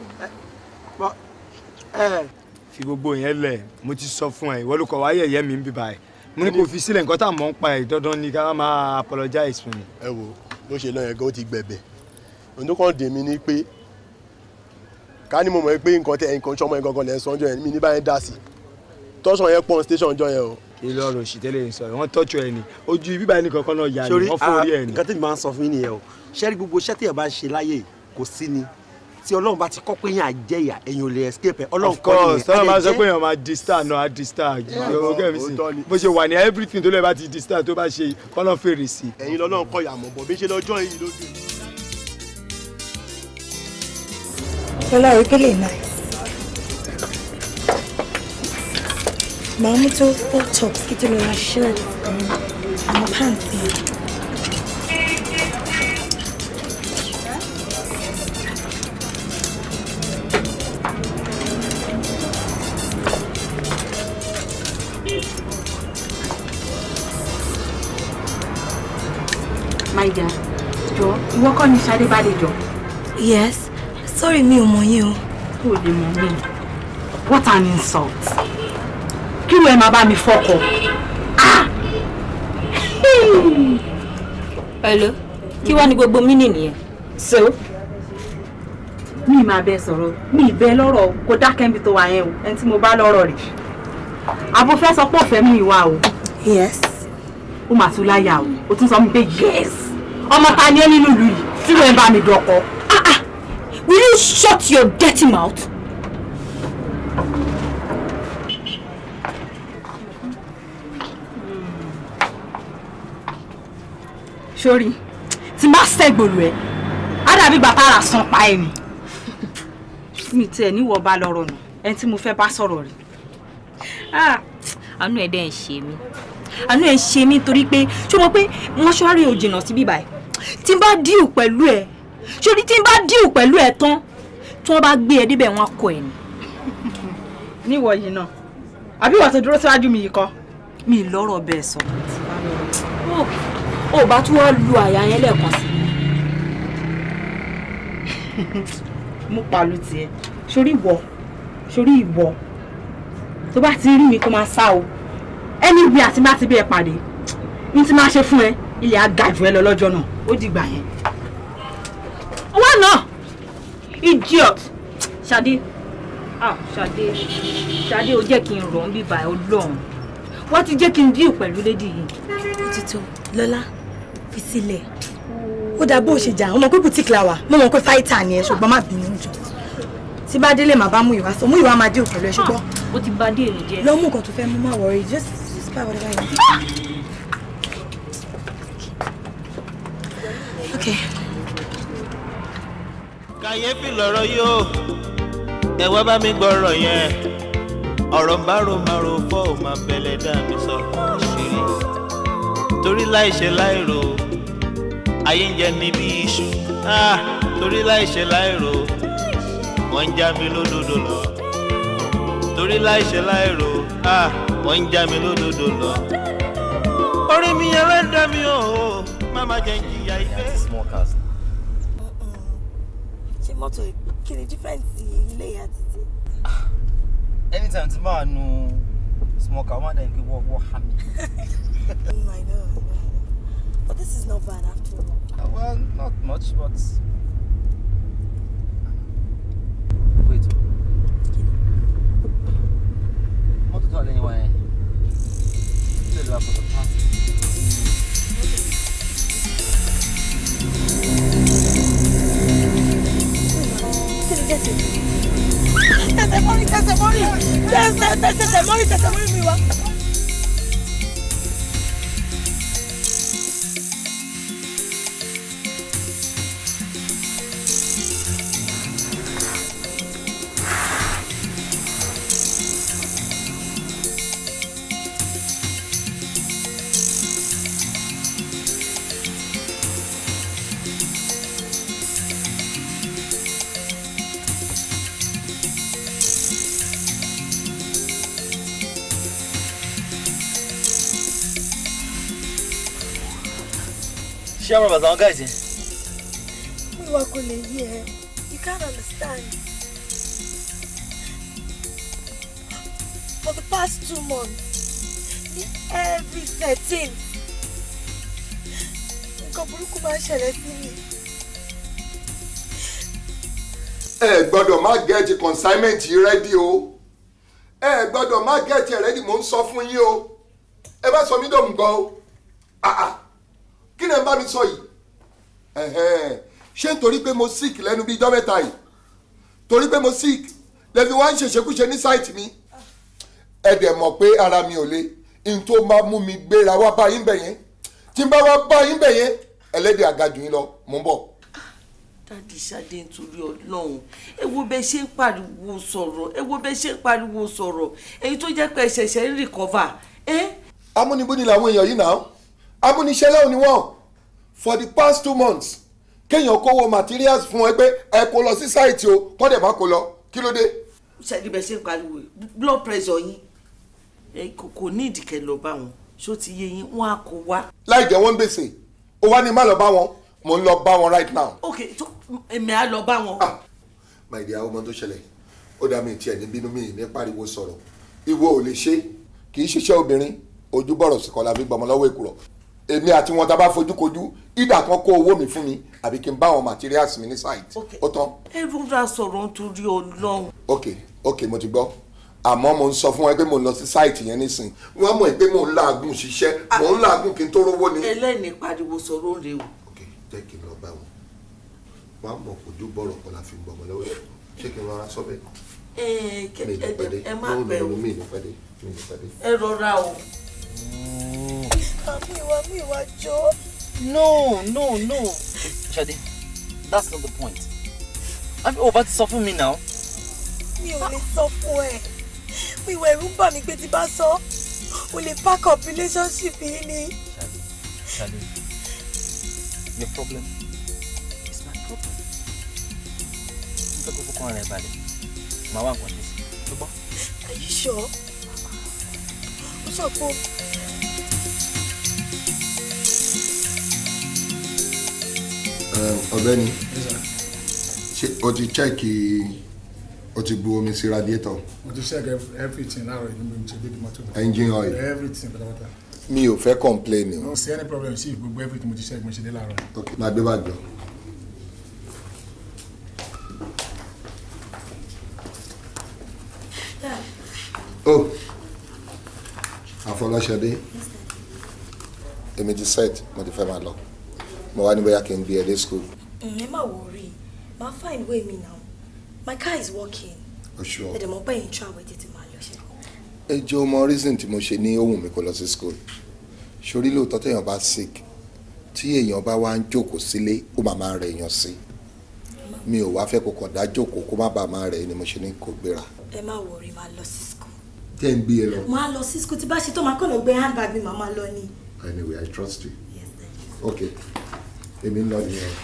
go. Ẹ eh, eh, fi gbogbo yẹn lẹ̀ mo ti sọ fún ẹ ìwọ ló kọ wáyé ẹ̀yẹ́ mi ń bíbá ẹ̀ mo ní kò fi sílẹ̀ nǹkan tá à mọ̀ ń pa ẹ̀ dandan ni ká máa apologize fún mi. ẹ wo bó ṣe lọ yẹn gan ó ti gbẹ̀bẹ̀ ohun tó kàn dè mí ni pé ká ní mo mọ̀ pé nǹkan tẹ nǹkan ṣọmọ yẹn gangan lẹ́ ń sọ ọjọ́ yẹn mi ní báyẹn dá sí tọ́sán yẹn pọ́n station ọjọ́ yẹn o. kí ló rò sí tẹ́lẹ̀ ń sọ wọ́n tọ́jú ẹni ojú bíbá ẹni kankan náà yà ni wọ́n fọ́ orí ẹni. sori nǹkan tí mi máa ń sọ fún yín nìyẹn o ṣẹ́rí gbogbo iṣẹ́ tí ẹ̀ bá ń ṣe láyé kò sí ni tí ọlọ́run bá ti kọ́ pé yẹn àjẹyà ẹ̀yin ò lè escape ẹ̀ ọlọ́run kọ́ nìyẹn. of course tọ́lá máa sọ pé èèyàn máa di star náà á di star yòówó kẹ́mi sí bó ṣe wà ní everything tó lè bá ti di star tó bá ṣe kọ́nà fèrè sí. ẹ̀yin lọ́lọ́run kọ́ ìyàmọ̀ bọ̀ bí ṣe lọ́jọ́ yìí lójú. lọ́lá orí pélé náà màá mú tó four tops kí tó lọ́ra my dear jọ ìwọ kọ́ ni Ṣadé bá lè jọ. yes sorry mi ò mọ̀ yín o. lè mọ̀ mí what an insult kí ló ẹ máa bá mi fọkọ. Ah! hello kí wàá ní gbogbo mínì nìyẹn. so mi máa bẹ sọ̀rọ̀ mi ìbẹ lọ́rọ̀ kó dákẹ́ mi tó wà yẹn o ẹni tí mo bá lọ́rọ̀ rẹ̀ abo fẹ́ sọ pé òfẹ́ mi wà o. yes. ó mà tún láyà o ó tún sọ mi pé yes ọmọ ta ni ẹ nínú ìlú yìí tí wọ́n bá mi dọkọ. Ah, ah. will you shut your dirty mouth. sórí tí má sẹ́gbòlù ẹ̀ á dàbí bàtà rà san pa ẹ̀ ni. mi tiẹ̀ níwọ̀ bá lọ́rọ̀ nù ẹni tí mo fẹ́ bá sọ̀rọ̀ rẹ̀. àánú ah, ẹ̀ dẹ́ ń ṣe mí àánú ẹ̀ ń ṣe mí torí pé ṣé mo pé mọ́ṣúárì ò jìnnà sí bíbáyìí tí n bá díù pẹ̀lú ẹ̀ ṣòrí tí n bá díù pẹ̀lú ẹ̀ tán tí wọ́n bá gbé ẹ débẹ̀ wọn kọ ẹ̀ ni. níwọ̀ yìí náà àbí ìwà tó dúró síwájú mi yìí kọ́. mi lọ́rọ̀ bẹ́ẹ̀ sọ. ó bá tún wá lu àyà yẹn lẹ́ẹ̀kan sí i. mú palu tiẹ̀ sórí ìwọ sórí ìwọ tó bá ti rí mi kó máa sá o ẹni ibi àti má ti bí ẹ pàdé n ti máa ṣe fún ẹ ilẹ̀ agajù ẹ lọ lọ́jọ́ náà ó dìgbà yẹn. wá náà idiot ṣadé ah ṣadé ṣadé ó jẹ́ kí n rọ̀ ń bíbá ẹ ọlọ́run wá ti jẹ́ kí n díù pẹ̀lú lédi yìí. ó ti tó lọ́lá fi sílẹ̀ ó dáa bó o ṣe jà ọmọ pé boutique la wà mo mọ̀ pé fáìtà ni ẹ ṣùgbọ́n má bínú jù tí bá délé màá bá mú ìwà sọ mú ìwà máa díù pẹ̀lú ẹ ṣùgbọ́n. Ah, ó ti bá dé èrè jẹ. lọ mú tó fẹ́ mú má wọrí just just buy whatever you want. Okay. kàyéfì lọ̀rọ̀ yóò ẹ wá bá mi gbọ́rọ̀ yẹn ọ̀rọ̀ ń bá romaro fọ́ ò máa bẹ̀lẹ̀ dá mi sọ ṣeré torí láìṣe láìrò ayé ń jẹ ní bí iṣu ah, torí láìṣe láìrò wọ́n ń já mi lódodo lọ torí láìṣe láìrò ah, wọ́n ń já mi lódodo lọ orí mi ẹlẹ́dàá mi ò mama jẹ́ ń jìyà igbe. ṣé mọ́tò kí ni dífẹ́ǹsì ilé ìyá títí. anytime tí máa nu small car one day wọ́n wọ́n hà mí. Mm, I know, I know. But this is not bad after all. Uh, well, not much, but wait. Mọ́tò tó wà lẹ́yìn wa yẹn. Ṣé ìlú àpótò pàṣẹ? Tẹ̀sẹ̀ mọ́rí tẹ̀sẹ̀ mọ́rí tẹ̀sẹ̀ tẹ̀sẹ̀ mọ́rí tẹ̀sẹ̀ mọ́rí mi wá. She have brothers and guys. We work only here. You can't understand. For the past two months, every 13, nǹkan burúkú máa ń ṣẹlẹ̀ sí mi. ẹ gbọ́dọ̀ má gẹ́ẹ̀tì consignment yìí rẹ́dí o ẹ gbọ́dọ̀ má gẹ́ẹ̀tì ẹ̀ rẹ́dí mò ń sọ fún yín o ẹ bá sọ kí lè ń bá mi sọ yìí ṣé nítorí pé mo sick lẹ́nu bíi ijọ́ mẹ́ta yìí torí pé mo sick lẹ́fi wá ń ṣèṣekúṣe ní sáìtì mi ẹ dẹ̀ mọ̀ pé ara mi ò le n tó máa mú mi gbéra wá bá bẹ̀ yẹn tí n bá wá bá bẹ̀ yẹn ẹlẹ́dẹ̀ àgàjù yín lọ mò ń bọ̀. dáàdì ṣadé nítorí ọlọ́run ẹ bẹ ṣe ń pariwo sọ̀rọ̀ ẹ bẹ ṣe ń pariwo sọ̀rọ̀ èyí tó jẹ́ pé ẹ ṣẹ̀ṣẹ̀ ń rìkọ́fà. amúnibúni làwọn èèyàn yìí náà amúniṣẹ́lẹ́ òní wọ́n for the past two months kéèyàn kówó materials fún ẹ pé ẹ kó lọ sí sáìtì o kọ́ dẹ̀ bá kó lọ kí ló dé. ṣẹ́dibẹ̀ ṣe ń pariwo blood pressure yín kò ní ìdìkẹ́ lọ bá wọn ṣó ti yé yín wọn á kó wá. láì jẹ́ wọ́n gbèsè ó wá ní má lọ bá wọn mo ń lọ bá wọn right now. ok tó èmi á lọ bá wọn. Ah, my dear ọmọ tó ṣẹlẹ̀ ó dá mi tiẹ̀ ní bínú mi ní pariwo sọ̀rọ̀ ìwọ ò lè ṣe kì í ṣiṣẹ́ obìnrin ojú sí èmi àti wọn tá a bá fojú kojú ìdá kan kó owó mi fún mi àbí kí n bá àwọn materials mi ní site ó tán. ẹ rúra sọ̀rọ̀ nítorí ọlọ́run. ok ok mo ti gbọ́ àmọ́ mo ń sọ fún wọn pé mo lọ sí sáìtì yẹn nísìn wọ́n mọ̀ pé mo ń làágùn ṣiṣẹ́ mo ń làágùn kí n tó rówó ni. ẹlẹ́ni pariwo sọ̀rọ̀ ń rewò. ok jẹ́ kí n lọ bá wọn wọn á mọ̀ kó ju bọ̀rọ̀ kan la fi gbọmọ lọ́wọ́ ṣé kí n rọra sọ bẹ́ẹ̀. ẹ ẹ ẹ má pẹ́ ẹ rọra o mi wa mi no no no Ṣadé that's not the point àbí o oh, bá ti sọ fún mi now. mi ò lè sọ fún ẹ mi ìwà ẹ̀rù ń bà mí pé pack up relationship yìí ni. Ṣadé Ṣadé your problem is my problem. n tó kó fún kọ́ra ẹ̀ balẹ̀ màá wá nǹkan ṣe are you sure? What's up, pé. Eh, ọ̀gbẹ́ni ṣé o ti chẹ́ẹ̀kì o ti bu omi sí radiator. mo ti check everything láàárọ̀ inú mi ti bíbí mọ́tò. engine oil everything pátápátá. mi ò fẹ́ complain o. no see any problem sí gbogbo everything mo ti check mo ṣe dé láàárọ̀. ok máa gbé bàjọ́. oh àfọlọ́ṣẹ́dé èmi ti set mo ti fẹ́ máa lọ mo wá ní bóyá kí n bí school. ẹ má worry máa find way Me now my car is working. o oh, sure. ẹ̀dẹ̀ mọ̀ pé yín travel tètè máa lọ ṣe. ẹ jẹ́ reason tí mo ṣe ní ohun mi kò lọ sí school ṣorí lóòótọ́ téèyàn bá sick tí èèyàn bá wá ń jókòó sílé ó máa máa rẹ̀ èèyàn sí mi ò wá fẹ́ kó kàn dá jókòó kó má bàa máa rẹ̀ ni mo ṣe ní kó gbéra. ẹ má worry máa lọ sí school. tẹ́ ń gbé e lọ. máa school tí bá ṣe tó máa kọ́ lọ gbé handbag mi màá máa lọ ni. anyway i trust you. yes thank you. okay èmi ń lọ nìyẹn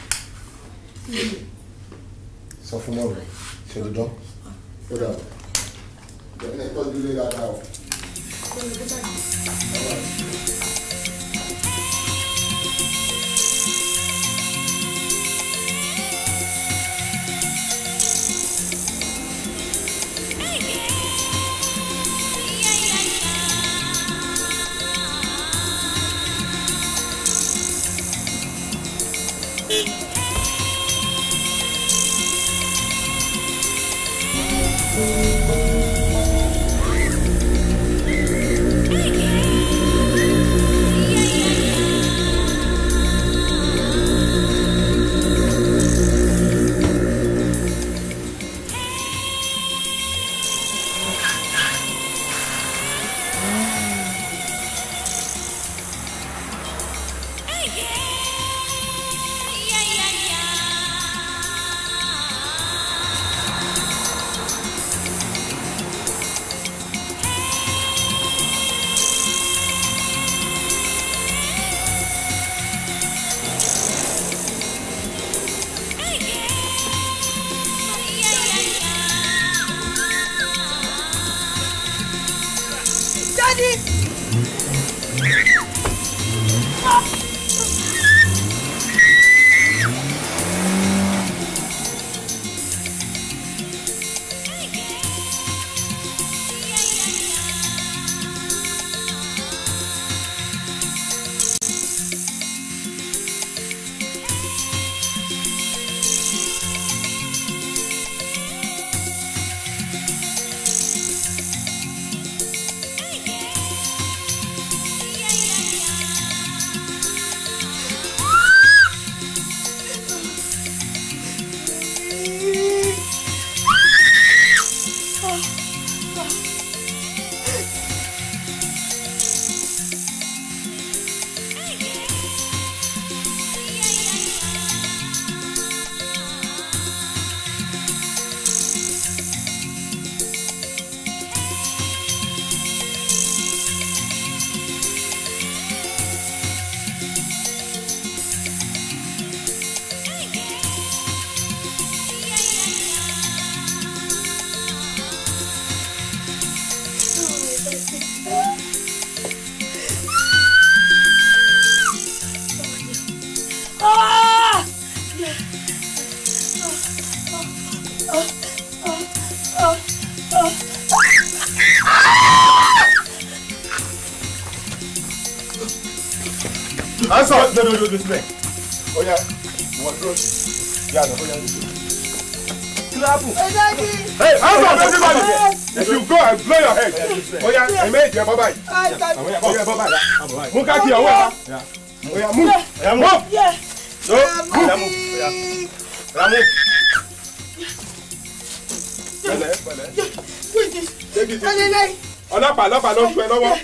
sọ fún mọ́ rẹ̀ ṣe dídán ó dà o ìjọba tọ́jú lé dáadáa o. dúró síbẹ̀ ọ̀yà ìwọ dúró sí ìyá àná ọ̀yà dúró. kíláàbù. ẹ dájú. ẹ out of everybody if you go and blow your head ọ̀yà ẹ̀mẹ́ ìjẹ́ bọ́ báyìí ọ̀yà bọ́ báyìí mú káàkiri ọwọ́ ẹ̀ ọ̀yà mú ọ̀yà mú so mú ọ̀yà mú ọ̀yà mú. pẹ̀lẹ́ pẹ̀lẹ́ ọlọ́pàá ọlọ́pàá ló ń pẹ lọ́wọ́.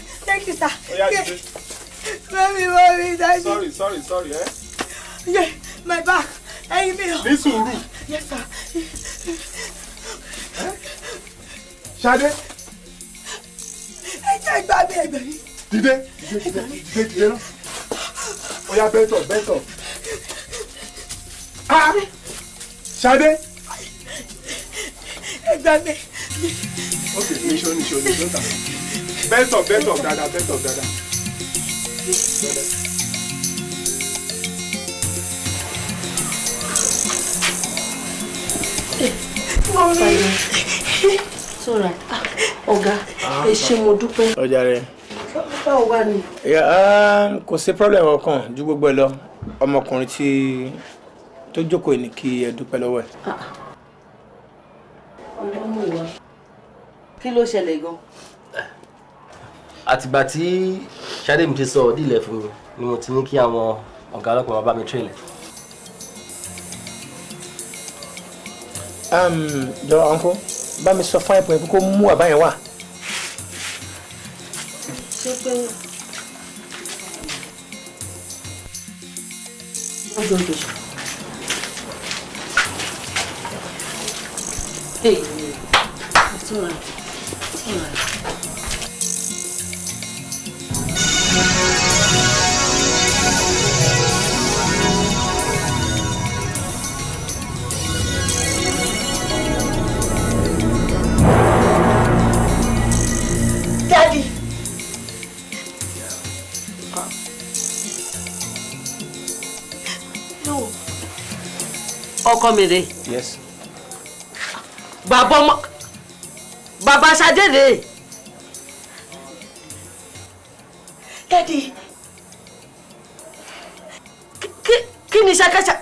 sorry sorry eh? Yeah, my back ẹyin mi o. ní sùúrù. yes sir. Eh? ṣadé. ẹ jẹ́ ìgbà mi ẹgbẹ̀ mi. dìde dìde dìde dìde náà ó yá bẹ́tọ̀ bẹ́tọ̀. ah ṣadé. ẹgbà mi. ok níṣó níṣó níṣó tà bẹ́tọ̀ bẹ́tọ̀ dáadáa bẹ́tọ̀ dáadáa. ẹ ṣé mo dúpẹ́. ọjà rẹ. báwo wà ní. kò sí problem ọkàn ju gbogbo ẹ lọ ọmọkùnrin tí tó jókòó ní kí ẹ dúpẹ́ lọ́wọ́ ẹ. ọlọ́mọ ìwà kí ló ṣẹlẹ̀ gan. àtìgbà tí Ṣadémi ti sọ ọ̀dí fún mi ni mo ti ní kí àwọn ọ̀gá ọlọ́pàá máa bá mi tẹ̀lé. jọ ọ̀nkú bá mi sọ fún ẹ̀pọ̀ ẹ̀ kó mú àbáyẹn wá. 我做不行。嘿，做了，做了。ọkọ mi rè. yes. bàbá ọmọ bàbá Ṣadé rè. dádì kí ni ṣàkàṣà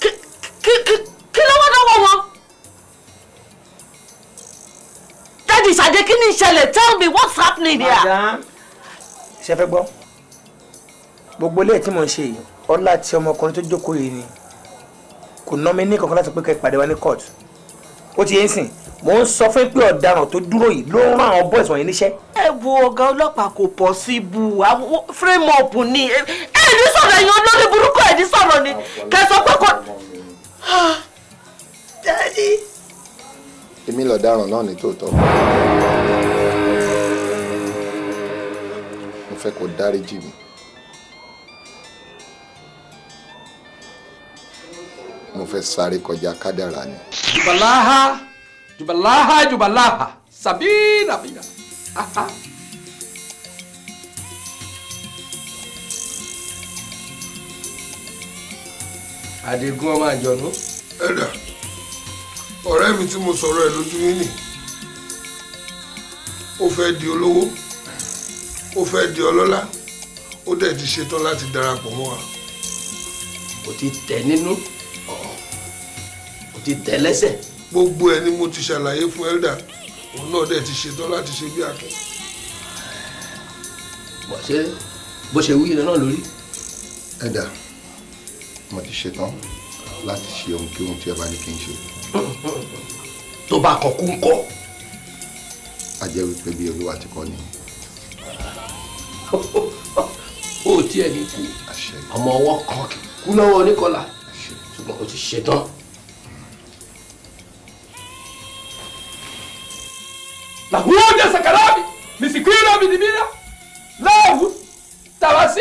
kí lọ́wọ́ lọ́wọ́ wọn. dádì Ṣadé kí ni ìṣẹ̀lẹ̀ tell me what's happening here. madam ṣe fẹ́ gbọ́ gbogbo ilé tí mo ń ṣe yìí ọlá ti ọmọkùnrin tó jókòó yìí ni kò ná mi ní kankan láti pé kẹ́ ìpàdé wa ní court ó ti yẹn sìn mò ń sọ fún pé ọ̀daràn tó dúró yìí ló ń rán àwọn boys wọ̀nyí níṣẹ́. ẹ wo ọ̀gá ọlọ́pàá kò pọ̀ sí ibu àwọn frame up ni ẹ ní sọ̀rọ̀ ẹ̀yin olórí burúkú ẹ̀ ní sọ̀rọ̀ ni kẹsàn pé kò. èmi lọ̀daràn náà ní tòótọ́ mo fẹ́ kó dáríjì mi. mo fẹ́ sáré kọjá kádàrà ni. jubalaha jubalaha jubalaha sabina bina. àdégún ọmọ àjọ̀nú. ẹ̀dà ọ̀rẹ́ mi tí mo sọ̀rọ̀ ẹ̀ lójú yín nì ó fẹ́ di olówó ó fẹ́ di ọlọ́lá ó dẹ̀ ti ṣetán láti darapọ̀ mọ́ wa. kò ti tẹ̀ nínú. No? ti tẹ̀ lẹ́sẹ̀. gbogbo ẹ ni mo ti ṣàlàyé fún elda òun náà dẹ̀ ti ṣetán láti ṣe bí akin. bó ṣe bó ṣe wúyẹ náà lórí. elda mo ti ṣetán láti ṣe ohunkóhun tí ẹ bá ní kí n ṣe. tó bá kọ kú ń kọ. a jẹ́ wípé bí olúwa ti kọ́ ni. ó tiẹ̀ ní kú ọmọ ọwọ́ kan kú lọ́wọ́ oníkọlà ṣùgbọ́n o ti ṣetán. lahuja sakarabi misikwira midimira lahu tawasi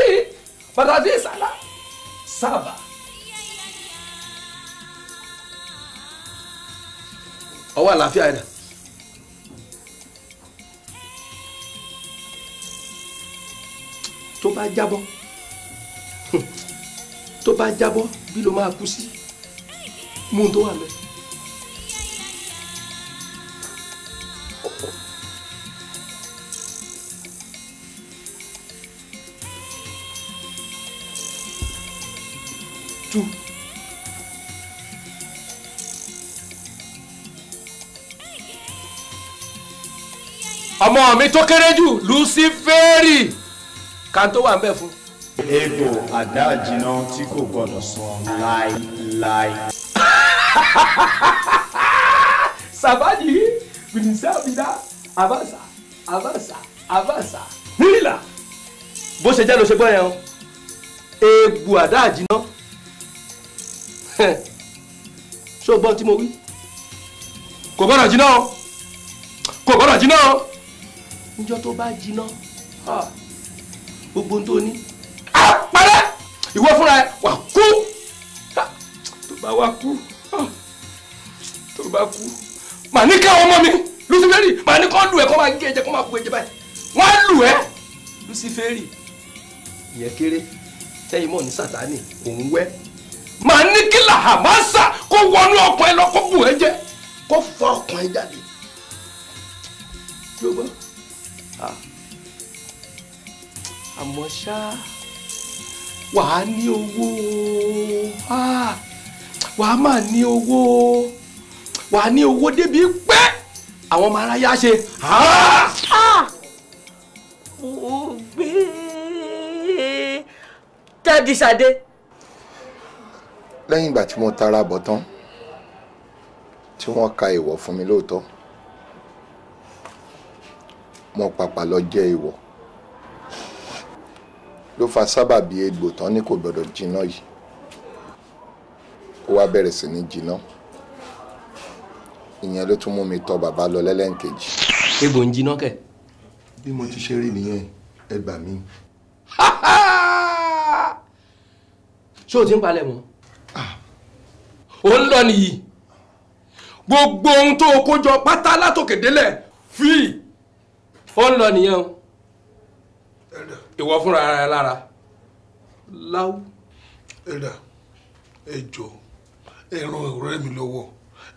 baradisa la saba ọwọ́ àlàáfíà rẹ̀ tó bá jábọ́ tó bá jábọ́ bí ló máa kú sí mú un tó wà lẹ́yìn. tú. ọmọ mi tó kéré jù Luciferi kan tó wà ń bẹ fún. egbò àdá jìnnà tí kò gbọdọ̀ sọ láéláé. sàbájì bìnnìsàbìdá àbàṣà àbàṣà àbàṣà nílà bó ṣe jẹ́ ló ṣe gbọ́ yẹn o egbò àdá jìnnà ṣé o gbọ́ tí mo wí kò gbọ́dọ̀ jiná o kò gbọ́dọ̀ jiná o níjọ́ tó bá jiná gbogbo tó ní àpẹẹrẹ ìwọ fúnra ẹ wà kú tó bá wà kú tó bá kú màá ní káwọn ọmọ mi luciferi màá ní kó lù ẹ kó máa gé ẹjẹ kó máa kú ẹjẹ báyìí wọ́n á lù ẹ luciferi ìyẹn kéré tẹ́yìn mọ̀ ní sátani òun wẹ́ màá ní kí làhàmásà kó wọnú ọkàn ẹ lọ kó bù ẹ jẹ kó fọ ọkàn ẹ jáde yorùbá àmọ́ ṣá wàá ní owó wàá máa ní owó wàá ní owó débi pé àwọn ọmọ aráyá ṣe. ó gbé tẹ́dí lẹ́yìn ìgbà tí mo tara bọ̀ tán tí wọ́n ka èèwọ̀ fún mi lóòótọ́ mo pàpà lọ jẹ́ èèwọ̀ ló fa sábàbí egbò tán ní kò gbọdọ̀ jinná yìí ó wá bẹ̀rẹ̀ sí ní jinná ìyẹn ló tún mú mi tọ bàbá lọ lẹ́lẹ́ǹkejì. egbò ń jinná kẹ̀. bí mo ti ṣe rí nìyẹn ẹ gbà mí. ṣé o ti ń palẹ̀ mọ́ ò ń lọ nìyí gbogbo ohun tó o kó jọ pátá látòkè délẹ̀ fíì ó ń lọ nìyẹn o ìwọ fúnra rẹ lára láwù. ẹ̀dà ẹ jọ ẹ ràn ọ̀rẹ́ mi lọ́wọ́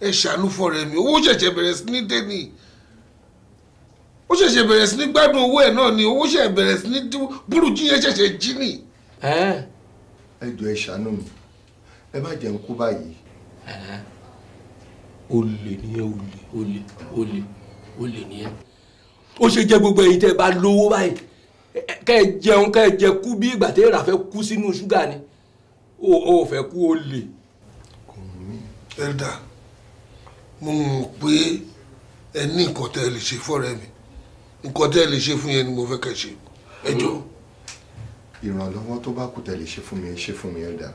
ẹ ṣàánú fọ́rẹ́ mi owó ṣẹ̀ṣẹ̀ bẹ̀rẹ̀ sí ní dé ni ó ṣẹ̀ṣẹ̀ bẹ̀rẹ̀ sí ní gbádùn owó ẹ̀ náà ni owó ṣẹ̀ṣẹ̀ bẹ̀rẹ̀ sí ní burújí yẹn ṣẹ̀ṣẹ̀ jí ni. ẹ jọ ẹ ṣàánú mi ẹ má jẹun kú báyìí olè nìyẹn olè olè olè olè nìyẹn ó ṣe jẹ gbogbo èyí tẹ bá lówó báyìí kẹ ẹ jẹun kẹ ẹ jẹ kú bí ìgbà tẹ ìrà kú sínú ṣúgà ni ó fẹ kú olè. elda mo mọ̀ pé ẹ ní nǹkan tẹ́ ẹ lè ṣe fọ́rẹ́ mi nǹkan tẹ́ ẹ lè ṣe fún yẹn ni mo fẹ́ kẹ́ ṣe ẹ jọ. ìrànlọ́wọ́ tó bá kù tẹ́ lè ṣe fún mi ṣe fún mi elda.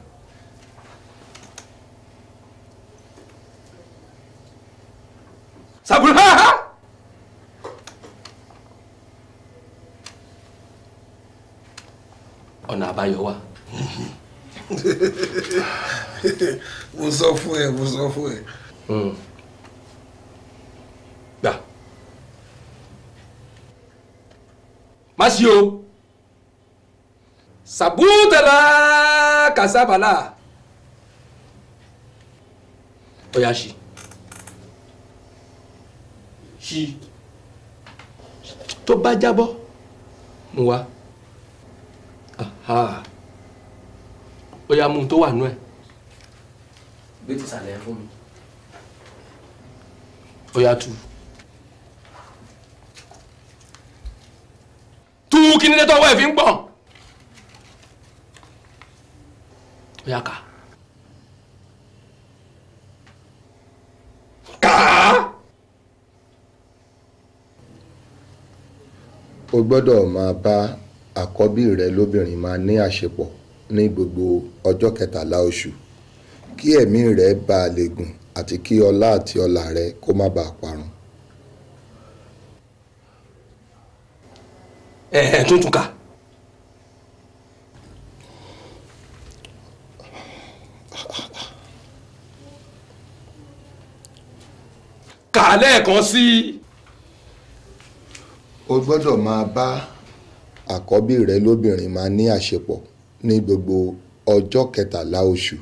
Sabur ha ha! ọ̀nà àbáyọ wà. mo sọ fún ẹ mo sọ fún ẹ. gbà má sí o sàbútàlà kàsábàlà ó yá kí tó bá jábọ́ mú wá ó yá mú un tó wà nú ẹ̀. gbé ti sàlẹ̀ fún mi. ó yá tú. tú kí ni tọ́wọ́ ẹ̀ fi ń gbọ̀n. ó yá kà. kà o gbọ́dọ̀ máa bá àkọ́bí rẹ lóbìnrin máa ní àṣepọ̀ ní gbogbo ọjọ́ kẹtàlá oṣù kí ẹ̀mí rẹ bá a lè gùn àti kí ọlá àti ọlà rẹ kó má bàa parun. ẹ ẹ tó tún kà. sí i o gbọ́dọ̀ máa bá àkọ́bí rẹ lóbìnrin máa ní àṣepọ̀ ní gbogbo ọjọ́ kẹtàlá oṣù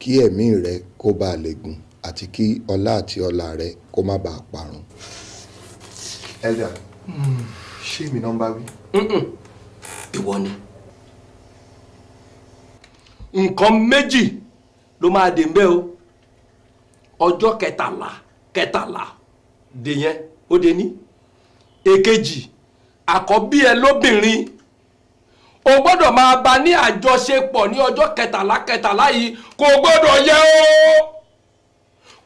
kí ẹ̀mí rẹ kó bá lè gùn àti kí ọlá àti ọlà rẹ kó má bàa parun. ẹ̀dà ṣé mi náà ń bá wí. ìwọ ni nǹkan méjì ló máa dé mbẹ́ o ọjọ́ kẹtàlá kẹtàlá dè yẹn ó dé ní èkejì àkọ́bí ẹ lóbìnrin o gbọ́dọ̀ máa bá ní àjọṣepọ̀ ní ọjọ́ kẹtàlá kẹtàlá yìí kò gbọ́dọ̀ yẹ o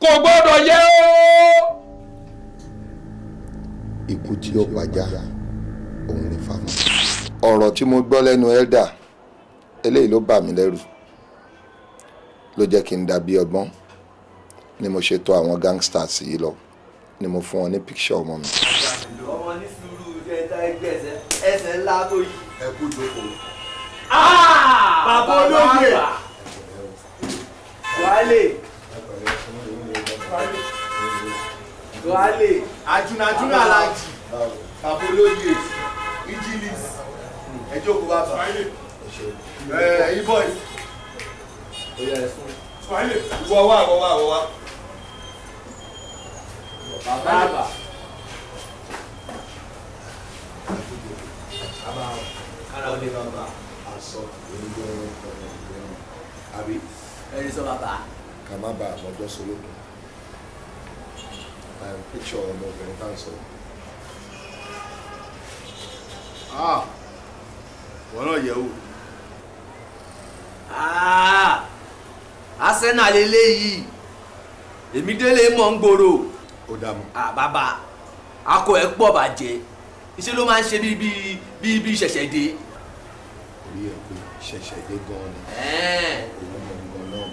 kò gbọ́dọ̀ yẹ o. ikú tí ó pajá òun ni fáwọn. ọ̀rọ̀ tí mo gbọ́ lẹ́nu elder eléyìí ló bà mí lẹ́rù ló jẹ́ kí n dàbí ọgbọ́n ni mo ṣètò àwọn gangsters yìí lọ ni mo fún wọn ní píkṣọ ọmọ mi dára tó yìí. ẹ kú jókòó. Ah! bàbá olóye wálé wálé àjùnàjùnà alájì bàbá olóye ijilis ẹ jókòó bàbá ẹ ibọ wọ́n wá wọ́n wá wọ́n wá. bàbá. about how the a asọ ndị ọrụ ọrụ abi baba ka má bàa mọjọ im picture n ah náà ah, Arsenal eléyìí èmi délé mọ̀ ah, akọ ẹ̀ pọ̀ iṣẹ́ ló máa ń ṣe bíi bíi bíi ṣẹ̀ṣẹ̀ dé. orí ẹ̀ pé ṣẹ̀ṣẹ̀ dé gan-an ni òun gangan náà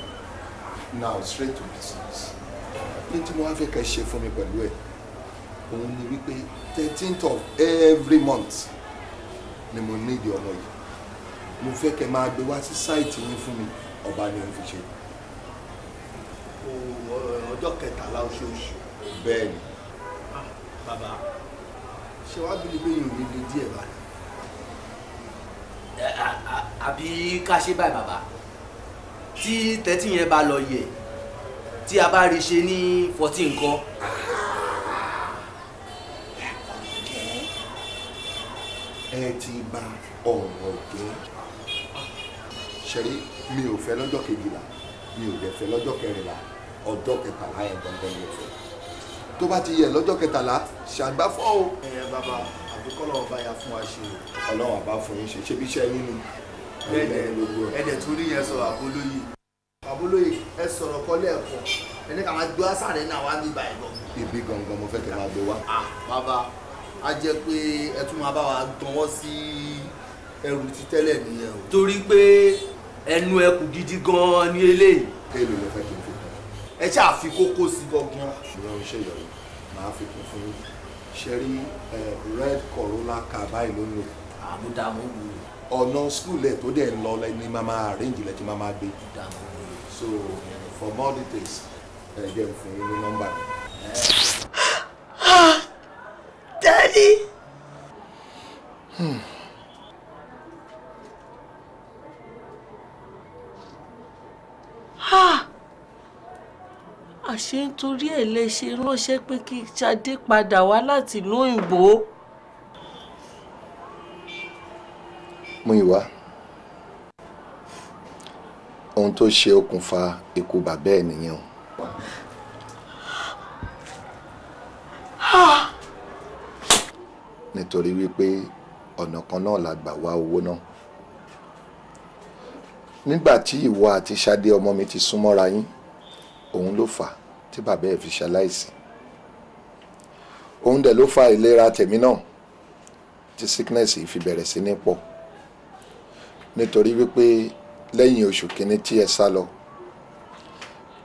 now straight to business ní tí mo wá fẹ́ kẹ́ ṣe fún mi pẹ̀lú ẹ̀ òun ni wípé thirteenth of every month ni mo ní ìdí ọmọ yìí mo fẹ́ kẹ́ máa gbé wá sí sáìtì yín fún mi ọba ni òun fi ṣe. ọjọ́ kẹtàlá oṣooṣù. bẹ́ẹ̀ ni. Ah, bàbá ṣé wàá bìlí pé èèyàn ò lè le díẹ̀ bá. àbí ká ṣe báyìí bàbá tí tẹ́tí yẹn bá lọ yẹ tí a bá rí ṣe ní fourteen nǹkan. ẹ ti gba ọ̀rọ̀ jẹ́ ṣeré mi ò fẹ́ lọ́jọ́ kejìlá mi ò dẹ̀ fẹ́ lọ́jọ́ kẹrìnlá ọjọ́ kẹtàlá ẹ̀ gbọ́ngàn mi ò fẹ́ tó bá ti yẹ lọ́jọ́ kẹtàlá ṣàǹgbá fọ́ o. ẹ̀yin bàbá àbíkọ́lọ̀ ọba ya fún wa ṣe o. ọlọ́run àbá fún yín ṣe ṣe bí iṣẹ́ yín ni. ẹ̀ẹ́dẹ̀ tó ní yẹn sọ àbólóyè àbólóyè ẹ sọ̀rọ̀ kọ́lẹ̀ ẹ̀kọ́ ẹni kà máa gbé wá sáré náà wá níbà ẹ̀ gan. ibi gangan mo fẹ́ kí n máa gbé wá. bàbá a jẹ́ pé ẹ tún máa bá wa dánwọ́ sí ẹrù ti tẹ́lẹ̀ nìyẹn o. torí pé ẹnu ni eléyìí. kéèlò ló fẹ́ kí n fi kàn. ẹ ṣáà fi sí gangan. ìrọ̀rùn ṣe yọ̀rọ̀ máa fi kún fún yín ṣe red corolla car báyìí ló ń lò. àmúdàmú wù ọ̀nà skul ẹ̀ tó dẹ̀ ń lọ ni máa arrange lẹ́tí máa gbé. àmúdàmú wù so for more details ẹ jẹ́ n fún yín ní nọ́mbà mi. Daddy. Hmm àṣé nítorí ẹ̀ lẹ ṣe ránṣẹ́ pé kí Ṣadé padà wá láti ìlú òyìnbó. Múyìwá ohun tó ṣe okùnfà ikú bàbá ẹ̀ nìyẹn o. Ah! nítorí wípé ọ̀nà kan náà la gbà wá owó náà nígbà tí ìwọ àti Ṣadé ọmọ mi ti súnmọ́ra yín òun ló fà á tí bàbá ẹ̀ fi ṣaláìsí òun dẹ̀ ló fa ìlera tèmi náà tí sickness yìí fi bẹ̀rẹ̀ sí ní pọ̀ nítorí wípé lẹ́yìn oṣù kìíní tí ẹ sá lọ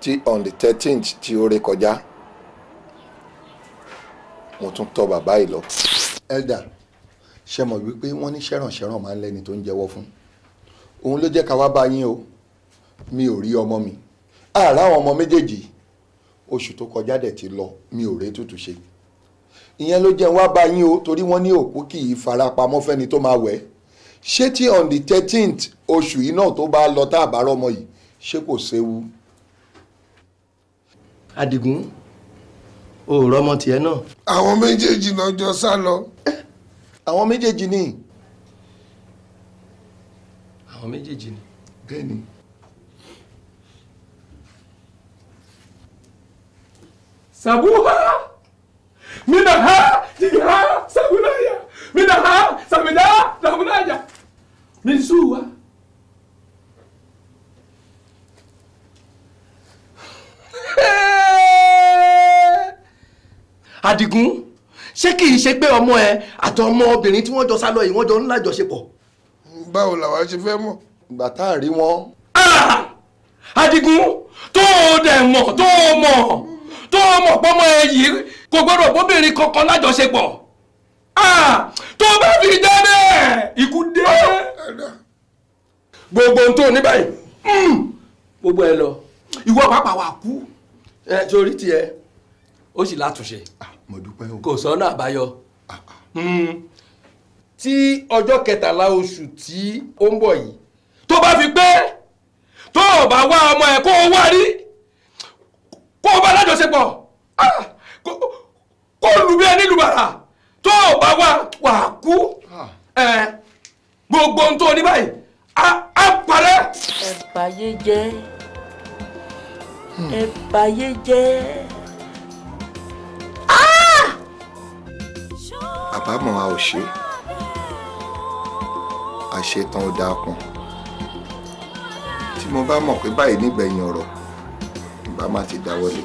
tí on the thirteenth tí ó ré kọjá mo tún tọ̀ bàbá yìí lọ. elder ṣe mọ̀ wípé wọ́n ní ṣẹ̀rànṣẹ̀ràn máa ń lẹ́ni tó ń jẹ́wọ́ fún òun ló jẹ́ ká wá bá yín o mi ò rí ọmọ mi àárá àwọn ọmọ méjèèjì oṣù tó kọjá dẹ̀ ti lọ mi ò rè tútù ṣe ìyẹn ló jẹ́ wá bá yín o torí wọ́n ní òkú kì í farapamọ́ fẹ́ni tó máa wẹ̀ ṣé tí on the thirteenth oṣù yìí náà tó bá lọ tá àbárọ̀ ọmọ yìí ṣé kò séwu. Adigun òòrọ̀ ọmọ tiẹ̀ náà. àwọn méjèèjì náà jọ sá lọ. àwọn méjèèjì ni. àwọn méjèèjì ni. bẹ́ẹ̀ ni. sabuha minaha jiha sabunaya minaha sabida sabunaya min suwa Adigun ṣé kì í ṣe pé ọmọ ẹ àti ọmọ obìnrin tí wọ́n jọ sá lọ yìí wọ́n jọ ń lájọṣepọ̀. báwo làwa ṣe fẹ́ mọ̀ ìgbà tá a rí wọn. Ah! Adigun tó o dẹ̀ mọ̀ tó o mọ̀ tó mọ̀ pọ́mọ ẹ yìí kò gbọ́dọ̀ bóbìnrin kankan lájọṣepọ̀ ah, tó bá fi jáde ikú dé gbogbo ohun tó ní báyìí mm, gbogbo ẹ lọ ìwọ pàápàá wà kú ẹ torí tiẹ ó sì látúnṣe ah, kò sọ́nà àbáyọ ah, hmm, tí ọjọ́ kẹtàlá oṣù tí ó ń bọ̀ yìí tó bá fi pé tó bá wá ọmọ ẹ̀ kó o wá rí kó o bá lájọṣepọ̀ ah! kó o lù bí ẹni lùbàrà tó o bá wà wà kú ah. gbogbo ohun tó o ní báyìí á parẹ́. ẹ jẹ́ ẹ jẹ́. Ah! àbámọ̀ a ò ṣe àṣetán ó dáa kan tí mo bá mọ̀ pé báyìí nígbẹ̀yìn ọ̀rọ̀ bá má ti dáwọ́lé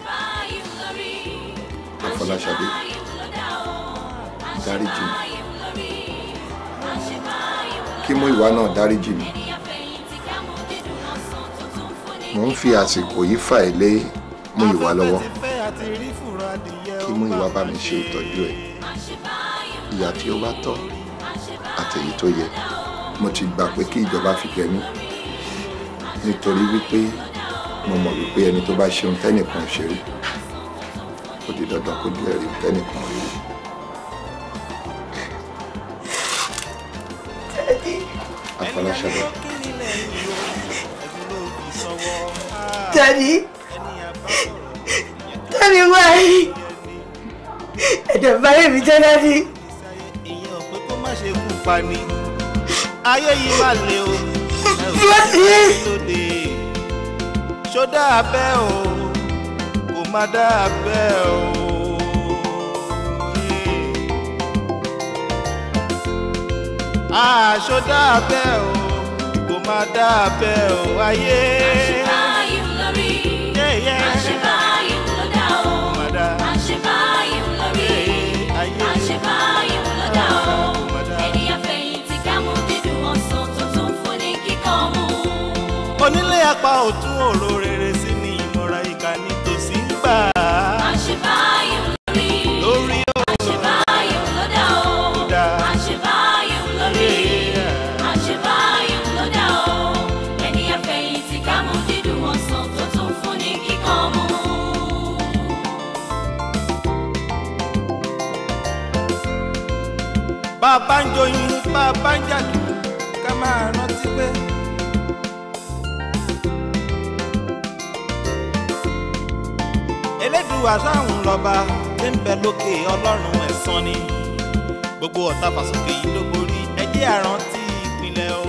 Afọláṣadé dáríjì mi kí mú ìwà náà dáríjì mi mò ń fi àsìkò yìí fà ẹ́ lé mú ìwà lọ́wọ́ kí mú ìwà bá mi ṣe ìtọ́jú ẹ̀ ìyà tí ó bá tọ́ àtẹ̀yí tó yẹ mo ti gbà pé kí ìjọba fi jẹ mí nítorí wípé mo mọ̀ wípé ẹni tó bá ṣeun tẹ́nìkan ṣe rí ó di dandan kó di ẹ̀rí tẹ́nìkan rí. afọláṣadé. Daddy, Daddy, why? ẹ̀dẹ̀ báyé mi jẹ́ Daddy. ìyẹn ò pé kó má ṣe kú pa ni ayé yìí má le o ẹ ò sí lóde ṣó dáa bẹ́ẹ̀ o kò má dáa bẹ́ẹ̀ o. àṣó dáa bẹ́ẹ̀ o kò má dáa bẹ́ẹ̀ o ayé. àṣó dáa bẹ́ẹ̀ o. apá ọ̀tún ọ̀rọ̀ rere sí ni ìmọ̀ra ìka nítòsí ń gbà. o àṣìbáyé ló dá o àṣìbáyé o ẹni àfẹ̀yìntì ká mú dídùn ọ̀sán tó tún fún ní kíkan bàbá ń joyún bàbá ń jàdùn ká máa rántí pé. olúwa ṣáàhùn lọ́ba tí ń bẹ lókè ọlọ́run ẹ̀san ni gbogbo ọ̀tá fàsókè yìí ló borí ẹjẹ́ àrántí ìpínlẹ̀ ọ